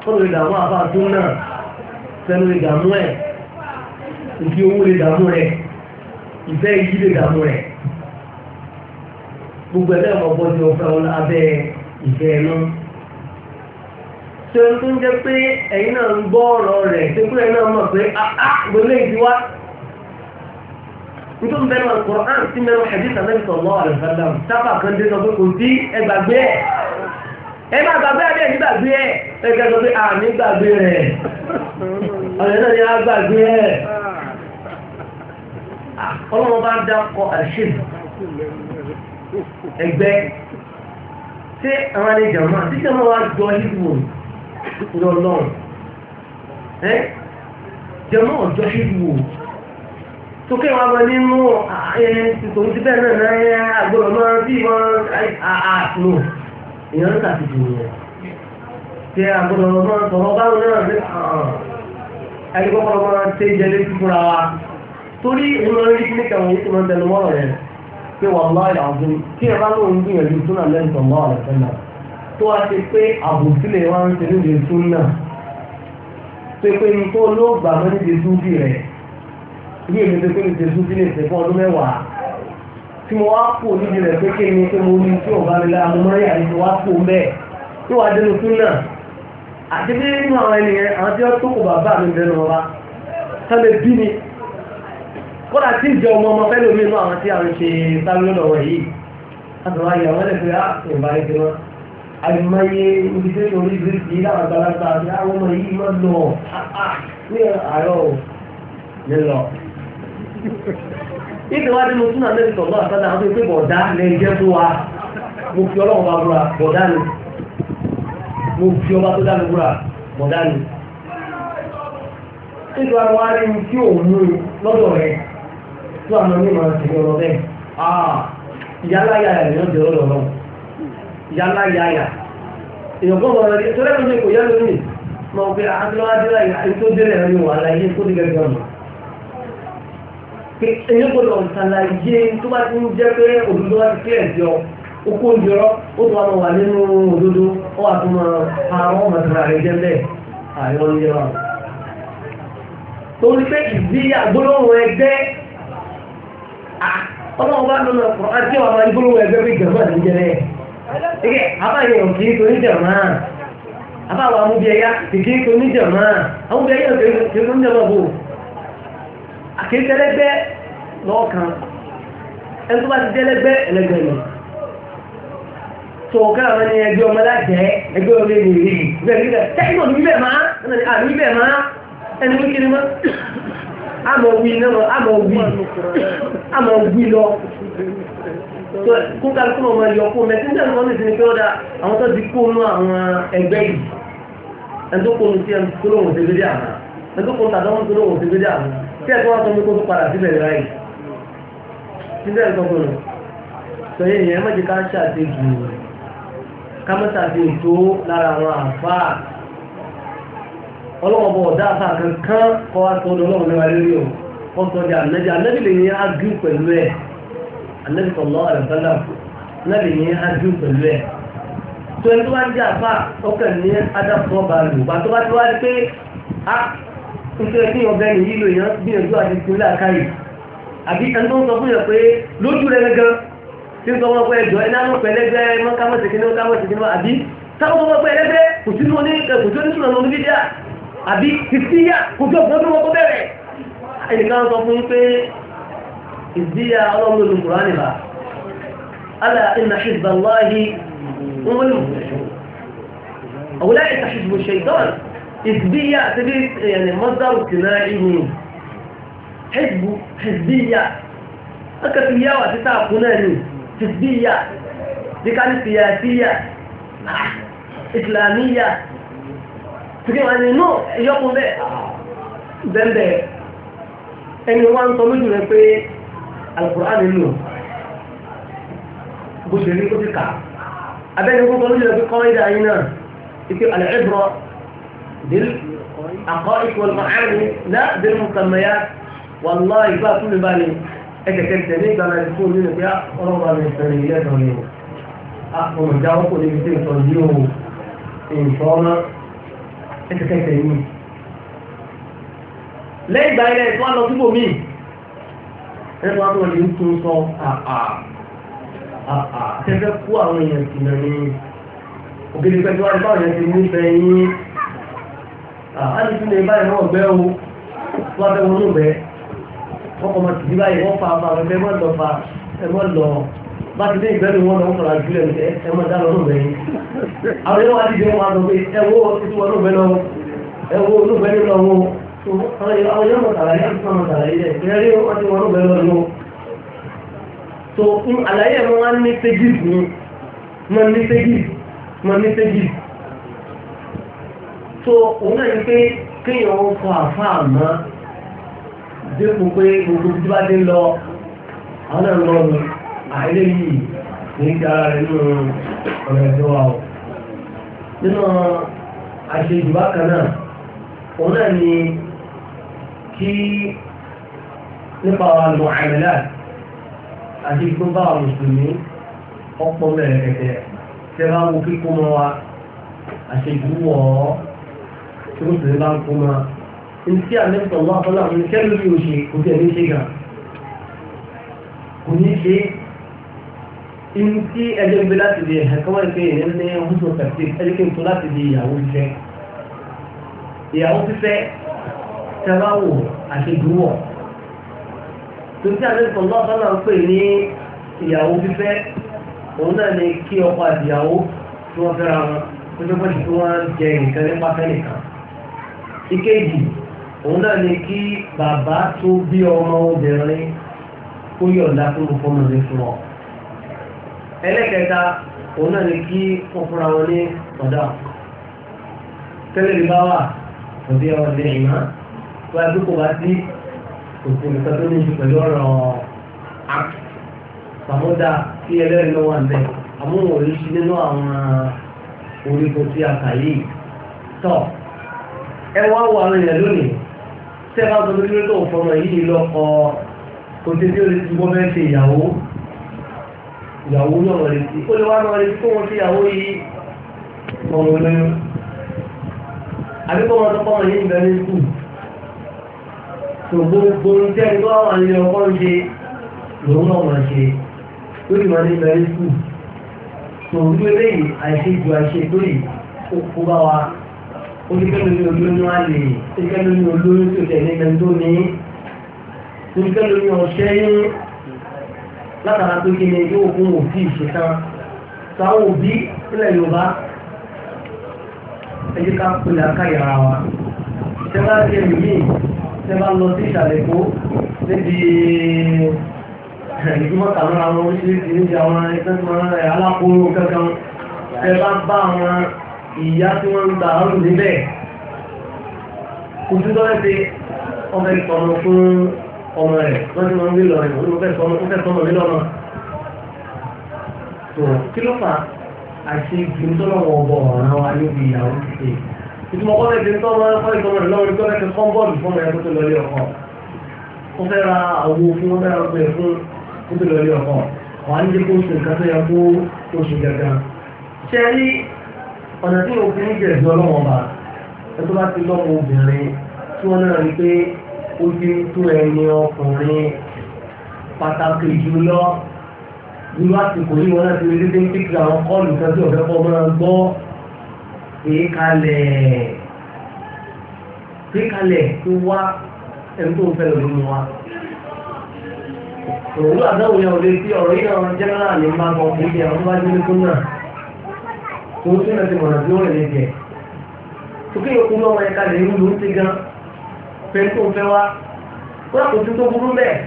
kọ́lá lè dààmú afá tún náà ìfẹ́ inú lè dààmú ẹ̀ ìfi owó lè dààmú rẹ̀ ìfẹ́ yìí lè dààmú rẹ̀ gbogbo ẹ̀dá ìmọ̀ bọ́ọ̀dù ọ̀fẹ́ abẹ́ ìfẹ́ náà. tó ń tó ń jẹ́ pé ẹ̀yin náà ń gbọ́ ọ̀rọ̀ rẹ̀ tó pé ẹ̀yin náà mọ̀ pé àá gbélé ìdí wá nítorí bẹ́ẹ̀ náà kọ̀ án sí mẹ́rin hadith Ànábì sallallahu alaihi wasallam sábà kan dé sọ kò sí ẹgbàgbé ẹ̀ ẹ máa gbàgbé ẹ̀ nígbàgbé ẹ̀ ẹgbẹ́ sọ pé à ah, nígbàgbé rẹ̀ ọ̀rẹ́ náà ni a gbàgbé ẹ̀ ah, bá ẹgbẹ́ tí àwọn àlejò tí wá ní ọlọ́run ẹ́ jẹmọ́ ọjọ́ ṣíwò tó kẹwàá wọn nínú tòun ti bẹ́ẹ̀ náà náà agbọ́dọ̀ máa bí wọn àtúnú èèyàn ń tàbíjú yẹn tí agbọ́dọ̀ máa sọ̀rọ̀ báwọn náà ní ẹgbẹ́kọ̀ọ́ máa tẹ́ ìjẹ́ létí fúnra wa torí ìmọ̀ orí kí ní kàwọn yìí ti máa tẹnu mọ́ rẹ̀ pé wàhálà ìlànà kí ẹ bá lóun gbìyànjú tó náà lẹ́yìn tó mọ́ ọ̀rẹ́ fẹ́ náà tó wá ti pé àbòsílẹ̀ wá ń ṣe níbi tún náà tó pé ní tó ló gbà mọ́ níbi tún bì rẹ̀ bí èmi tó pé níbi tún bí lè ṣe fún ọdún mẹ́wàá tí mo wá kú níbi rẹ̀ pé kí ni pé mo ní tí ọ̀gá mi lára mo mọ́ rí àyè tí wá kú mẹ́ẹ̀ tó wá dénú tún náà àti bí nínú àwọn ènìyàn àwọn tí wọ́n tó kò bàbá mi bẹnu ọba sálẹ̀ bí ni kódà tí ìjọ ọmọ ọmọ fẹ́ lómi inú àwọn tí a ń ṣe sáré lọ́wọ́ yìí láti wá yẹ àwọn ẹlẹ́gbẹ̀ẹ́ àti ah, ìbáraẹ̀kẹ́ náà àìmọye ìdílé orí bíríkì láàgbàlagbà àti àwọn ọmọ yìí máa lọ ní àárọ̀ nílọ. ìgbà wa nínú súnà lẹ́yìn tọ̀gbọ́n àtàlà àwọn ìpè bọ̀dá lè jẹ́ fún wa mo fi ọlọ́run bá búra bọ̀dá ni mo fi ọba tó dá mi búra bọ̀dá ni. ìgbà wa rí ní tí òun mú lọ́dọ̀ rẹ̀ tó àná ní ìmọ̀ràn tẹ̀lé ọ̀rọ̀ bẹ́ẹ̀ ah, ìyá láyà rẹ̀ lọ́dọ̀ ọ̀rọ̀ náà yálà yáyà èèyàn kọ́ wọn rí torí ẹ̀rọ kò yá lórí mọ̀ pé adúláwádìlá yìí tó délẹ̀ rí wà láyé kó dé gẹ́gẹ́ ọ̀nà èyí kò lọ ṣàlàyé tó bá ti ń jẹ́ pé òdodo wá ti kílẹ̀ jọ oko ń jọrọ ó tó wà lọ wà nínú òdodo ó wà tó mọ àwọn ọmọ ìtura rẹ jẹ bẹ́ẹ̀ àyọ ń yẹra torí pé ìdíyà Ike abáyé òkè torí jàmá. Abáwọ̀ amúbíẹ̀yá kìkì torí jàmá. Amúbíẹ̀yá kìkì torí jàmá bò. Àkíntẹ́lẹ́gbẹ́ lọ́ọ̀kan. Ẹni tó bá ti dẹ́lẹ́gbẹ́ ẹlẹ́gbẹ́ ni. Tọ̀ọ̀ká àwọn ẹni ẹgbẹ́ ọmọ lájẹ́ ẹgbẹ́ ọmọ ènìyàn rí. Bẹ́ẹ̀ ni tẹ́kínọ̀ ní bẹ̀ máa. Àmì bẹ̀ máa. Ẹni wíkiri máa àmọ̀ wí lọ tó kó kálukú náà máa yọ kó mẹsíńtà ni wọ́n lè sinmi pé ó dá àwọn tó ti kó nú àwọn ẹgbẹ́ yìí ẹni tó kó nu sí ẹni tó lóun ṣe dédé àná ẹni tó kó nu tàdánwó tó lóun ṣe dédé àná tí ẹ̀kọ́ wọn sọ pé kó tó padà sílẹ̀ ráì síbẹ̀ ẹ̀kọ́ fún un sọ yẹn ìyẹn mọ̀jẹ̀ ká ṣàṣe jù ká mọ̀ ṣàṣe ètò lára àwọn àfa ọlọ́wọ́ ọ̀dá àfa kankan kọ́ wa sọ ọdún Ànábì sallallahu alaihi wasallam náà ní ájú pẹ̀lú ẹ̀ tó ẹni tó bá ń jẹ́ àfà ọkẹ̀ ní adáfọ́ bá lò bá tó bá ti wá di pé a ah, nítorí kí ọbẹ̀ ní yílò yẹn gbìyànjú àti ìpínlẹ̀ àkáyì àbí ẹni tó ń sọ fún yẹn pé lójú rẹ gan tí ń sọ wọn pé ẹjọ́ ẹni àwọn pẹ̀lẹ́gbẹ́ mọ́kámọ́sìkínú mọ́kámọ́sìkínú àbí táwọn ọmọ pẹ̀lẹ́gbẹ́ kò sínú oní kò sí oníṣúná lórí dídá àbí kìsíyà ìdíyà ọlọ́run ló kùrán nìbà alá iná ṣìzbà láàáhí wọ́n wọ́n lè mú ọ̀wọ́lá ìta ṣìzbò ṣèitán ìdíyà àti bí ẹ̀yàn mọ́sáwù tì náà ìhù ṣìzbù ṣìzbíyà aka fi yawa ti ta kuna ne ṣìzbíyà dikani siyasiya ah, islamiyya tukí wọn ni inú ẹ̀yọ́kùn bẹ́ẹ̀ bẹ́ẹ̀ pé alùpùrá nínú bó ṣe rí ó ti kà abẹ́ni gbogbo ló jẹ́ pé kọ́ ìdá yìí náà ike alẹ́bùrọ̀ bíl àkọ́ ìṣòwò màáni náà bíl mùsàmẹ́yà wàlá ìgbà fún ah, mi báyìí ẹ̀kẹ̀kẹ̀ ní ìgbà náà fún mi nígbà ọlọ́wọ́ mi sẹ́ni ilé ẹ̀dọ́ ni ọmọ ìjà wọn kò ní fi nǹkan yí o ìṣọ́nà ẹ̀kẹ̀kẹ̀ ní. lẹ́yìn ìgbà yẹn ẹ̀kọ́ ẹgbẹ́ àwọn ọ̀lẹ́ ń sọ àà kú àwọn èèyàn sì nà ní ògèdè pẹ̀lú àdúgbò àwọn ti nífẹ̀ẹ́ yín àti tún lè báyìí o wọ́n fẹ́ wọnú bẹ́ wọ́n kọ́ máa tìdí báyìí wọ́n fa fa ẹgbẹ́ mọ́ lọ fa ẹgbẹ́ lọ bá ti dé ìgbẹ́nu wọn lọ fọ̀rọ̀ àjùlọ ẹ̀ ẹ mọ́ dá lọ́nù bẹ́ẹ̀ àwọn ẹgbẹ́ wa ti dé wọn lọ pé ẹ ti tún wọn lọ́nù bẹ́ẹ̀ lọ ẹ àwọn yóò mọ̀ tàlàyé àti mọ̀ tàlàyé rẹ̀ ìrẹ́ rí wọ́n ti wọ́n bẹ̀rẹ̀ lọ. tó fún àlàyé ẹ̀mọ́ wá ní pages ni mọ̀ ní pages mọ̀ ní pages. tó òun náà ní pé kéèyàn ó fọ àfa àmọ́ dépò pé gbogbo tí bá dé lọ àwọn náà lọ ní àìlè yìí ní ti rẹ̀ nínú ọ̀rọ̀ ẹ̀jọ́ wa o. nínú àṣejù bákan òun náà ní tí nípa àwọn àmìlá àti gbogbo àwọn mùsùlùmí ọ̀pọ̀ mẹ́rẹ̀kẹ̀tẹ̀ tẹ́lá wo kíkó mọ́ wa àṣejúwọ̀ tí mùsùlùmí bá ń kó mọ́ ní tí àmẹ́sọ̀ wà fọ́lá ní kẹ́lú bí o ṣe kò tẹ̀ ní ṣe gàn kò ní ṣe in tí ẹjọ́ ń gbé láti di ẹ̀hẹ́ kọ́wọ́ ìpè ìrìn ní ọdún tó kàtí ẹjọ́ kí n tó láti di ìyàwó fífẹ́ ìyàwó fífẹ́ tẹ́láwò àṣejúwọ̀ tòkí àdéhùn náà náà ń pè ní ìyàwó fífẹ́ òun náà ni kí ọkọ àtìyàwó tí wọ́n fẹ́ra wọn kójọ́ pẹ̀lú tí wọ́n jẹ nǹkan nípa fẹ́nìkan ìkejì òun náà ni kí bàbá tó bí ọmọ obìnrin kó yọ̀ǹda fún un fọmọ ní fún ọ ẹlẹ́kẹta òun náà ni kí wọ́n fúnra ní ọ̀dà tẹ́lẹ̀ bí bá wà ọ̀dẹ́ ọ̀dẹ́ ìmáà tó a dúkò bá sí òsì nìkan tó ní ju pẹ̀lú ọ̀rọ̀ àmúdá tí ẹlẹ́rìí lọ́wọ́ ń bẹ̀ àmúhùn òní sí nínú àwọn oríko tí a kà yìí tọ̀ ẹ wá wo àwọn èèyàn lónìí tẹ́ bá sọ pé kí ló tó fọmọ yìí lọ́kọ kò tẹ́tí ó lè ti bọ́ bẹ́ẹ̀ ṣe ìyàwó ìyàwó náà wọlé sí ó lè wá náà wọlé kó wọn sí ìyàwó yìí ọmọ olóyún àbíkọ́ wọn tó fọmọ yìí ń bẹ ní skul tó gbogbo iṣẹ́ tó àwọn ilé ọkọ ń ṣe lòun náà máa ṣe lórí máa ní mẹ́rin kù tó ojú eléyìí àìṣe ju àìṣe lórí kó bá wa ó ní kẹ́lò ní olóyún á lè ní kẹ́lò ní olóyún tó tẹ̀lé mẹ́rin tó ní ní kẹ́lò ní ọ̀ṣẹ́ yín látara pé kí ni yóò fún òbí ìṣetán táwọn òbí nílẹ̀ Yorùbá ẹ̀jẹ̀ ká pèlè àkàyàrá wa ìṣẹ́ bá ń ṣe tẹ́ bá lọ sí ìṣàlẹ̀kó níbi eh, ìgbìmọ̀ kàlọ́ra àwọn oríṣiríṣi níbi àwọn ẹgbẹ́ alákòóró kankan tẹ́ bá bá àwọn ìyá tí wọ́n ń gba àrùn níbẹ̀ kò sí lọ́rẹ́ pé ọmọ ẹ̀kọ́ ọmọ fún ọmọ rẹ̀ wọ́n ti máa ń rẹ̀ wọ́n fẹ́ sọmọ mi lọ́nà tó kí ló fà àti ìgbìmọ̀ tó lọ́wọ́ ọ̀bọ̀ ọ̀ràn wa ìtumọ̀ kọ́ lẹ́gbẹ̀ẹ́ tó máa ń fọ́ ìgbọ́n rẹ̀ lọ́wọ́ ìgbọ́n rẹ̀ kọ́ bọ́ọ̀lù fún ẹ̀yà tó ti lọ ilé ọkọ̀ wọ́n fẹ́ ra àwo fún wọ́n fẹ́ ra ọgbẹ́ fún tó ti lọ ilé ọkọ̀ wà á ní kó oṣù nǹkan tó yẹ kó oṣù gẹ̀gàn. ṣe é rí ọ̀nà tí mo fi ń jẹ̀ ju ọlọ́wọ́ bá ẹ tó bá ti lọ́mọ obìnrin tí wọ́n náà rí pé ó ti ń tó ẹni ọkùnrin pàtàkì jùlọ irú àsìkò yìí wọ́n náà ti rí pèékalẹ̀ pèékalẹ̀ tó wá ẹni tó fẹ́ lórí mu wa. òwúrọ̀ yẹn ò lè ọ̀rọ̀ yìí náà jẹ́nẹ́rà ní bá kan kò jẹ́ àwọn bá jẹ́ nípò náà tó ń tún ẹ̀sìn mọ̀nà tí ó rẹ̀ lè jẹ́. tókè yòókù náà wọ́n yẹ kalẹ̀ irú ló ń ti gan fẹ́ tó fẹ́ wá. wọ́n kò tún tó burú bẹ́ẹ̀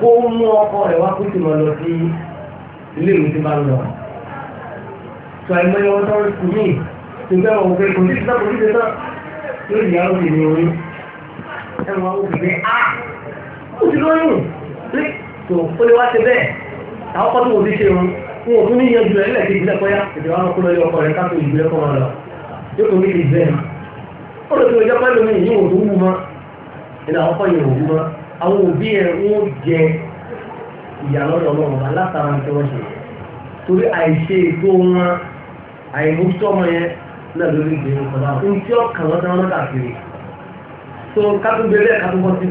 kó mú ọkọ rẹ̀ wá kó sì mọ̀ lọ sí ilé ìwé tí bá ń lọ ìgbẹ́ ọ̀hún pé kò sí ìgbà kò sí ìgbà tó ìyá òkè ní orí ẹ̀rọ òkè ní a ó ti lóyún lé tó ó lè wá ṣe bẹ́ẹ̀ àwọn kọ́ tó wò ní ṣe wọn wọn ò tún ní yanjú ẹ̀ lẹ́ẹ̀kì ìbílẹ̀ kọ́yá èdè wa kó lọ́yọ̀ ọkọ rẹ̀ káfíń ìbílẹ̀ kọ́ máa lọ yóò tó ní kì í bẹ́ẹ̀ ó lè tó ìjọ pẹ́ lómi yìí wò tó wù mọ́ ìlà ọkọ yìí wò wù mọ́ àwọn òbí ọmọ yẹn náà lórí ìgbé ọ̀dà ohun tí ó kàn wọ́n dáná káàkiri tó kápẹ́ bẹ́ẹ̀ kápẹ́ bọ́ di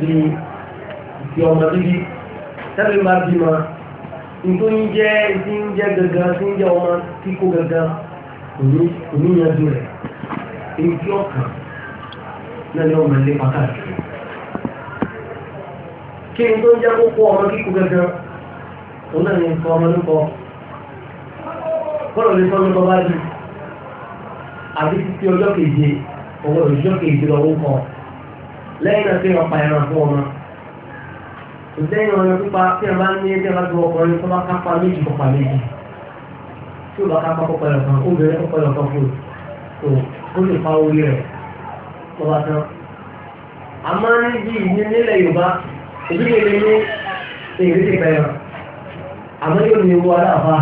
ìfi ọmọ bíbí tẹ́lẹ̀ bá bí ma nítorí ń jẹ́ ti ń jẹ́ gangan ti ń jẹ́ ọmọ kíkó gangan oníyanjú rẹ̀ ohun tí ó kàn náà ni ọmọ ilé pàtàkì kí ni tó ń jẹ́ kókó ọmọ kíkó gangan òun náà ni nǹkan ọmọ ló kọ́lọ̀ lè sọ ló kọ bá dùn. àbí títí ọjọ́ keje ọwọ́ ìjọ keje lọ́wọ́ kan lẹ́yìn náà kéèyàn pa ẹran ọmọ lẹ́yìn ọ̀rẹ́ pípa tí ẹ bá ní ẹgbẹ́ bá ti ọkùnrin tó bá kápá méjì kọ́pá méjì tí ó bá kápá kọ́pá ẹ̀rọ kan obìnrin kọ́pá ẹ̀rọ kan fún lè pa orí rẹ̀ tó bá tán. ìní nílẹ̀ Yorùbá lè lè ní èrè àmọ́ yóò ní ewu aláàbá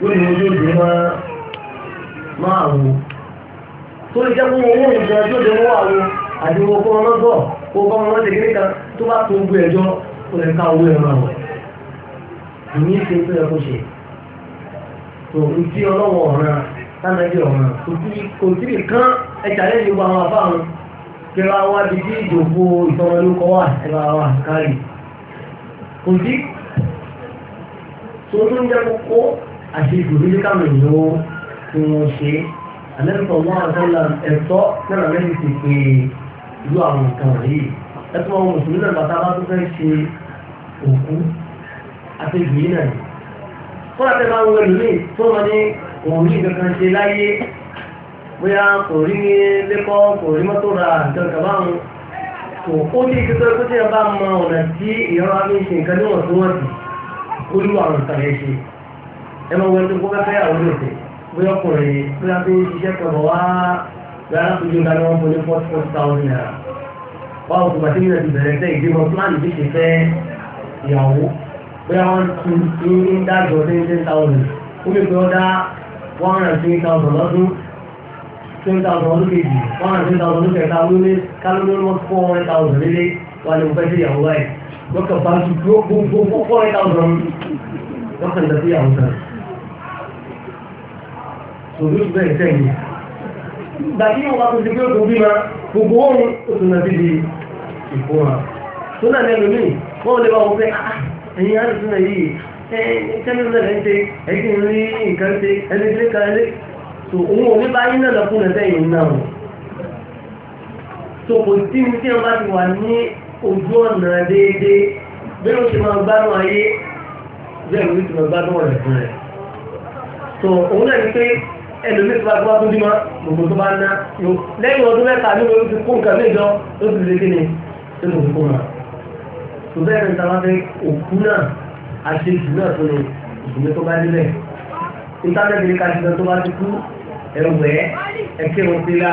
yóò ní ojú máa. máa wo tó lè jẹ́ kó owó nǹkan tó lè wọ́n àwọn àdéhùn ọkọ̀ ọmọ bọ̀ kó ọkọ̀ ọmọ tẹ̀lé nìkan tó bá tó gbé ẹjọ́ ó lè ká owó ẹ̀ máa wọ̀ ìní ṣe tó yẹ kó ṣe tó ń tí ọlọ́wọ́ ọ̀ràn sánẹ́bí ọ̀ràn kò sí kán ẹ̀jà lẹ́yìn gbogbo àwọn afáàrùn kíra wá di bí ìdògbò ìtọ́mọlúkọ wà ẹ̀rọ àwọn àkárì kò sí tó tó ń jẹ́ kókó àti ìdògbò tí wọ́n ṣe àlẹ́sọ̀ wọn àtọ́lá ẹ̀tọ́ náà lẹ́yìn ti pé ìlú àwọn nǹkan wọ̀nyí ẹ̀tọ́ wọn mùsùlùmí náà bàtà bá tó fẹ́ ṣe òkú àti ìgbìyìn náà fún àti máa ń wẹ̀ lómi tó wọn ní òun ní kankan ṣe láyé bóyá kò rí ní lẹ́kọ́ kò rí mọ́tò ra nǹkan kàbá wọn kò ó ní ìgbésẹ̀ tó ti bá mọ ọ̀nà tí ìyọ́nà mi ṣe nǹkan níwọ̀n nǹkan yẹn bóyá ọkùnrin bóyá bí iṣẹ́ kẹwàá wá rárá tó jẹ́ ìdáná wọn fọlé forty forty thousand naira wá oṣù bàtí nílẹ̀ ti bẹ̀rẹ̀ sẹ́ ìdíbọn pílánì bí ṣe fẹ́ ìyàwó bóyá wọ́n ti ní ń dájọ́ ten ten thousand ó lè pé ó dá one hundred and twenty thousand lọ́dún twenty thousand ọdún kejì one hundred and twenty thousand ọdún kẹta lónìí kálórí wọn four hundred thousand lélẹ̀ wà ní òfẹ́ sí ìyàwó báyìí lọ́kàn bá ju gbogbo four hundred thousand lọ́kàn ìdásíyàwó sàn tòbí bẹ̀rẹ̀ sẹ́yìn dàbí yóò wá tó ti pé ó tó bí ma gbogbo oòrùn ó tó nà síbi ìfúnra tó náà ní ẹlòmíì wọ́n lè bá wọn pé ah, ah, ẹ̀yin á lè tún náà yìí ẹ̀ẹ́dẹ́gbẹ̀rún náà lẹ́yìn ṣe ẹ̀yìn rí nǹkan ṣe ẹ̀ẹ́dẹ́gbẹ̀rún kan lé so òun ò ní bá yín náà lọ́kùn rẹ̀ sẹ́yìn náà so kò sí ní tí wọ́n bá ti wà ní ojú ọ̀nà déédéé ẹlòmíì tó bá gbọ́ tó bímọ gbogbo tó bá ná yóò lẹ́yìn ọdún mẹ́ta ní orí ti kó nǹkan méjọ ló ti lè kíni tó lè kó wọn. tó bẹ́ẹ̀ ni táwọn fẹ́ òkú náà àti ìlú náà tó ní ìdílé tó bá níbẹ̀. ìtàlẹ́bí ká ti sọ tó bá ti kú ẹ̀wẹ̀ ẹ̀kẹ́rùn síra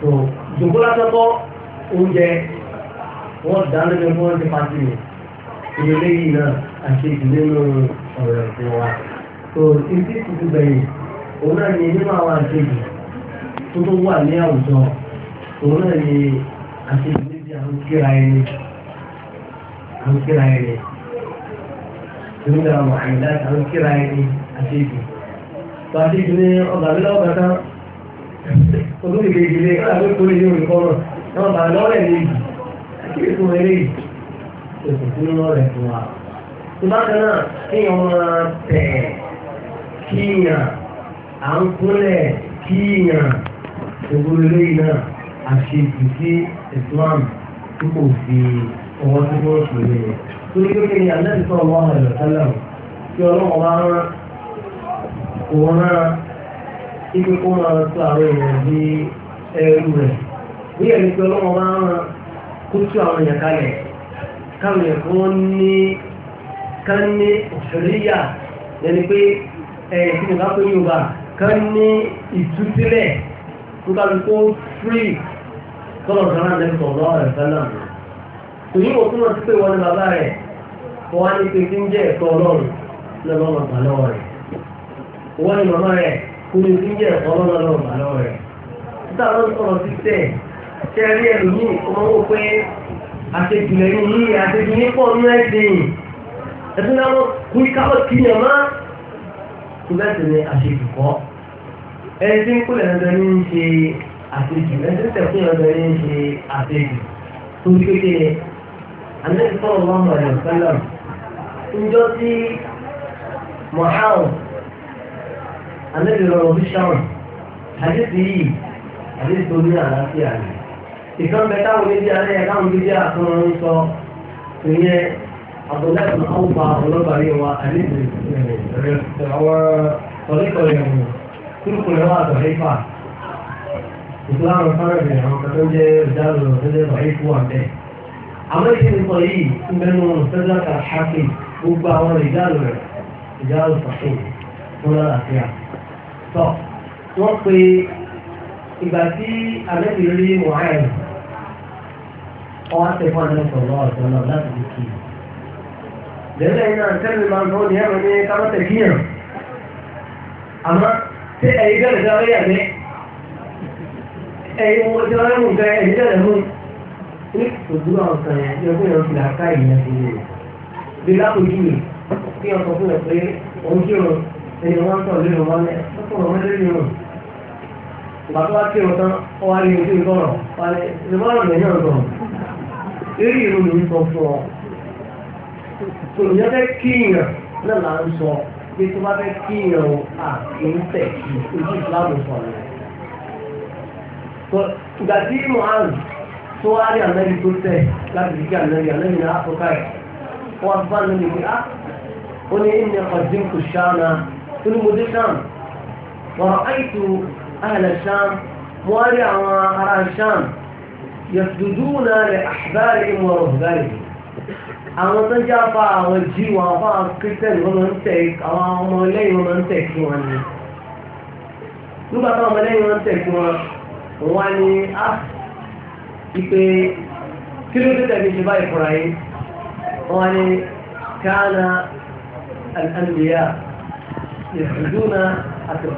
tó jòkó látọ́kọ́ oúnjẹ wọ́n dáná ní fún oúnjẹ pàtì mi ìwé lẹ́yìn náà àti ìdílé nínú ọ̀rọ̀ ẹ̀sìn wa tó ìdí ìtìtì gbẹ̀yìn òun náà ní nínú àwọn àjèjì tó tó wà ní àwùjọ òun náà ní àti ìdílé bí àwọn kíra ẹni àwọn kíra ẹni ìdílé àwọn àyìnlá àwọn kíra ẹni àjèjì tó àjèjì ọgbà mi lọ́gbà olórí gbègbè káàkiri tó lè ní olùkọ́rọ̀ náà bàá lọ́rẹ̀ lè yìí kí fún ẹ léyìí oṣù fún lọ́rẹ̀ fún wa. ìbákan náà kéèyàn máa tẹ̀ kíyàn à ń kúnlẹ̀ kíyàn ògùn eléyìí náà àṣejù sí Islam tí kò fi ọwọ́ tí wọ́n pè é yẹn. torí pé kí ni àlẹ́ sọ ọwọ́ àlọ́ tẹ́lẹ̀ o kí ọlọ́run wá rán òun rán ibi kó máa sọ àwọn èèyàn di ẹrú rẹ̀ bí ẹni pé ọlọ́wọ́ máa ń ran kó tú àwọn èèyàn kalẹ̀ káwọn èèyàn kó ní ká ní òṣèlúyà lẹ́ni pé ẹ̀yìn tí mo bá pé Yorùbá ká ní ìtúsílẹ̀ tó ká ló kó free tọ́lọ̀ sára lẹ́kọ̀ọ́ lọ́wọ́ rẹ̀ sálà kò yí òkú náà ti pé wọn ni bàbá rẹ̀ kọ́ wá ní pé kí ń jẹ́ ẹ̀kọ́ Ọlọ́run lọ́wọ́ bàbá lọ́wọ́ rẹ̀ wọ́n ni màmá rẹ̀ kúrò sí jẹ́ ẹ̀kọ́ lọ́nà ọ̀gbàlọ́ rẹ̀. títà ló ń sọ̀rọ̀ sí tẹ̀ ṣe rí ẹ̀rù ní ìkọ́mọ́ wò pé àṣejùlẹ̀ ní yìí àṣejù ní pọ̀ nínú ẹ̀sìn ẹ̀sìn náà wọ́n kú káwọ́ kí yàn má. ìbẹ́sẹ̀ ni àṣejù kọ́ ẹni tí ń kúlẹ̀ ẹ̀dọ̀ ní ń ṣe àṣejù ẹni tí ń tẹ̀kún ẹ̀dọ̀ ní ń ṣe àṣejù tó ń kékeré àmì ìfọ̀rọ̀ wọn mọ̀ ẹ̀yọ̀ sẹ́lẹ̀ àlejò lọ́rọ̀ bí sọ̀rọ̀ àdéhùn yìí àdéhùn tó ní àlàáfíà ni ìkan bẹ táwọn onídìí alẹ́ yẹn káwọn onídìí àtúnrán ń sọ ìyẹn àbọ̀lẹ́sùn àwùfà ọlọ́bàárí wa àdéhùn rẹ̀ àwọn tọ̀lẹ́kọ̀ọ́ yẹn kúrúkú rẹ̀ wà tọ̀lẹ́fà ìsìláàmù fárẹ̀bẹ̀ àwọn kan tó ń jẹ́ ìdárò tó jẹ́ bàyí fún àbẹ́ àwọn ìṣẹ̀lẹ̀ sọ yìí ń bẹnu sẹ́dáka ṣáfì gbogbo àwọn ìdárò rẹ̀ ìdárò sàfihàn fún lálàáfíà tọ́ wọ́n pe ìgbà tí àlẹ́bí rí wàhálà ọwọ́ àtẹ̀fọ́ àlẹ́fọ̀ lọ́wọ́ àtọ́lọ́ láti fi kì í. lẹ́lẹ́ iná tẹ́lẹ̀ máa ń lọ ní ẹ̀rọ ní kámọ́tẹ̀ kíyàn àmọ́ tí ẹ̀yin bẹ̀rẹ̀ sí ọlọ́yà ní ẹ̀yin wo ti ọlọ́yà mú nǹkan ẹ̀yin bẹ̀rẹ̀ mú ní òdúrà ọ̀sán yẹn yọ fún yẹn fìlà ká ìyẹn fi lè bí lápòjú rẹ̀ kí ọkọ̀ fún yẹn pé òun kírun ẹni wọ́n tọ̀ lórí wọn lẹ́ ọkùnrin wọn lórí wọn ìgbà tó wá kí wọn tán ọ wá rí ojú ìtọ́rọ̀ wá lẹ ìdúbọ̀rọ̀ lẹ́yìn ọ̀dọ̀ eré ìlú ló sọ fún ọ tòlùyẹ́ fẹ́ kíyàn náà là ń sọ pé tó bá fẹ́ kíyàn o à kì í tẹ̀ kí ojú ìsìlámù sọ̀rọ̀ ìgbà tí mo hàn tó wá rí ànábi tó tẹ̀ láti rí ànábi ànábi náà á fọ́ wọ́n á bá ànábi pé á ah, ó ní ìmìnira ọ̀dínkù ṣáná olùmọdé sam wà áìtù àhàlẹ̀ sam wọ́n rí àwọn ará sam yẹ̀dùdú náà lè àbáyé ìmọ̀ ọ̀gbáyé àwọn tó já fa àwọn jí wọn fa kírísítẹ́nì wọn máa ń tẹ̀ àwọn ọmọ lẹ́yìn wọn máa ń tẹ̀ kí wọn ni nígbà táwọn ọmọ lẹ́yìn wọn ń tẹ̀ kí wọn wọn ni á ipe kí ló dé tẹ̀lé ṣe báyìí fúnra yìí wọn ni káàna alhamdulilayi. يحدون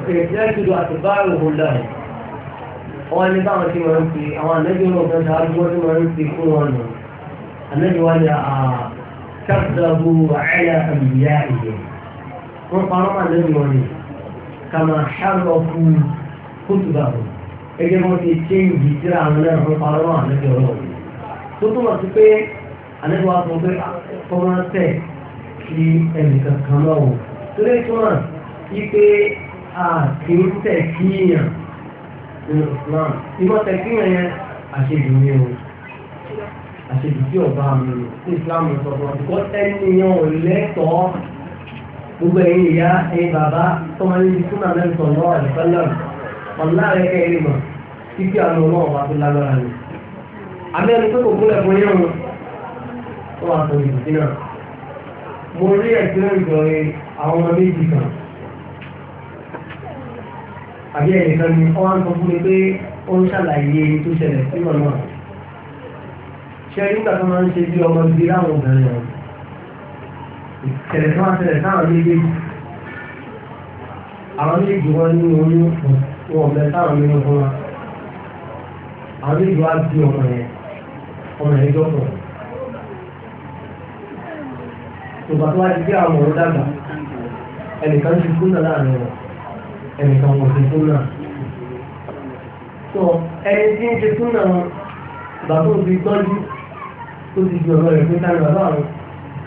يجاكد أتباعهم لهم wọ́n ní báwọn tí wọ́n ń fi àwọn ànájú náà fẹ́ ṣáájú wọ́n tí wọ́n ń fi fún wọn nù ànájú wọn ni àkàtàbù àyà àmìyá ìyẹn wọ́n parọ́ máa lẹ́nu wọn ni kàmá ṣàlọ́ fún kótùbà wọn ẹgbẹ́ wọn ti kéǹjì síra àwọn náà wọ́n parọ́ máa lẹ́nu ọ̀rọ̀ wọn. tó túmọ̀ sí pé ànájú wa sọ pé fọwọ́n tẹ̀ kí ẹnìkan kan náà wò tó lè wípé a kì í tẹ̀ kí èèyàn nínú Islam ìmọ̀ tẹ̀ kí èèyàn yẹn àṣejù ni o àṣejù tí ọba mi ní Islam sọ fún wa kò ẹni yẹn ò lẹ́tọ̀ọ́ gbogbo ẹ̀yin ìyá ẹ̀yin bàbá tó máa ń yí fún àmì ẹ̀sọ̀ lọ́wọ́ àlùfẹ́lẹ̀ ọ̀nà rẹ̀ kẹ́ ẹ̀rí mọ̀ títí àná ọlọ́wọ́ bá tó lágbára ni àmì ẹni tó kò gúnlẹ̀ fún yẹn wọn wọn àtọ̀ ìdùnnú mo rí ẹ̀sìn ìjọ àwọn ọmọ méjì kan àbí ẹnìkan ni ọ wá ń sọ fún mi pé ó ń ṣàlàyé tó ṣẹlẹ̀ sí ọ̀nà ṣe nígbà tó máa ń ṣe bí ọmọ ibi láwọn obìnrin ọ̀hún ìṣẹ̀lẹ̀ tó máa ṣẹlẹ̀ sáwọn méjèèjì àwọn méjèèjì wọn ní oyún wọn ọ̀bẹ sáwọn nínú fún wa àwọn méjèèjì wá bí ọmọ yẹn ọmọ yẹn jọ́pọ̀ ìgbà tó wá ti gbé àwọn ọ̀rọ̀ dàgbà ẹnìkan ti kú náà láàrin wọn ẹnìkan wọ̀ sí súnà tó ẹni tí ń ṣe súnà bàbá òbí tọ́jú tó ti di ọ̀rọ̀ rẹ̀ pé táyọ̀ bàbá àwọn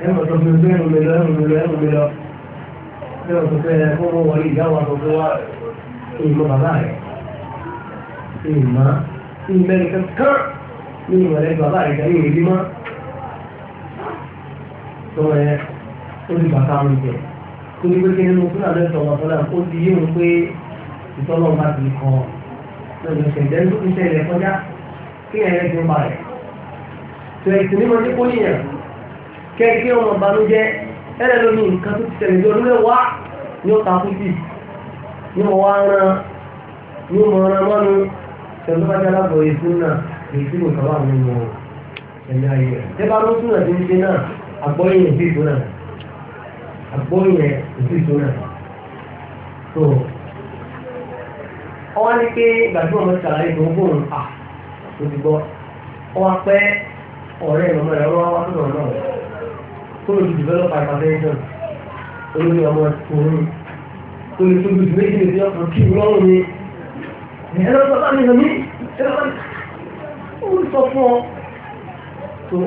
ẹ̀mọ̀ tó fi ojú ẹ̀rù mi lọ ẹ̀rù mi lọ ẹ̀rù mi lọ ẹ̀rù tó fẹ́ fún wọn wọlé ìyá wa tó fún wa ìmọ̀ bàbá rẹ̀ ìmọ̀ ìmẹ̀rẹ̀ kankan ní ìmọ̀lẹ́ bàbá rẹ̀ kẹ́ ìrìn bímọ tó yẹ ó ti bàtà mi jẹ́ torí pé kí nínú fúnra lẹ́sọ̀ ọ̀tọ́lá ó ti yé wọn pé ìtọ́lọ́ bá ti kàn lọ́dún ṣẹ̀dẹ́ ló fi ṣẹlẹ̀ kọjá kí ẹ̀rẹ́ fi ń pa rẹ̀. tẹ̀lẹ̀ tí nímọ̀ tí kò níyàn kẹ́kẹ́ ọmọ ìbànújẹ́ ẹ̀rẹ́ ló ní nǹkan tó ti ṣẹlẹ̀ ní ọdún mẹ́wàá ní ọ̀tá kùtì ní mo wá ran ní mo ran mọ́nu pẹ̀lú bá jálá bọ̀ èsì náà èsì nìkan wà nínú ẹ̀mí ayé rẹ̀. ẹ bá ló àgbóyè òsì tó So, tó ọ wá ní pé gbàgbé ọmọ ìsàlàyé tó ń bòrùn à tó ti gbọ́ ọ wá pẹ́ ọ̀rẹ́ ìmọ̀mọ rẹ̀ wá wá tó náà tó lè ti develop hypertension olórí ọmọ òun tó lè tóbi jù méjì lè ọkàn kí ìlú lọ́rùn ni ẹ̀rọ bàbá mi lọ mí ẹ̀rọ bàbá mi ó sọ fún ọ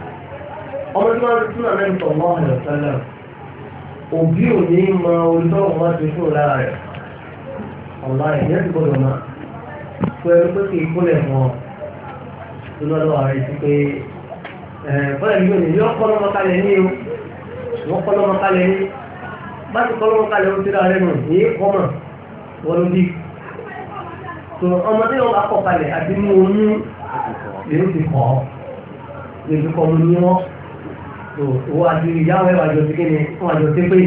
ọmọ tí wọ́n ti túnà mẹ́rin tọ̀ mọ́ ọ̀rẹ́ sẹ́lẹ̀ òbí ò ní mọ olùtọ́wọ̀ wọn ti fún lára rẹ̀ ọ̀la ìyẹn ti gbọ́dọ̀ máa pé pé kì í kúnlẹ̀ mọ́ ọ lọ́dọ̀ ààrẹ ti pé bọ́lá ìlú òní yọ kọ́ lọ́mọ kalẹ̀ ní o wọ́n kọ́ lọ́mọ kalẹ̀ ní bá ti kọ́ lọ́mọ kalẹ̀ ó ti rà rẹ̀ nù ní kọ́mọ̀ wọ́n ló bí tó ọmọ tí bá kọ̀ kalẹ̀ àti mú oyún lè ti kọ́ lè ti kọ́ mu ní wọ́n tó owó àti ìyá wọn ẹwà àjọ síkí ni wọn àjọ sí pé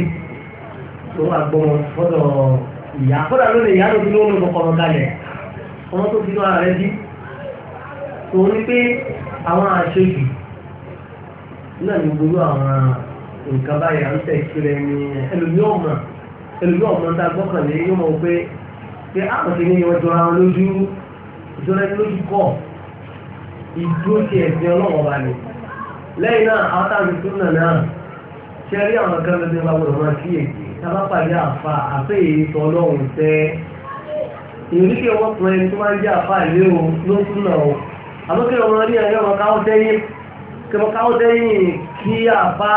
tó wà gbọmọ fọdọ ìyá fọdà lónìí ìyá ló fi lóhùn lọ kọmọ kalẹ̀ ọmọ tó fi lọ ara rẹ bí tó ní pé àwọn àṣejù náà ní gbogbo àwọn nǹkan báyìí à ń tẹ̀ kiri ẹni ẹlòmíọ̀mà ẹlòmíọ̀mà tá a gbọ́kànlé yóò mọ̀ pé pé àwọn ti ní ìwọ́n jọra wọn lójú ìjọra ẹni lójú kọ́ ìdúró ti ẹ̀sìn ni lẹ́yìn náà àwọn táwọn náà ṣe àwọn kan lọ́dún bá gbọ́dọ̀ máa kí èdè àfẹ́ èyí tó ọlọ́run tẹ́ ìrìkẹ́ wọ́n tó máa ń jẹ́ àfa ìlé o ló ń o àbúkẹ́ ọmọ rí ẹ̀yọ́ ọmọ káwọ́ tẹ́yìn kí àfa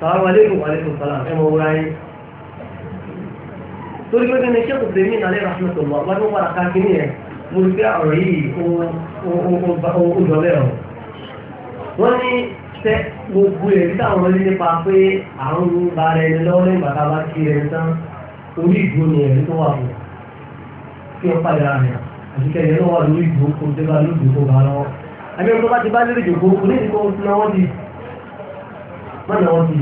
sàlámù alẹ́kùn alẹ́kùn sàlám ẹ mọ̀ wúra yín torí pé kíni ṣé kò fẹ́ mí nàlẹ́ ìrànṣẹ́ lọ wọ́n tó padà ká kíní yẹn mo rí pé ọ̀rọ̀ yìí ó jọ bẹ́ẹ̀ o wọ́n ní tẹ gbogbo ẹ̀ tí àwọn ilé nípa pé àwọn ń ba ara ni ẹ̀rí tó wà fún kí ọ padà rẹ̀ àti kẹ́yẹ lọ́wọ́ lórí ìgbó kó dé bá lórí ìgbó kó bá lọ́wọ́ àbí ọ̀tọ́ bá ti bá lórí ìgbó ní ìgbó lọ́wọ́ di mọ́nà wọn bì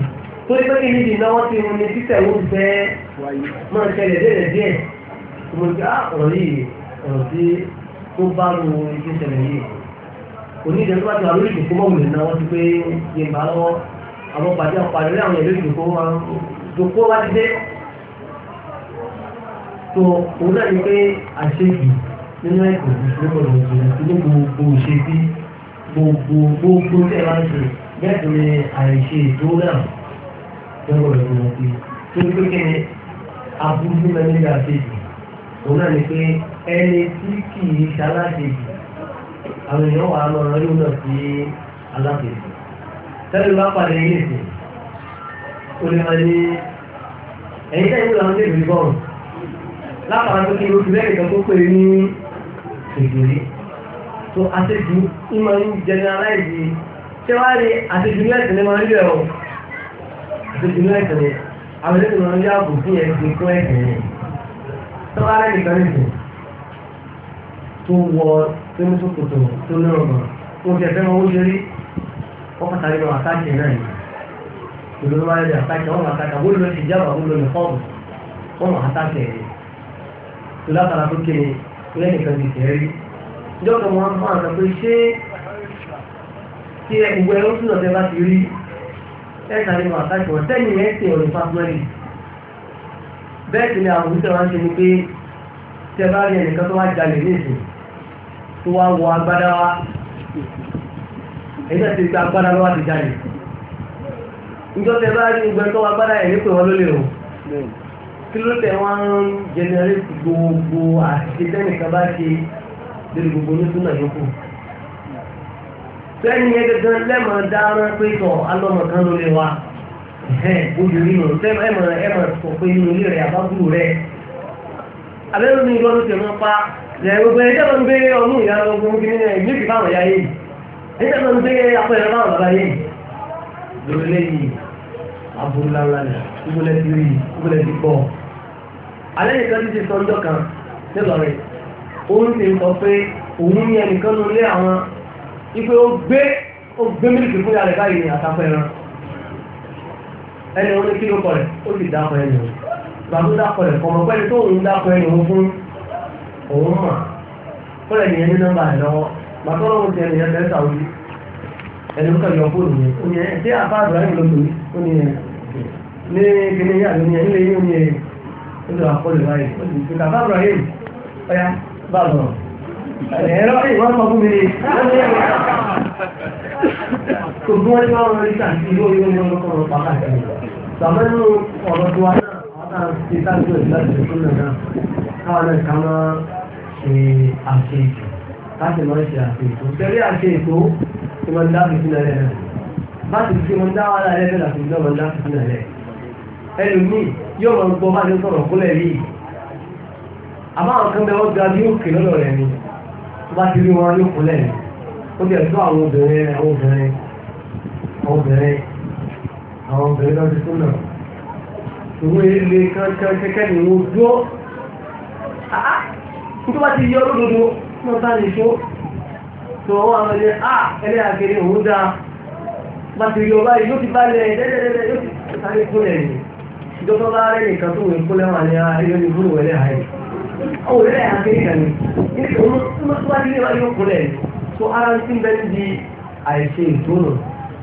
torí pé kíni ìdìnnà wọn ti wọn ní títẹ̀ wọn fẹ́ máa ṣẹlẹ̀ díẹ̀ díẹ̀ mo ní ah ọ̀rọ̀ yìí ọ̀rọ̀ tí tó bá lu ibi ṣẹlẹ̀ yìí onídìí tó bá ti wà lórí ìdìkú mọ́ wùlẹ̀ náà wọ́n ti pé yẹn bá lọ́wọ́ àwọn pàdé àpàdé láwọn ìlú ìdìkú wọn dòkó wá ti dé tó òun náà ni pé àṣejù nínú ẹ̀kọ́ ìṣẹ́gbọ̀n òṣèlú gbogbo òṣèlú gbogbo gbogbo tẹ̀ láti ṣe bẹ́ẹ̀ ni àìṣe ètò náà lọ́wọ́ rẹ̀ wọ́n pé tó pé kí ni aburú mẹ́rin ní àṣejù òun náà ni pé ẹni tí kì í ṣaláṣejù àwọn èèyàn wà á lọ rẹ yóò lọ sí aláṣejù tẹ́lẹ̀ bá padà ilé ìsìn ó lè máa ní ẹ̀yìn tẹ́lẹ̀ ìwé làwọn léèrè bọ́ọ̀rù lápá tó kí oṣù lẹ́yìn kan tó pè ní ìgbèrè tó àṣejù ìmọ̀ ń jẹnẹráìzì ṣé wá rí àtijọ́ ẹ̀sìn ni máa ń lò ẹ̀rọ àtijọ́ ẹ̀sìn ni àwọn ẹ̀sìn máa ń yá àbò fún ẹ̀sìn fún ẹ̀sìn ni tó wá rẹ̀ nìkan nìkan tó wọ tó ní sókòtò tó ní ọgbọ̀n tó ń tẹ̀fẹ́ wọn ó ṣe rí wọ́n pàtàkì lọ àtàkì náà yìí ìlú máa ń lè àtàkì wọn àtàkì àwọn olùlọ ti jábọ̀ àwọn olùlọ fọ́ọ̀mù wọn àtàkì ẹ̀rí tó látara tó tí ẹ gbogbo ẹrọ sínú ọ̀tẹ́ bá ti rí ẹ̀ka nínú àtàkùn ọ̀tẹ́ni ẹ̀ ti ọ̀rọ̀ pàtàkì bẹ́ẹ̀ sì ni àwọn òṣìṣẹ́ wọn ṣe ni pé tẹ bá rí ẹnìkan tó wá jalè ní ìsìn tó wá wọ agbádá wa èyí náà ti gba agbádá lọ́wọ́ ti jalè ìjọ tẹ bá rí gbẹ tó wá agbádá yẹn ní pé wọn ló lè rò gbogbo àti sẹ́yìn ẹgbẹ̀gbẹ̀ lẹ́mọ̀ dáná pé tọ̀ alọ́mọ kan ló lè wa obìnrin nù sẹ́mọ̀ ẹ̀mọ̀ ẹ̀mọ̀ sọ pé inú ilé rẹ̀ àbábúrò rẹ̀ abẹ́rẹ́ mi lọ́dún tẹ̀ wọ́n pa gbogbo ẹjẹ́ ló ń gbé ọdún ìyá ọgbọ̀n kí nínú ẹ̀mí ìfì fáwọn ìyá yìí ẹjẹ́ ló ń gbé apẹ̀rẹ̀ fáwọn bàbá yìí lórí lẹ́yìn abúláńlá ìgbọ́lẹ̀ ti rí ìgbọ́lẹ̀ ti pọ̀ alẹ́ nìkan ti ti sọ ọjọ́ kan nílọrin òun ti sọ pé òun ní ẹnìkan ló lé àwọn ipe ó gbé ó gbé mílìkì fún yàrá ìbáyìí ní àtàkùn ẹran ẹni orí kí ló kọ rẹ̀ ó sì dákọ ẹni o bàbá tó dákọ rẹ̀ kọmọ pẹ́ni tó òun dákọ ẹni òun fún òun mọ̀ fúnra ẹni ẹni nọ́mbà ẹ̀ lọ́wọ́ bàbá ọlọ́run ti ẹni ẹni ẹ̀ta òbí ẹni ó kàn yọ fóònù yẹn ó ní ẹ dé àbá àdúrà yìí ló tóbi ó ní ẹ ní kíní yà ló ní ẹ nílé yìí ó ní ẹ ó lọ àkọlù báyìí ó sì ẹ̀rọ ìwọ́n sọ fún mi ni kò bí wọ́n ní wọ́n rí sàtì ìlú orí omi ọlọ́kọ̀ ọ̀rọ̀ pàtàkì sàmẹ́ nínú ọ̀rọ̀ tó wá náà wọ́n náà ti sáájú ẹ̀ láti ṣe fún náà káwọn náà ká máa ṣe àṣe ètò láti máa ṣe àṣe ètò tẹ́lẹ̀ àṣe ètò tí wọ́n dá fi sílẹ̀ rẹ̀ bá ti fi wọn dá wàhálà rẹ̀ bẹ́ẹ̀ láti fi wọn dá fi sílẹ̀ rẹ̀ ẹlòmíì yóò máa gbọ́ bá ti sọ̀rọ̀ bá ti rí wọn yóò kúnlẹ̀ ó jẹ́ tó àwọn obìnrin àwọn obìnrin àwọn obìnrin àwọn obìnrin lọ́dún tó nà ìwé ilé kankan kẹ́kẹ́ ni wọ́n dúró tó bá ti yọ lódodo náà bá lè tó tó wọ́n àwọn ẹni à ẹni àgẹ̀rẹ̀ òun dáa bá ti rí ọba yìí ló ti bá lẹ̀ dẹ́dẹ́dẹ́dẹ́ yóò ti sáré kúnlẹ̀ yìí ìjọba rẹ̀ nìkan tó wẹ̀ kúnlẹ̀ wà ní ayélujára ìfúnwẹ̀lẹ̀ àyè àwọn ìrẹ́ àgbẹ̀yà ni nítorí tó bá di wáyé ọkùnrin ẹ̀ tó ara ń tí ń bẹ́ẹ̀ di àìṣe ìdúnnù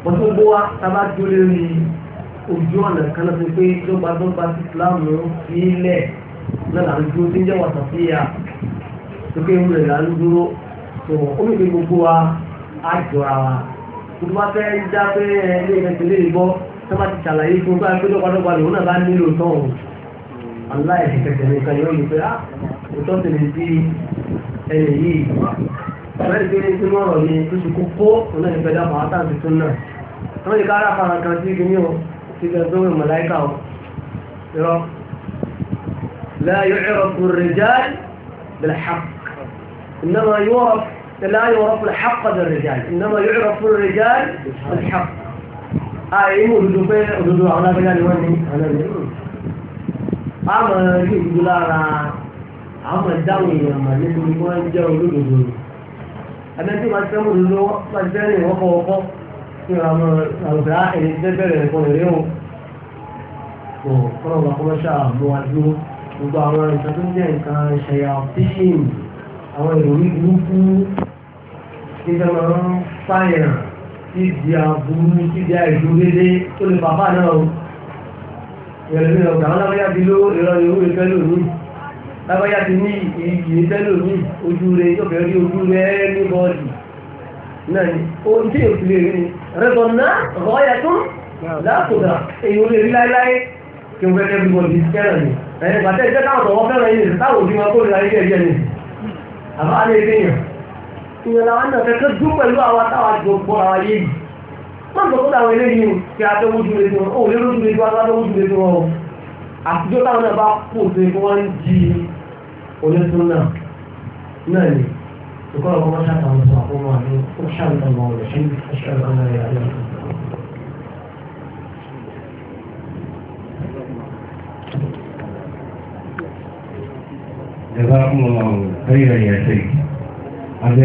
wọ́n tó gbó wa tábà tó lórí ojú ọ̀nà kan náà ti pé dọ́gba dọ́gba sí fúlàmù sílẹ̀ náà là ń dúró tí ń jẹ́ wàtà sí ya tó pé ìwúrẹ̀ là ń dúró tó omi ìgbé gbogbo wa á jọra wa tó bá fẹ́ já pé ẹ ilé ìfẹsẹ̀ lè bọ́ tó bá ti ṣàlàyé fún gbá pé dọ́gba dọ́gba lòun náà bá nílò tán òun. الله يحكي كيوم القيامة وتوتي من دي أيه فرق بين الزمارة اللي يتوش كفو ونحن بدا معطا في السنة ثم يقارع فانا كنتي جنيه في جزوه الملائكة يروح لا يعرف الرجال بالحق إنما يعرف لا يعرف الحق بالرجال إنما يعرف الرجال بالحق آه يمو بدو بيه بدو على بجاني واني على بجاني àmọ́ rí òdodo lára àwọn ọmọ ìdáhùn èèyàn mà nítorí wọ́n jẹ́ olódodo abẹ́tí wọn ti fẹ́mú lọ wọn ti fẹ́rẹ̀ ìwọ́n kọ́kọ́ kí àwọn àgbà ẹni tẹ́ bẹ̀rẹ̀ ẹ̀kọ́ rẹ̀ o kò kọ́nà ọ̀gá kọ́mọ́ṣà mú wa dúró gbogbo àwọn nǹkan tó ń jẹ́ nǹkan ṣẹ̀yà tíṣìn àwọn ìròyìn burúkú nígbà máa ń fàyàn tí di aburú tí di àìdúró dédé tó lè bàbá náà ìrẹ̀lẹ́mí ọ̀gá wọn lábáyá ti ló ìrọ̀ ìrú ìfẹ́ lónìí lábáyá ti ní ìyí ìfẹ́ lónìí ojú rẹ̀ yóò fẹ́ rí ojú rẹ̀ ní bọ́ọ̀lì náà ni ohun tí èkó lè rí ni rẹ̀bọ̀nà ọ̀yà tó láàkùdà èyí ó lè rí láíláí kí n fẹ́kẹ́ bí bọ́ọ̀lì kẹ́rẹ̀ ni ẹ̀yìn pàtẹ́ ìjẹ́ káwọn tọ̀wọ́ fẹ́ràn yìí táwọn òbí wọn kó lè ráyé ẹ̀jẹ̀ ni àbá alẹ́ ìfẹ́yàn ìyẹn làwọn náà fẹ́ kẹ́ dún pẹ̀lú àwọn táwọn àjọ gbọ́ àwọn ayé yìí máa tọ́kún àwọn eléyìí tí a tọ́wójú lè tún ó lérò tún lè tún alátọ́wójú lè tún ọ àtijọ́ táwọn náà bá pò sí kí wọ́n ń di onítún náà náà ni ìkọ́ ọ̀pọ̀ máa ṣàtàwọn sọ àkókò wọn ní ó ṣàlùkọ́ ọmọ rẹ̀ ṣe ṣàlùkọ́ ọmọ rẹ̀ àlẹ́ Jazakumullahu khairan ya shaykh.